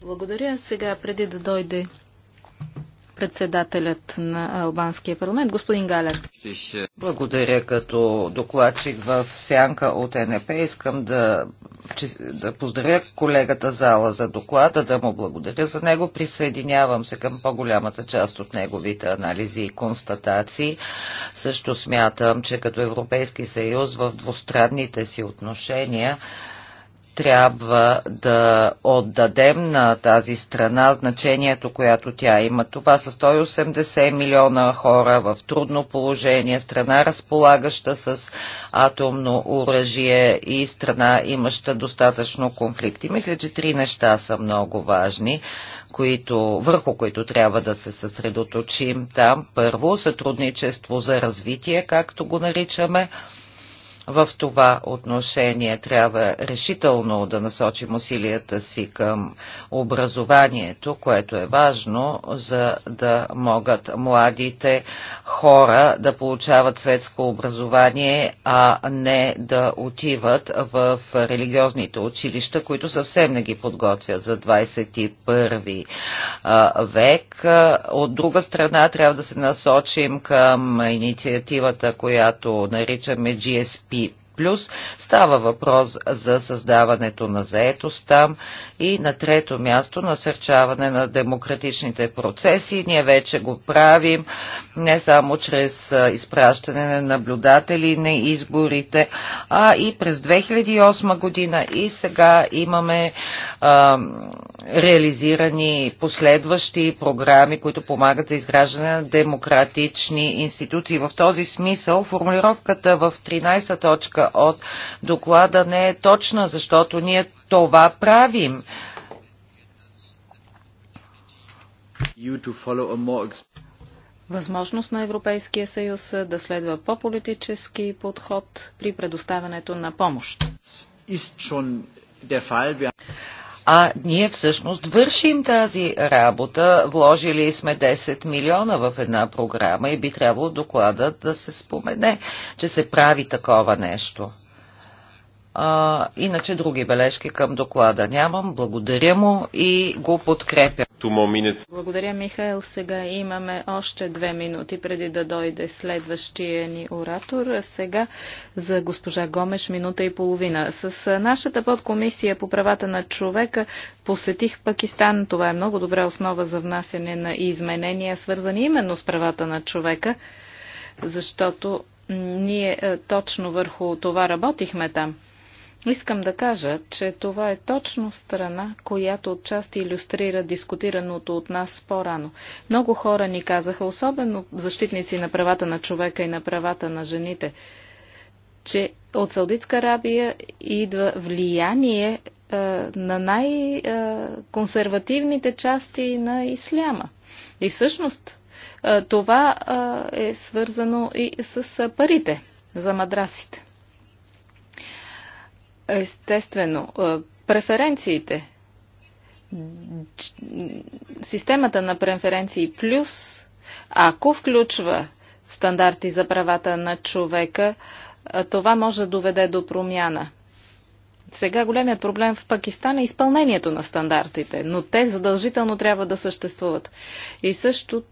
Благодаря. Сега, преди да дойде председателят на Албанския парламент, господин Галер. Благодаря като докладчик в сянка от НП. Искам да, да поздравя колегата Зала за доклада, да му благодаря за него. Присъединявам се към по-голямата част от неговите анализи и констатации. Също смятам, че като Европейски съюз в двустранните си отношения трябва да отдадем на тази страна значението, която тя има. Това са 180 милиона хора в трудно положение, страна разполагаща с атомно оръжие и страна имаща достатъчно конфликти. Мисля, че три неща са много важни които, върху които трябва да се съсредоточим там. Първо, сътрудничество за развитие, както го наричаме. В това отношение трябва решително да насочим усилията си към образованието, което е важно, за да могат младите хора да получават светско образование, а не да отиват в религиозните училища, които съвсем не ги подготвят за 21 век. От друга страна трябва да се насочим към инициативата, която наричаме GSP плюс. Става въпрос за създаването на заетост там и на трето място насърчаване на демократичните процеси. Ние вече го правим не само чрез изпращане на наблюдатели на изборите, а и през 2008 година и сега имаме а, реализирани последващи програми, които помагат за изграждане на демократични институции. В този смисъл формулировката в 13 точка от доклада не е точна, защото ние това правим. Възможност на Европейския съюз да следва по-политически подход при предоставянето на помощ. А ние всъщност вършим тази работа. Вложили сме 10 милиона в една програма и би трябвало докладът да се спомене, че се прави такова нещо. А, иначе други бележки към доклада нямам. Благодаря му и го подкрепя. Благодаря, Михаил. Сега имаме още две минути преди да дойде следващия ни оратор. Сега за госпожа Гомеш минута и половина. С нашата подкомисия по правата на човека посетих Пакистан. Това е много добра основа за внасяне на изменения, свързани именно с правата на човека, защото ние точно върху това работихме там. Искам да кажа, че това е точно страна, която отчасти иллюстрира дискутираното от нас по-рано. Много хора ни казаха, особено защитници на правата на човека и на правата на жените, че от Саудитска Арабия идва влияние е, на най-консервативните части на исляма. И всъщност е, това е, е свързано и с е, парите за мадрасите. Естествено, е, преференциите. Системата на преференции плюс, ако включва стандарти за правата на човека, е, това може да доведе до промяна. Сега големият проблем в Пакистан е изпълнението на стандартите, но те задължително трябва да съществуват. И също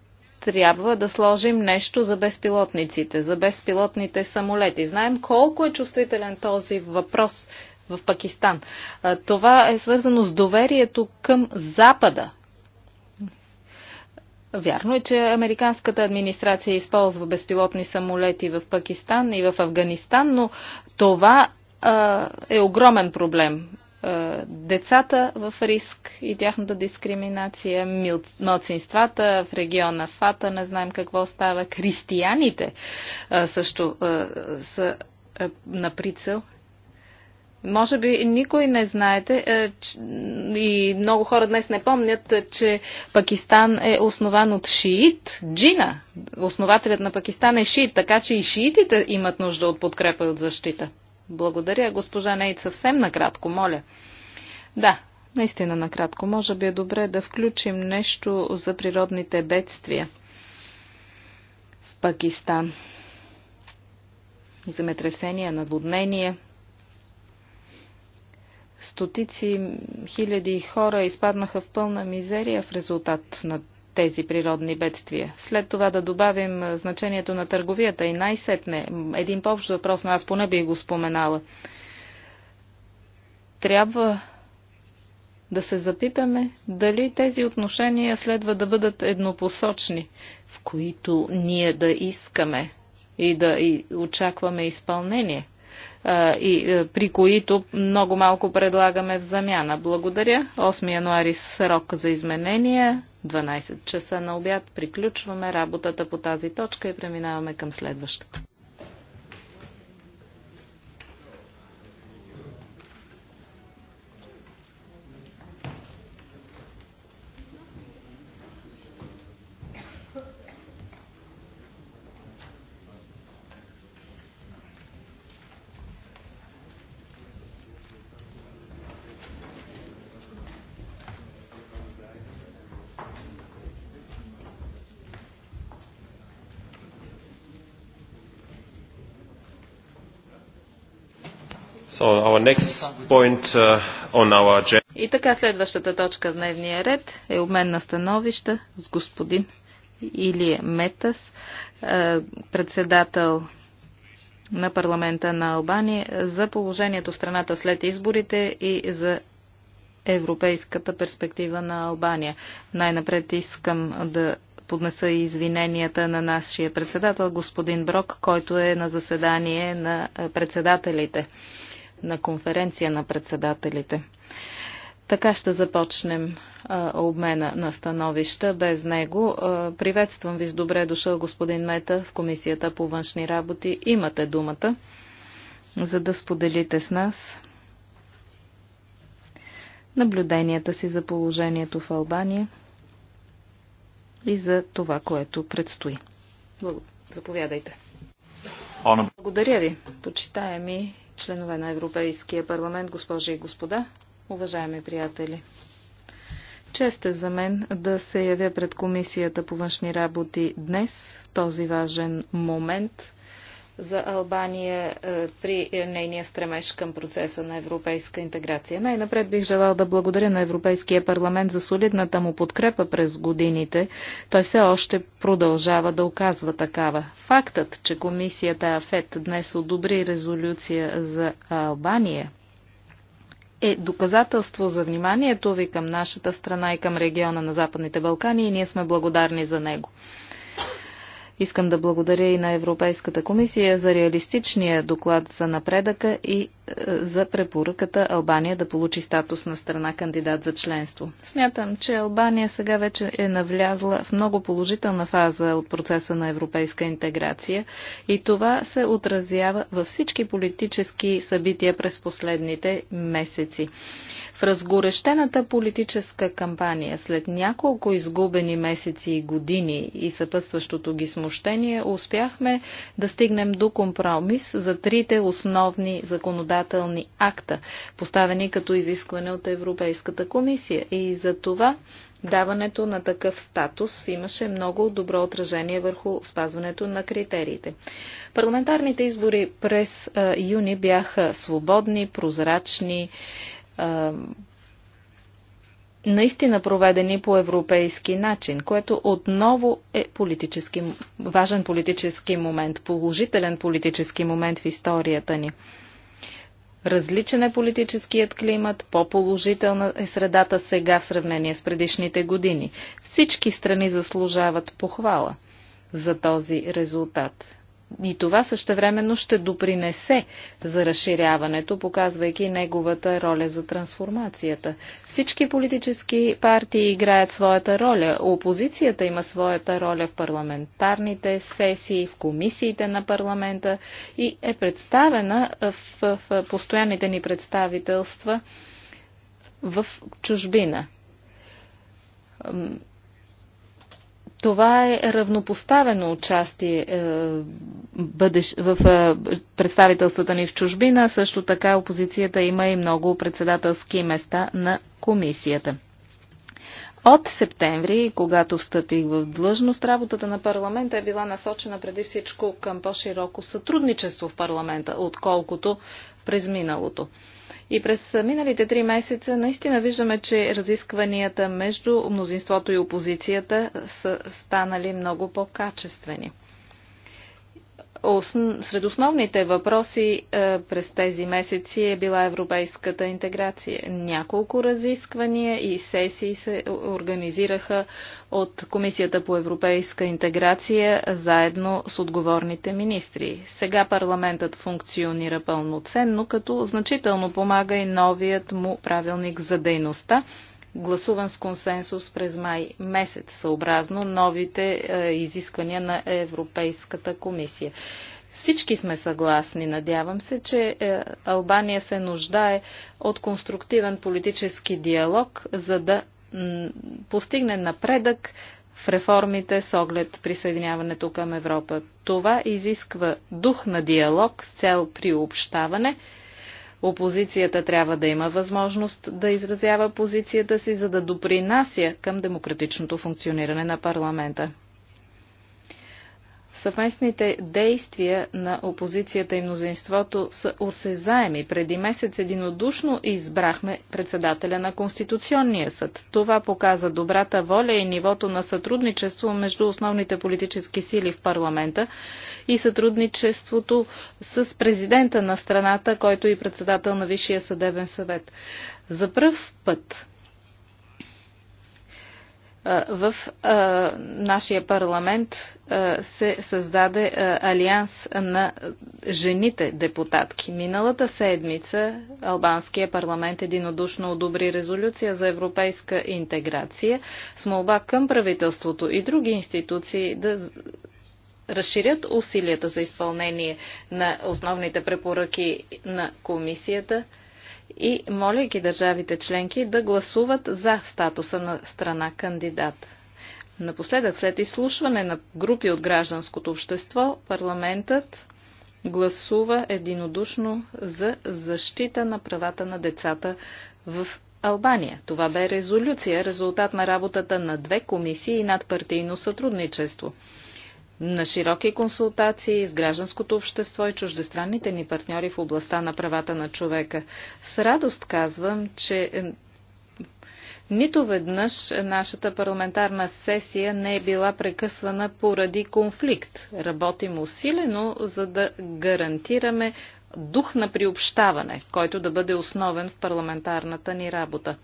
трябва да сложим нещо за безпилотниците, за безпилотните самолети. Знаем колко е чувствителен този въпрос в Пакистан. Това е свързано с доверието към Запада. Вярно е, че американската администрация използва безпилотни самолети в Пакистан и в Афганистан, но това е огромен проблем. Е, децата в риск и тяхната дискриминация, мълцинствата в региона Фата, не знаем какво става, християните е, също е, са на прицел. Може би никой не знаете и много хора днес не помнят, че Пакистан е основан от шиит Джина. Основателят на Пакистан е шиит, така че и шиитите имат нужда от подкрепа и от защита. Благодаря, госпожа Нейт. Съвсем накратко, моля. Да, наистина накратко. Може би е добре да включим нещо за природните бедствия в Пакистан. Земетресения, наводнение. Стотици хиляди хора изпаднаха в пълна мизерия в резултат на тези природни бедствия. След това да добавим значението на търговията и най-сетне. Един по-общ въпрос, но аз поне би го споменала. Трябва да се запитаме дали тези отношения следва да бъдат еднопосочни, в които ние да искаме и да и очакваме изпълнение – и при които много малко предлагаме в замяна. Благодаря. 8 януари срок за изменения. 12 часа на обяд приключваме работата по тази точка и преминаваме към следващата. So point, uh, our... И така следващата точка в дневния ред е обмен на становища с господин Илия Метас, е, председател на парламента на Албания за положението в страната след изборите и за европейската перспектива на Албания. Най-напред искам да поднеса извиненията на нашия председател, господин Брок, който е на заседание на председателите на конференция на председателите. Така ще започнем а, обмена на становища. Без него а, приветствам ви с добре дошъл господин Мета в Комисията по външни работи. Имате думата, за да споделите с нас наблюденията си за положението в Албания и за това, което предстои. Благодаря. Заповядайте. Благодаря ви, почитаеми членове на Европейския парламент, госпожи и господа, уважаеми приятели. Чест е за мен да се явя пред Комисията по външни работи днес, в този важен момент за Албания е, при е, нейния стремеж към процеса на европейска интеграция. Най-напред бих желал да благодаря на Европейския парламент за солидната му подкрепа през годините. Той все още продължава да оказва такава. Фактът, че комисията АФЕТ днес одобри резолюция за Албания е доказателство за вниманието ви към нашата страна и към региона на Западните Балкани и ние сме благодарни за него. Искам да благодаря и на Европейската комисия за реалистичния доклад за напредъка и е, за препоръката Албания да получи статус на страна кандидат за членство. Смятам, че Албания сега вече е навлязла в много положителна фаза от процеса на европейска интеграция и това се отразява във всички политически събития през последните месеци. В разгорещената политическа кампания след няколко изгубени месеци и години и съпътстващото ги смущение успяхме да стигнем до компромис за трите основни законодателни акта, поставени като изискване от Европейската комисия. И за това Даването на такъв статус имаше много добро отражение върху спазването на критериите. Парламентарните избори през юни бяха свободни, прозрачни, наистина проведени по европейски начин, което отново е политически, важен политически момент, положителен политически момент в историята ни. Различен е политическият климат, по-положителна е средата сега в сравнение с предишните години. Всички страни заслужават похвала за този резултат. И това същевременно ще допринесе за разширяването, показвайки неговата роля за трансформацията. Всички политически партии играят своята роля. Опозицията има своята роля в парламентарните сесии, в комисиите на парламента и е представена в, в постоянните ни представителства в чужбина това е равнопоставено участие е, в е, представителствата ни в чужбина. Също така опозицията има и много председателски места на комисията. От септември, когато встъпих в длъжност, работата на парламента е била насочена преди всичко към по-широко сътрудничество в парламента, отколкото през миналото. И през миналите три месеца наистина виждаме, че разискванията между мнозинството и опозицията са станали много по-качествени. Сред основните въпроси е, през тези месеци е била европейската интеграция. Няколко разисквания и сесии се организираха от Комисията по европейска интеграция заедно с отговорните министри. Сега парламентът функционира пълноценно, като значително помага и новият му правилник за дейността гласуван с консенсус през май месец, съобразно новите е, изисквания на Европейската комисия. Всички сме съгласни, надявам се, че е, Албания се нуждае от конструктивен политически диалог, за да постигне напредък в реформите с оглед присъединяването към Европа. Това изисква дух на диалог с цел приобщаване, Опозицията трябва да има възможност да изразява позицията си, за да допринася към демократичното функциониране на парламента. Съвместните действия на опозицията и мнозинството са осезаеми. Преди месец единодушно избрахме председателя на Конституционния съд. Това показа добрата воля и нивото на сътрудничество между основните политически сили в парламента и сътрудничеството с президента на страната, който и председател на Висшия съдебен съвет. За пръв път в нашия парламент се създаде Алианс на жените депутатки. Миналата седмица Албанския парламент единодушно одобри резолюция за европейска интеграция с молба към правителството и други институции да разширят усилията за изпълнение на основните препоръки на комисията – и молейки държавите членки да гласуват за статуса на страна кандидат. Напоследък, след изслушване на групи от гражданското общество, парламентът гласува единодушно за защита на правата на децата в Албания. Това бе резолюция, резултат на работата на две комисии и надпартийно сътрудничество на широки консултации с гражданското общество и чуждестранните ни партньори в областта на правата на човека. С радост казвам, че е, нито веднъж нашата парламентарна сесия не е била прекъсвана поради конфликт. Работим усилено, за да гарантираме дух на приобщаване, който да бъде основен в парламентарната ни работа.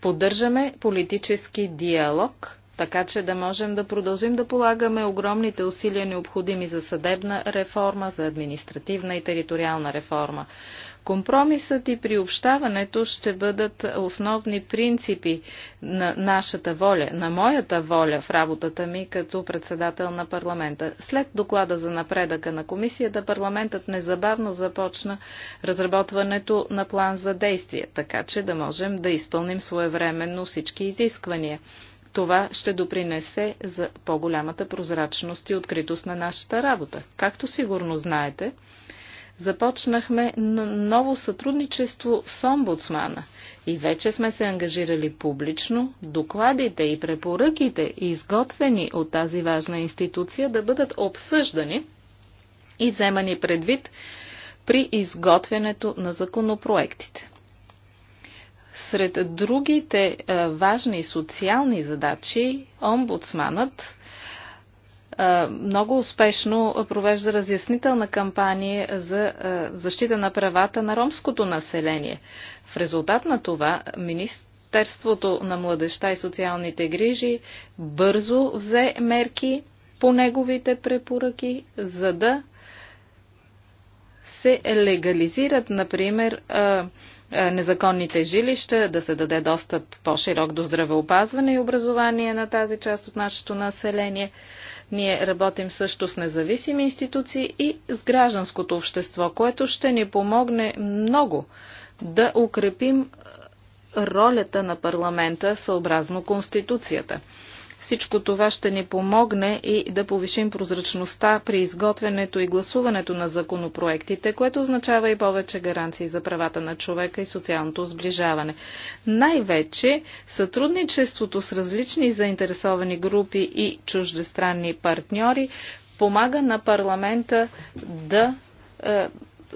Поддържаме политически диалог така че да можем да продължим да полагаме огромните усилия необходими за съдебна реформа, за административна и териториална реформа. Компромисът и приобщаването ще бъдат основни принципи на нашата воля, на моята воля в работата ми като председател на парламента. След доклада за напредъка на комисията, парламентът незабавно започна разработването на план за действие, така че да можем да изпълним своевременно всички изисквания. Това ще допринесе за по-голямата прозрачност и откритост на нашата работа. Както сигурно знаете, започнахме ново сътрудничество с омбудсмана и вече сме се ангажирали публично докладите и препоръките, изготвени от тази важна институция, да бъдат обсъждани и вземани предвид при изготвянето на законопроектите. Сред другите е, важни социални задачи, омбудсманът е, много успешно провежда разяснителна кампания за е, защита на правата на ромското население. В резултат на това Министерството на младеща и социалните грижи бързо взе мерки по неговите препоръки, за да се легализират, например, е, незаконните жилища, да се даде достъп по-широк до здравеопазване и образование на тази част от нашето население. Ние работим също с независими институции и с гражданското общество, което ще ни помогне много да укрепим е, ролята на парламента съобразно Конституцията. Всичко това ще ни помогне и да повишим прозрачността при изготвянето и гласуването на законопроектите, което означава и повече гаранции за правата на човека и социалното сближаване. Най-вече сътрудничеството с различни заинтересовани групи и чуждестранни партньори помага на парламента да е,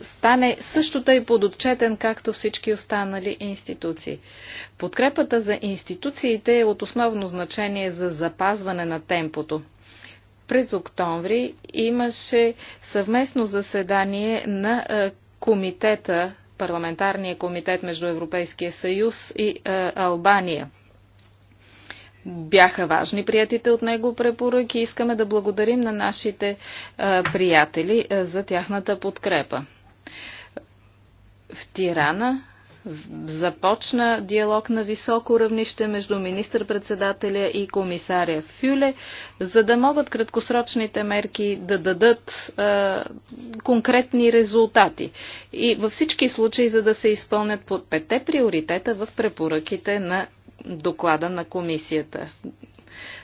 стане също тъй подотчетен, както всички останали институции. Подкрепата за институциите е от основно значение за запазване на темпото. През октомври имаше съвместно заседание на е, комитета, парламентарния комитет между Европейския съюз и е, Албания. Бяха важни приятите от него препоръки. Искаме да благодарим на нашите е, приятели за тяхната подкрепа в Тирана започна диалог на високо равнище между министър-председателя и комисаря Фюле, за да могат краткосрочните мерки да дадат е, конкретни резултати. И във всички случаи, за да се изпълнят под пете приоритета в препоръките на доклада на комисията.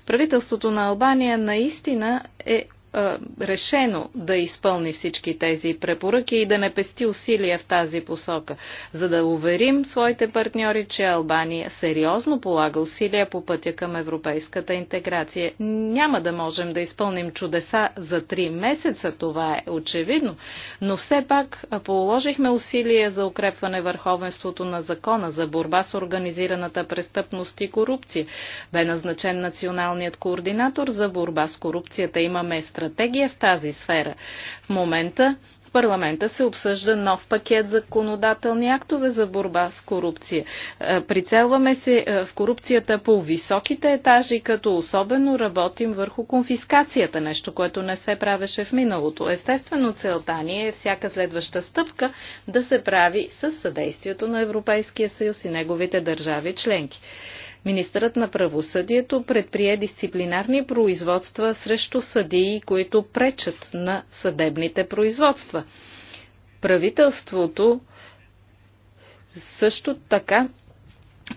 Правителството на Албания наистина е е, решено да изпълни всички тези препоръки и да не пести усилия в тази посока, за да уверим своите партньори, че Албания сериозно полага усилия по пътя към европейската интеграция. Няма да можем да изпълним чудеса за три месеца, това е очевидно, но все пак е, положихме усилия за укрепване върховенството на закона, за борба с организираната престъпност и корупция. Бе назначен националният координатор за борба с корупцията. има место стратегия в тази сфера. В момента в парламента се обсъжда нов пакет законодателни актове за борба с корупция. Е, прицелваме се е, в корупцията по високите етажи, като особено работим върху конфискацията, нещо, което не се правеше в миналото. Естествено, целта ни е всяка следваща стъпка да се прави с съдействието на Европейския съюз и неговите държави членки. Министърът на правосъдието предприе дисциплинарни производства срещу съдии, които пречат на съдебните производства. Правителството също така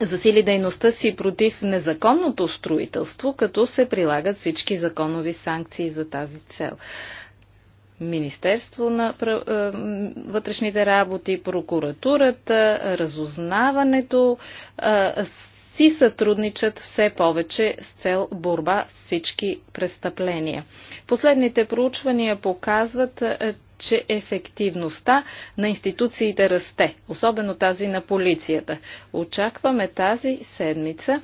засили дейността си против незаконното строителство, като се прилагат всички законови санкции за тази цел. Министерство на е, вътрешните работи, прокуратурата, разузнаването е, си сътрудничат все повече с цел борба с всички престъпления. Последните проучвания показват, е, че ефективността на институциите расте, особено тази на полицията. Очакваме тази седмица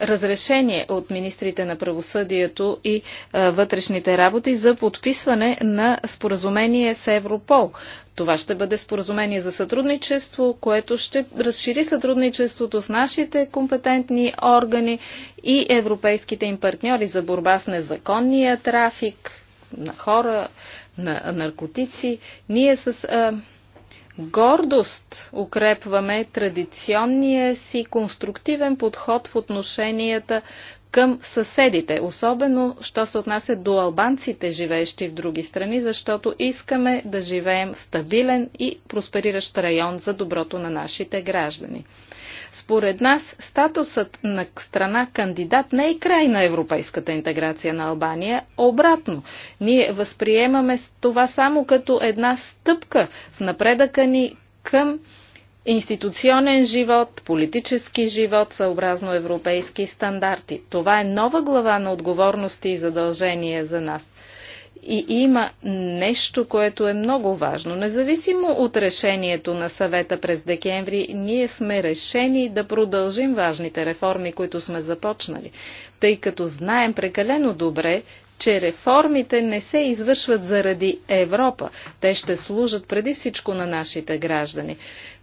разрешение от министрите на правосъдието и вътрешните работи за подписване на споразумение с Европол. Това ще бъде споразумение за сътрудничество, което ще разшири сътрудничеството с нашите компетентни органи и европейските им партньори за борба с незаконния трафик на хора, на наркотици. Ние с гордост укрепваме традиционния си конструктивен подход в отношенията към съседите, особено що се отнася до албанците, живеещи в други страни, защото искаме да живеем в стабилен и проспериращ район за доброто на нашите граждани. Според нас статусът на страна кандидат не е край на европейската интеграция на Албания. Обратно, ние възприемаме това само като една стъпка в напредъка ни към институционен живот, политически живот съобразно европейски стандарти. Това е нова глава на отговорности и задължения за нас. И има нещо, което е много важно. Независимо от решението на съвета през декември, ние сме решени да продължим важните реформи, които сме започнали, тъй като знаем прекалено добре, че реформите не се извършват заради Европа. Те ще служат преди всичко на нашите граждани.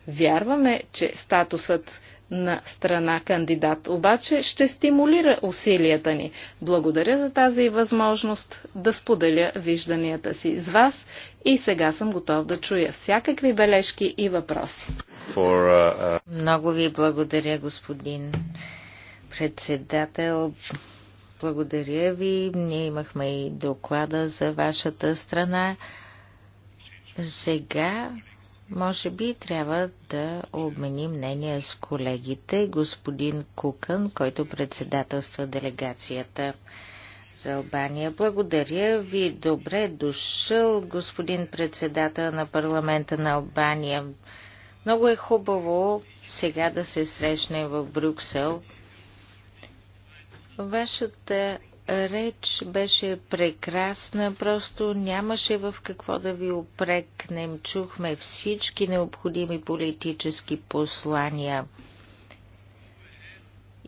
Вярваме, че статусът на страна кандидат, обаче ще стимулира усилията ни. Благодаря за тази възможност да споделя вижданията си с вас и сега съм готов да чуя всякакви бележки и въпроси. For, uh, uh... Много ви благодаря, господин председател. Благодаря ви. Ние имахме и доклада за вашата страна. Сега може би трябва да обменим мнение с колегите, господин Кукън, който председателства делегацията за Албания. Благодаря ви. Добре дошъл, господин председател на парламента на Албания. Много е хубаво сега да се срещнем в Брюксел. Вашата реч беше прекрасна, просто нямаше в какво да ви опрекнем. Чухме всички необходими политически послания.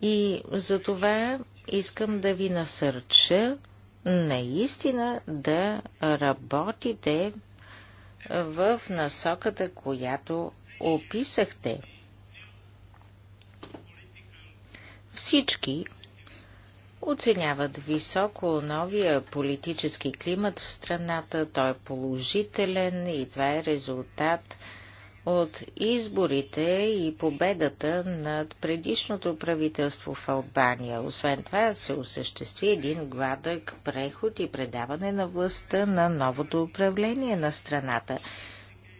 И за това искам да ви насърча наистина да работите в насоката, която описахте. Всички оценяват високо новия политически климат в страната. Той е положителен и това е резултат от изборите и победата над предишното правителство в Албания. Освен това се осъществи един гладък преход и предаване на властта на новото управление на страната.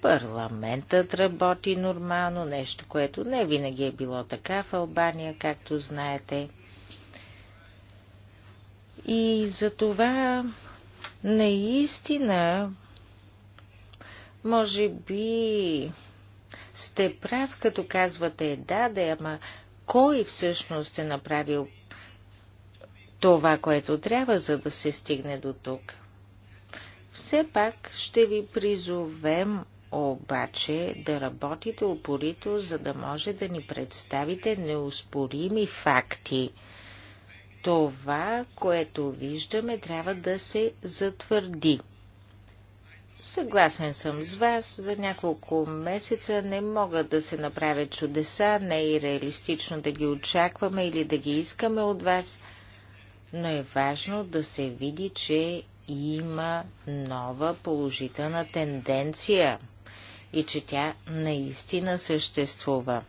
Парламентът работи нормално, нещо, което не винаги е било така в Албания, както знаете. И за това наистина може би сте прав, като казвате да, да, ама кой всъщност е направил това, което трябва, за да се стигне до тук? Все пак ще ви призовем обаче да работите упорито, за да може да ни представите неоспорими факти – това, което виждаме, трябва да се затвърди. Съгласен съм с вас, за няколко месеца не могат да се направят чудеса, не е и реалистично да ги очакваме или да ги искаме от вас, но е важно да се види, че има нова положителна тенденция и че тя наистина съществува.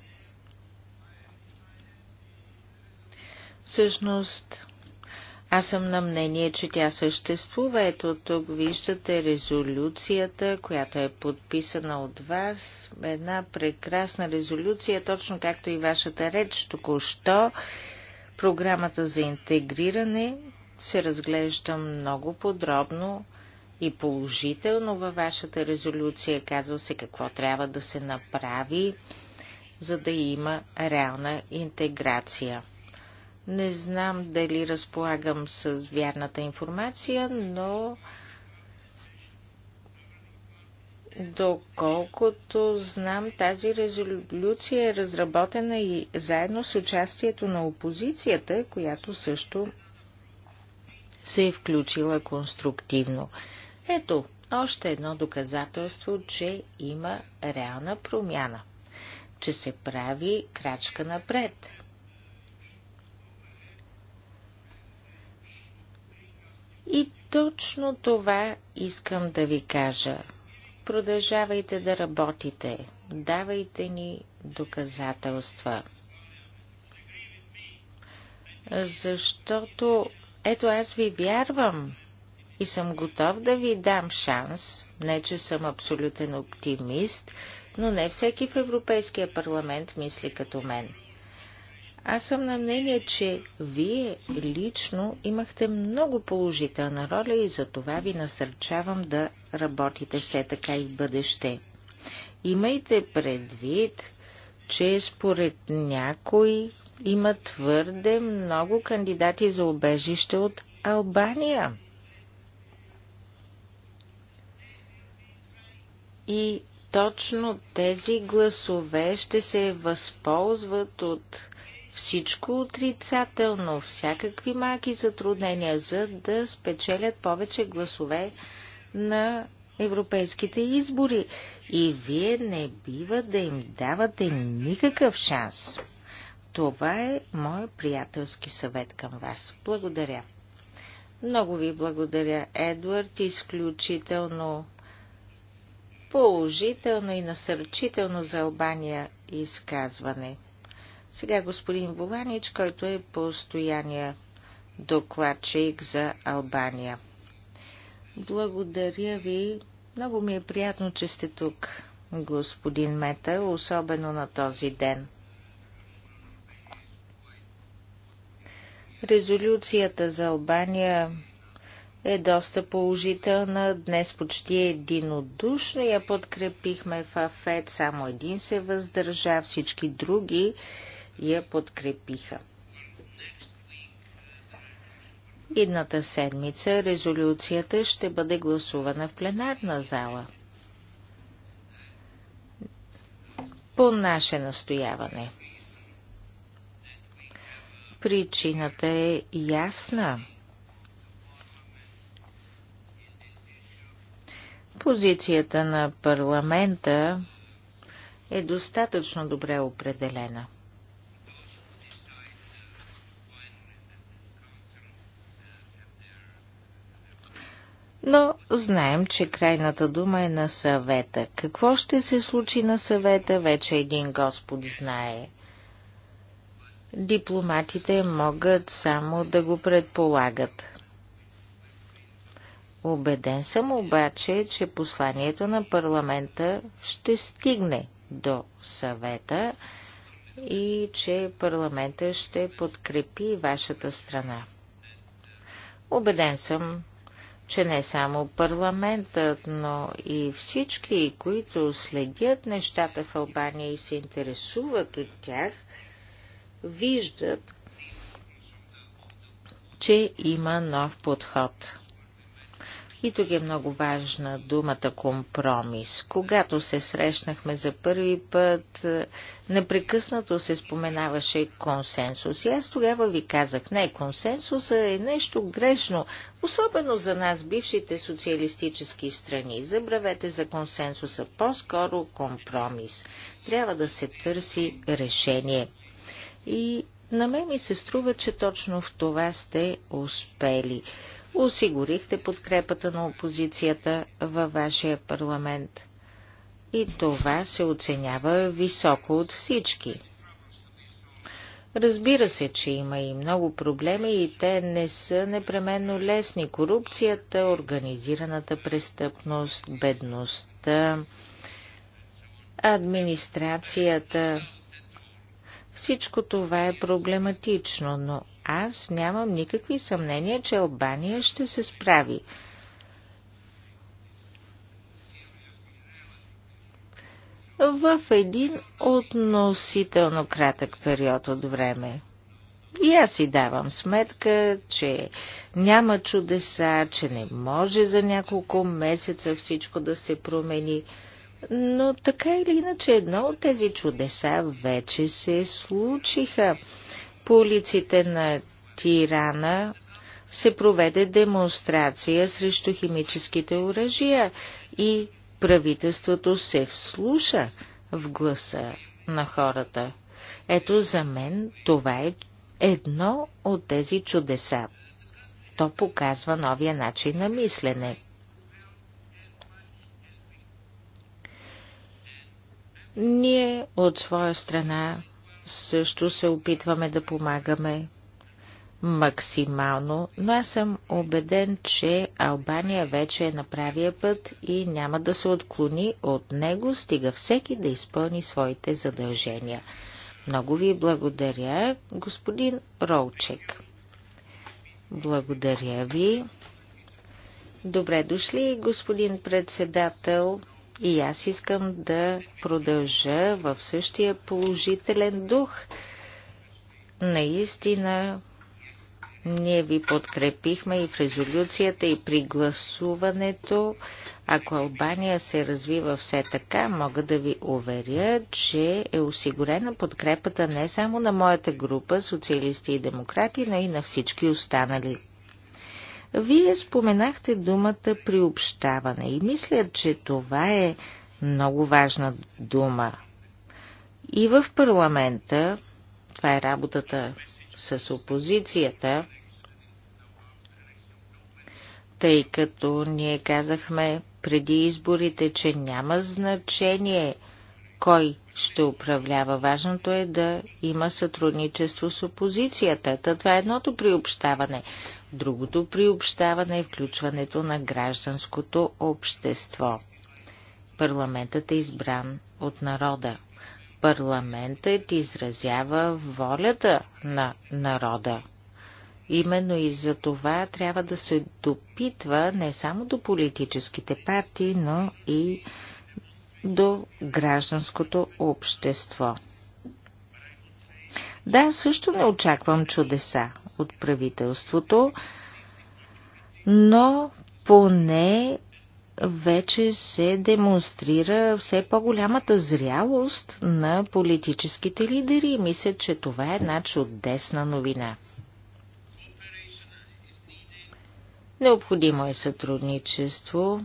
Всъщност, аз съм на мнение, че тя съществува. Ето тук виждате резолюцията, която е подписана от вас. Една прекрасна резолюция, точно както и вашата реч току-що. Програмата за интегриране се разглежда много подробно и положително във вашата резолюция. Казва се какво трябва да се направи, за да има реална интеграция. Не знам дали разполагам с вярната информация, но доколкото знам, тази резолюция е разработена и заедно с участието на опозицията, която също се е включила конструктивно. Ето, още едно доказателство, че има реална промяна, че се прави крачка напред – И точно това искам да ви кажа. Продължавайте да работите, давайте ни доказателства. Защото ето аз ви вярвам и съм готов да ви дам шанс, не че съм абсолютен оптимист, но не всеки в Европейския парламент мисли като мен. Аз съм на мнение, че вие лично имахте много положителна роля и за това ви насърчавам да работите все така и в бъдеще. Имайте предвид, че според някой има твърде много кандидати за обежище от Албания. И точно тези гласове ще се възползват от всичко отрицателно, всякакви малки затруднения, за да спечелят повече гласове на европейските избори. И вие не бива да им давате никакъв шанс. Това е мой приятелски съвет към вас. Благодаря. Много ви благодаря, Едвард. Изключително положително и насърчително за Албания изказване. Сега господин Воланич, който е постоянния докладчик за Албания. Благодаря ви. Много ми е приятно, че сте тук, господин Мета, особено на този ден. Резолюцията за Албания е доста положителна. Днес почти единодушно я подкрепихме в Афет Само един се въздържа, всички други я подкрепиха. Идната седмица резолюцията ще бъде гласувана в пленарна зала. По наше настояване. Причината е ясна. Позицията на парламента е достатъчно добре определена – Но знаем, че крайната дума е на съвета. Какво ще се случи на съвета, вече един Господ знае. Дипломатите могат само да го предполагат. Обеден съм обаче, че посланието на парламента ще стигне до съвета и че парламента ще подкрепи вашата страна. Обеден съм, че не само парламентът, но и всички, които следят нещата в Албания и се интересуват от тях, виждат, че има нов подход. И тук е много важна думата компромис. Когато се срещнахме за първи път, е, непрекъснато се споменаваше консенсус. И аз тогава ви казах, не, консенсуса е нещо грешно, особено за нас, бившите социалистически страни. Забравете за консенсуса, по-скоро компромис. Трябва да се търси решение. И на мен ми се струва, че точно в това сте успели осигурихте подкрепата на опозицията във вашия парламент. И това се оценява високо от всички. Разбира се, че има и много проблеми и те не са непременно лесни. Корупцията, организираната престъпност, бедността, администрацията. Всичко това е проблематично, но аз нямам никакви съмнения, че Албания ще се справи. в един относително кратък период от време. И аз си давам сметка, че няма чудеса, че не може за няколко месеца всичко да се промени, но така или иначе едно от тези чудеса вече се случиха. По улиците на Тирана се проведе демонстрация срещу химическите оръжия и правителството се вслуша в гласа на хората. Ето за мен това е едно от тези чудеса. То показва новия начин на мислене. Ние от своя страна също се опитваме да помагаме максимално, но аз съм убеден, че Албания вече е на правия път и няма да се отклони от него, стига всеки да изпълни своите задължения. Много ви благодаря, господин Ролчек. Благодаря ви. Добре дошли, господин председател. И аз искам да продължа в същия положителен дух. Наистина, ние ви подкрепихме и в резолюцията, и при гласуването. Ако Албания се развива все така, мога да ви уверя, че е осигурена подкрепата не само на моята група, социалисти и демократи, но и на всички останали. Вие споменахте думата приобщаване и мисля, че това е много важна дума. И в парламента, това е работата с опозицията, тъй като ние казахме преди изборите, че няма значение кой ще управлява. Важното е да има сътрудничество с опозицията. Та това е едното приобщаване. Другото приобщаване е включването на гражданското общество. Парламентът е избран от народа. Парламентът изразява волята на народа. Именно и за това трябва да се допитва не само до политическите партии, но и до гражданското общество. Да, също не очаквам чудеса, от правителството, но поне вече се демонстрира все по-голямата зрялост на политическите лидери. Мисля, че това е една чудесна новина. Необходимо е сътрудничество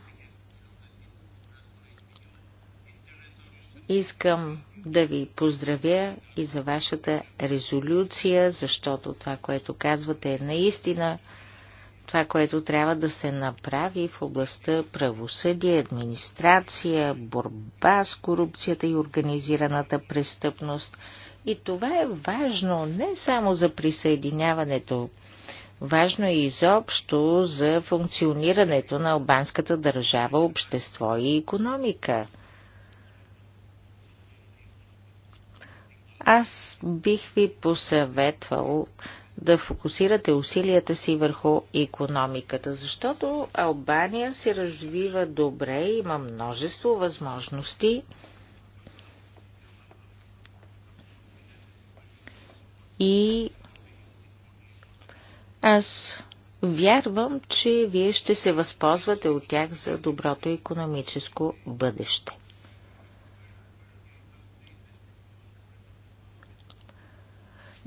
Искам да ви поздравя и за вашата резолюция, защото това, което казвате е наистина това, което трябва да се направи в областта правосъдие, администрация, борба с корупцията и организираната престъпност. И това е важно не само за присъединяването, важно е изобщо за функционирането на албанската държава, общество и економика – Аз бих ви посъветвал да фокусирате усилията си върху економиката, защото Албания се развива добре, има множество възможности. И аз вярвам, че вие ще се възползвате от тях за доброто економическо бъдеще.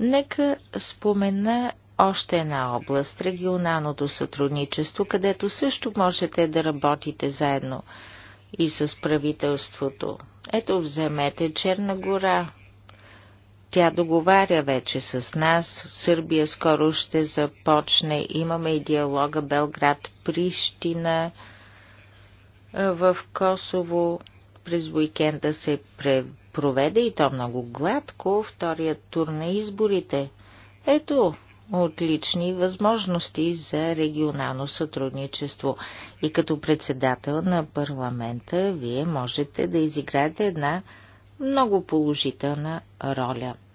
Нека спомена още една област – регионалното сътрудничество, където също можете да работите заедно и с правителството. Ето вземете Черна гора. Тя договаря вече с нас. Сърбия скоро ще започне. Имаме и диалога Белград-Прищина. В Косово през уикенда се проведе и то много гладко втория тур на изборите. Ето отлични възможности за регионално сътрудничество. И като председател на парламента, вие можете да изиграете една много положителна роля –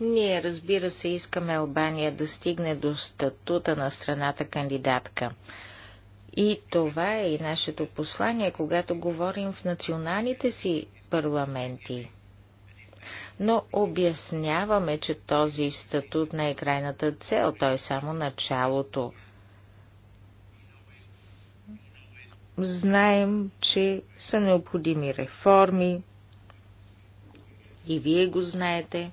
Ние, разбира се, искаме Албания да стигне до статута на страната кандидатка. И това е и нашето послание, когато говорим в националните си парламенти. Но обясняваме, че този статут не е крайната цел, той е само началото. Знаем, че са необходими реформи, и вие го знаете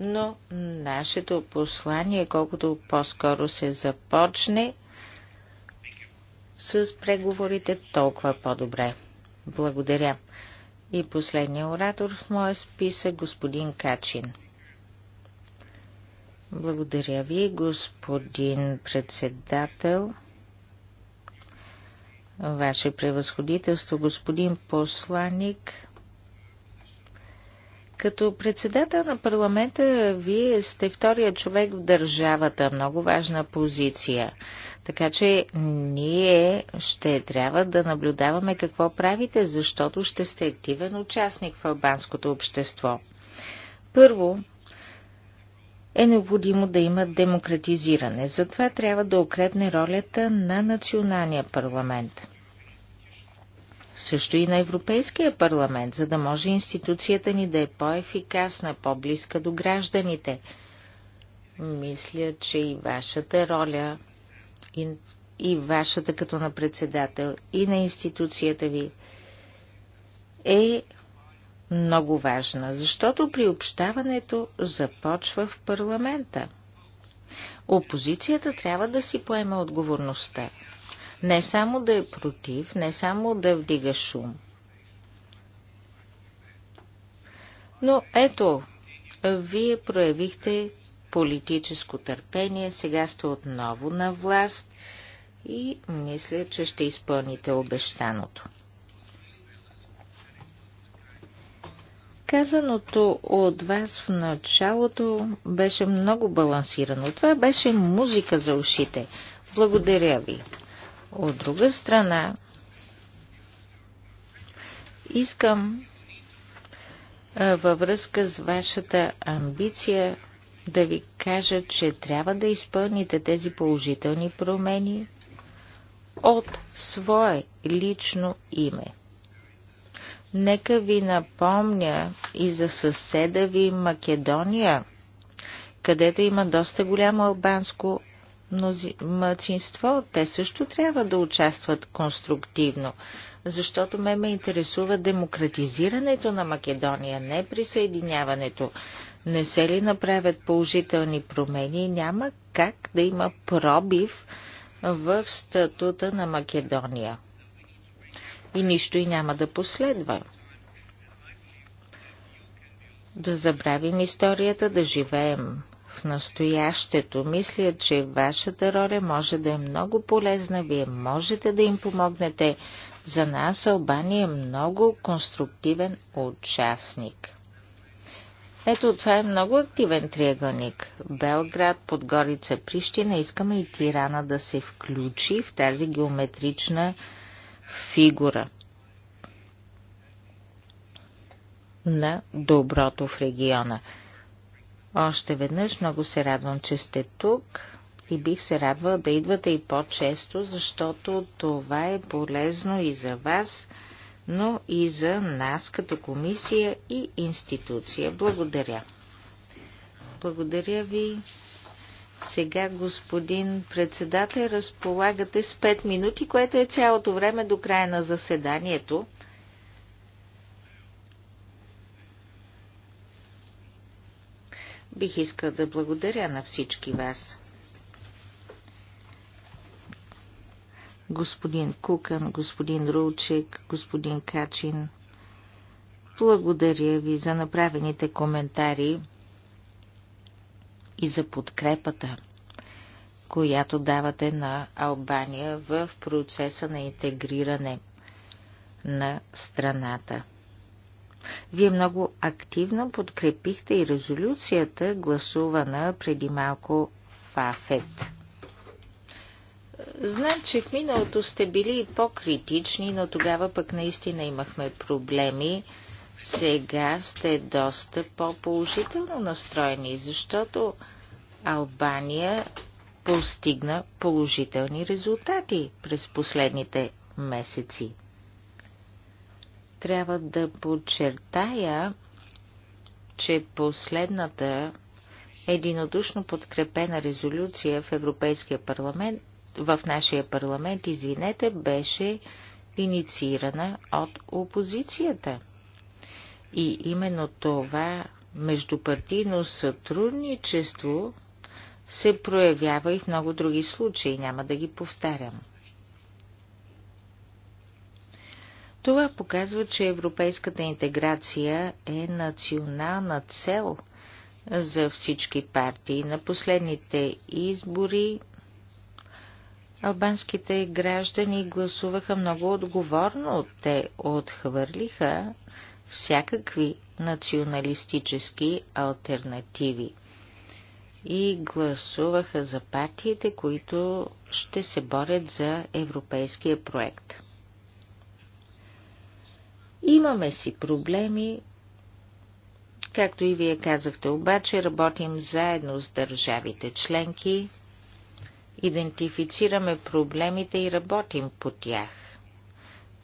но нашето послание, колкото по-скоро се започне с преговорите, толкова по-добре. Благодаря. И последния оратор в моя списък, господин Качин. Благодаря ви, господин председател. Ваше превъзходителство, господин посланник. Като председател на парламента, вие сте втория човек в държавата, много важна позиция. Така че ние ще трябва да наблюдаваме какво правите, защото ще сте активен участник в албанското общество. Първо, е необходимо да има демократизиране. Затова трябва да укрепне ролята на националния парламент също и на Европейския парламент, за да може институцията ни да е по-ефикасна, по-близка до гражданите. Мисля, че и вашата роля, и, и вашата като на председател, и на институцията ви е много важна, защото приобщаването започва в парламента. Опозицията трябва да си поема отговорността. Не само да е против, не само да вдига шум. Но ето, вие проявихте политическо търпение, сега сте отново на власт и мисля, че ще изпълните обещаното. Казаното от вас в началото беше много балансирано. Това беше музика за ушите. Благодаря ви. От друга страна, искам във връзка с вашата амбиция да ви кажа, че трябва да изпълните тези положителни промени от свое лично име. Нека ви напомня и за съседа ви Македония, където има доста голямо албанско мнози... мъчинство, те също трябва да участват конструктивно, защото ме ме интересува демократизирането на Македония, не присъединяването. Не се ли направят положителни промени, няма как да има пробив в статута на Македония. И нищо и няма да последва. Да забравим историята, да живеем настоящето. Мисля, че вашата роля може да е много полезна. Вие можете да им помогнете. За нас Албания е много конструктивен участник. Ето това е много активен триъгълник. Белград, Подгорица, Прищина. Искаме и Тирана да се включи в тази геометрична фигура на доброто в региона. Още веднъж много се радвам, че сте тук и бих се радвал да идвате и по-често, защото това е полезно и за вас, но и за нас като комисия и институция. Благодаря. Благодаря ви. Сега, господин председател, разполагате с 5 минути, което е цялото време до края на заседанието. Бих искал да благодаря на всички вас. Господин Кукан, господин Ручек, господин Качин, благодаря ви за направените коментари и за подкрепата, която давате на Албания в процеса на интегриране на страната. Вие много активно подкрепихте и резолюцията, гласувана преди малко в АФЕТ. Знам, че в миналото сте били по-критични, но тогава пък наистина имахме проблеми. Сега сте доста по-положително настроени, защото Албания постигна положителни резултати през последните месеци трябва да подчертая, че последната единодушно подкрепена резолюция в Европейския парламент, в нашия парламент, извинете, беше инициирана от опозицията. И именно това междупартийно сътрудничество се проявява и в много други случаи, няма да ги повтарям. Това показва, че европейската интеграция е национална цел за всички партии. На последните избори албанските граждани гласуваха много отговорно. Те отхвърлиха всякакви националистически альтернативи и гласуваха за партиите, които ще се борят за европейския проект. Имаме си проблеми, както и вие казахте, обаче работим заедно с държавите членки, идентифицираме проблемите и работим по тях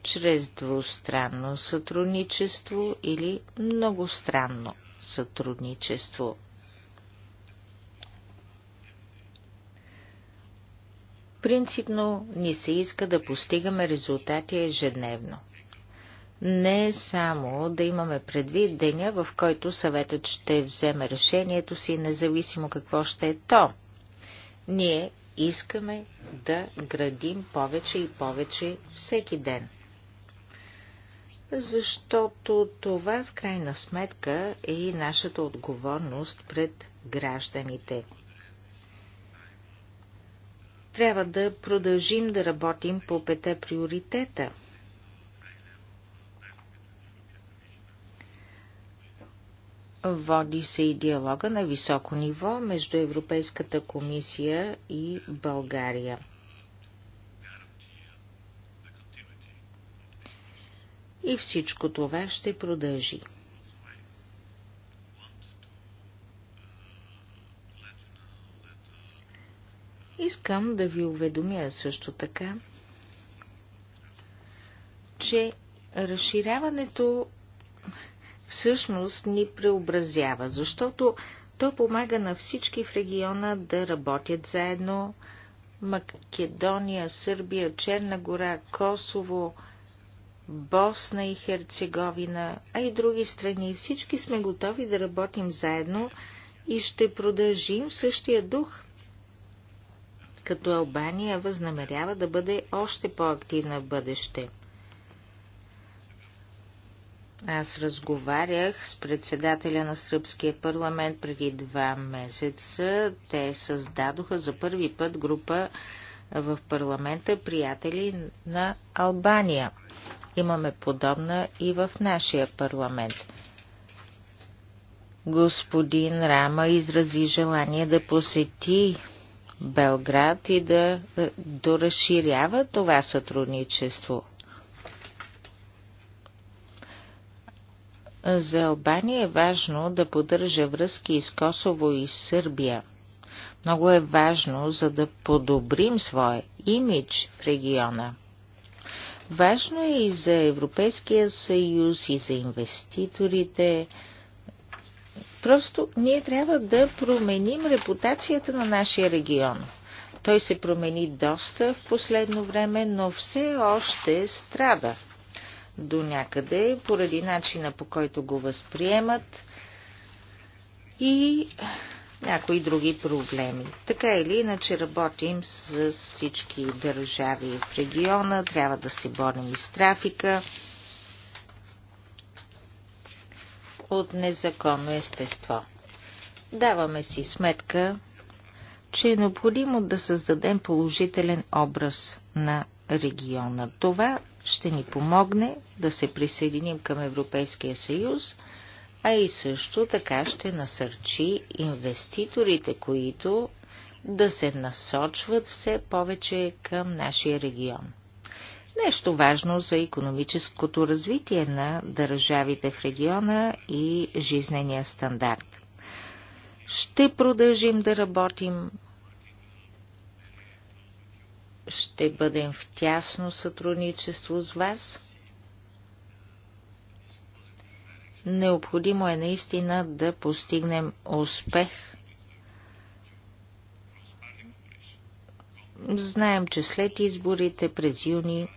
чрез двустранно сътрудничество или многостранно сътрудничество. Принципно ни се иска да постигаме резултати ежедневно не само да имаме предвид деня, в който съветът ще вземе решението си, независимо какво ще е то. Ние искаме да градим повече и повече всеки ден. Защото това в крайна сметка е и нашата отговорност пред гражданите. Трябва да продължим да работим по пете приоритета – Води се и диалога на високо ниво между Европейската комисия и България. И всичко това ще продължи. Искам да ви уведомя също така, че разширяването всъщност ни преобразява, защото то помага на всички в региона да работят заедно. Македония, Сърбия, Черна гора, Косово, Босна и Херцеговина, а и други страни. Всички сме готови да работим заедно и ще продължим същия дух. Като Албания възнамерява да бъде още по-активна в бъдеще – аз разговарях с председателя на Сръбския парламент преди два месеца. Те създадоха за първи път група в парламента приятели на Албания. Имаме подобна и в нашия парламент. Господин Рама изрази желание да посети Белград и да е, доразширява това сътрудничество. За Албания е важно да поддържа връзки с Косово и Сърбия. Много е важно, за да подобрим своя имидж в региона. Важно е и за Европейския съюз, и за инвеститорите. Просто ние трябва да променим репутацията на нашия регион. Той се промени доста в последно време, но все още страда до някъде, поради начина по който го възприемат и някои други проблеми. Така или иначе работим с всички държави в региона, трябва да се борим и с трафика от незаконно естество. Даваме си сметка, че е необходимо да създадем положителен образ на региона. Това ще ни помогне да се присъединим към Европейския съюз, а и също така ще насърчи инвеститорите, които да се насочват все повече към нашия регион. Нещо важно за економическото развитие на държавите в региона и жизнения стандарт. Ще продължим да работим ще бъдем в тясно сътрудничество с вас. Необходимо е наистина да постигнем успех. Знаем, че след изборите през юни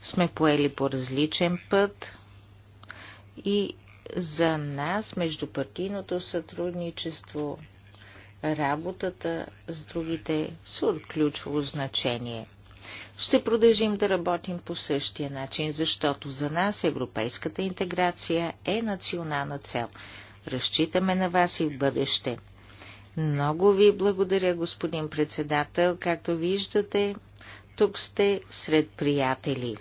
сме поели по различен път и за нас междупартийното сътрудничество работата с другите са от ключово значение. Ще продължим да работим по същия начин, защото за нас европейската интеграция е национална цел. Разчитаме на вас и в бъдеще. Много ви благодаря, господин председател. Както виждате, тук сте сред приятели.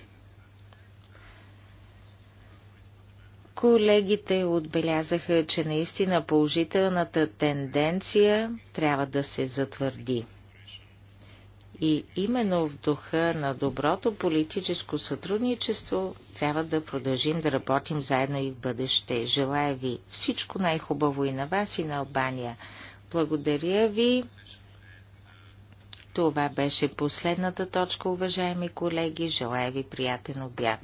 Колегите отбелязаха, че наистина положителната тенденция трябва да се затвърди. И именно в духа на доброто политическо сътрудничество трябва да продължим да работим заедно и в бъдеще. Желая ви всичко най-хубаво и на вас, и на Албания. Благодаря ви. Това беше последната точка, уважаеми колеги. Желая ви приятен обяд.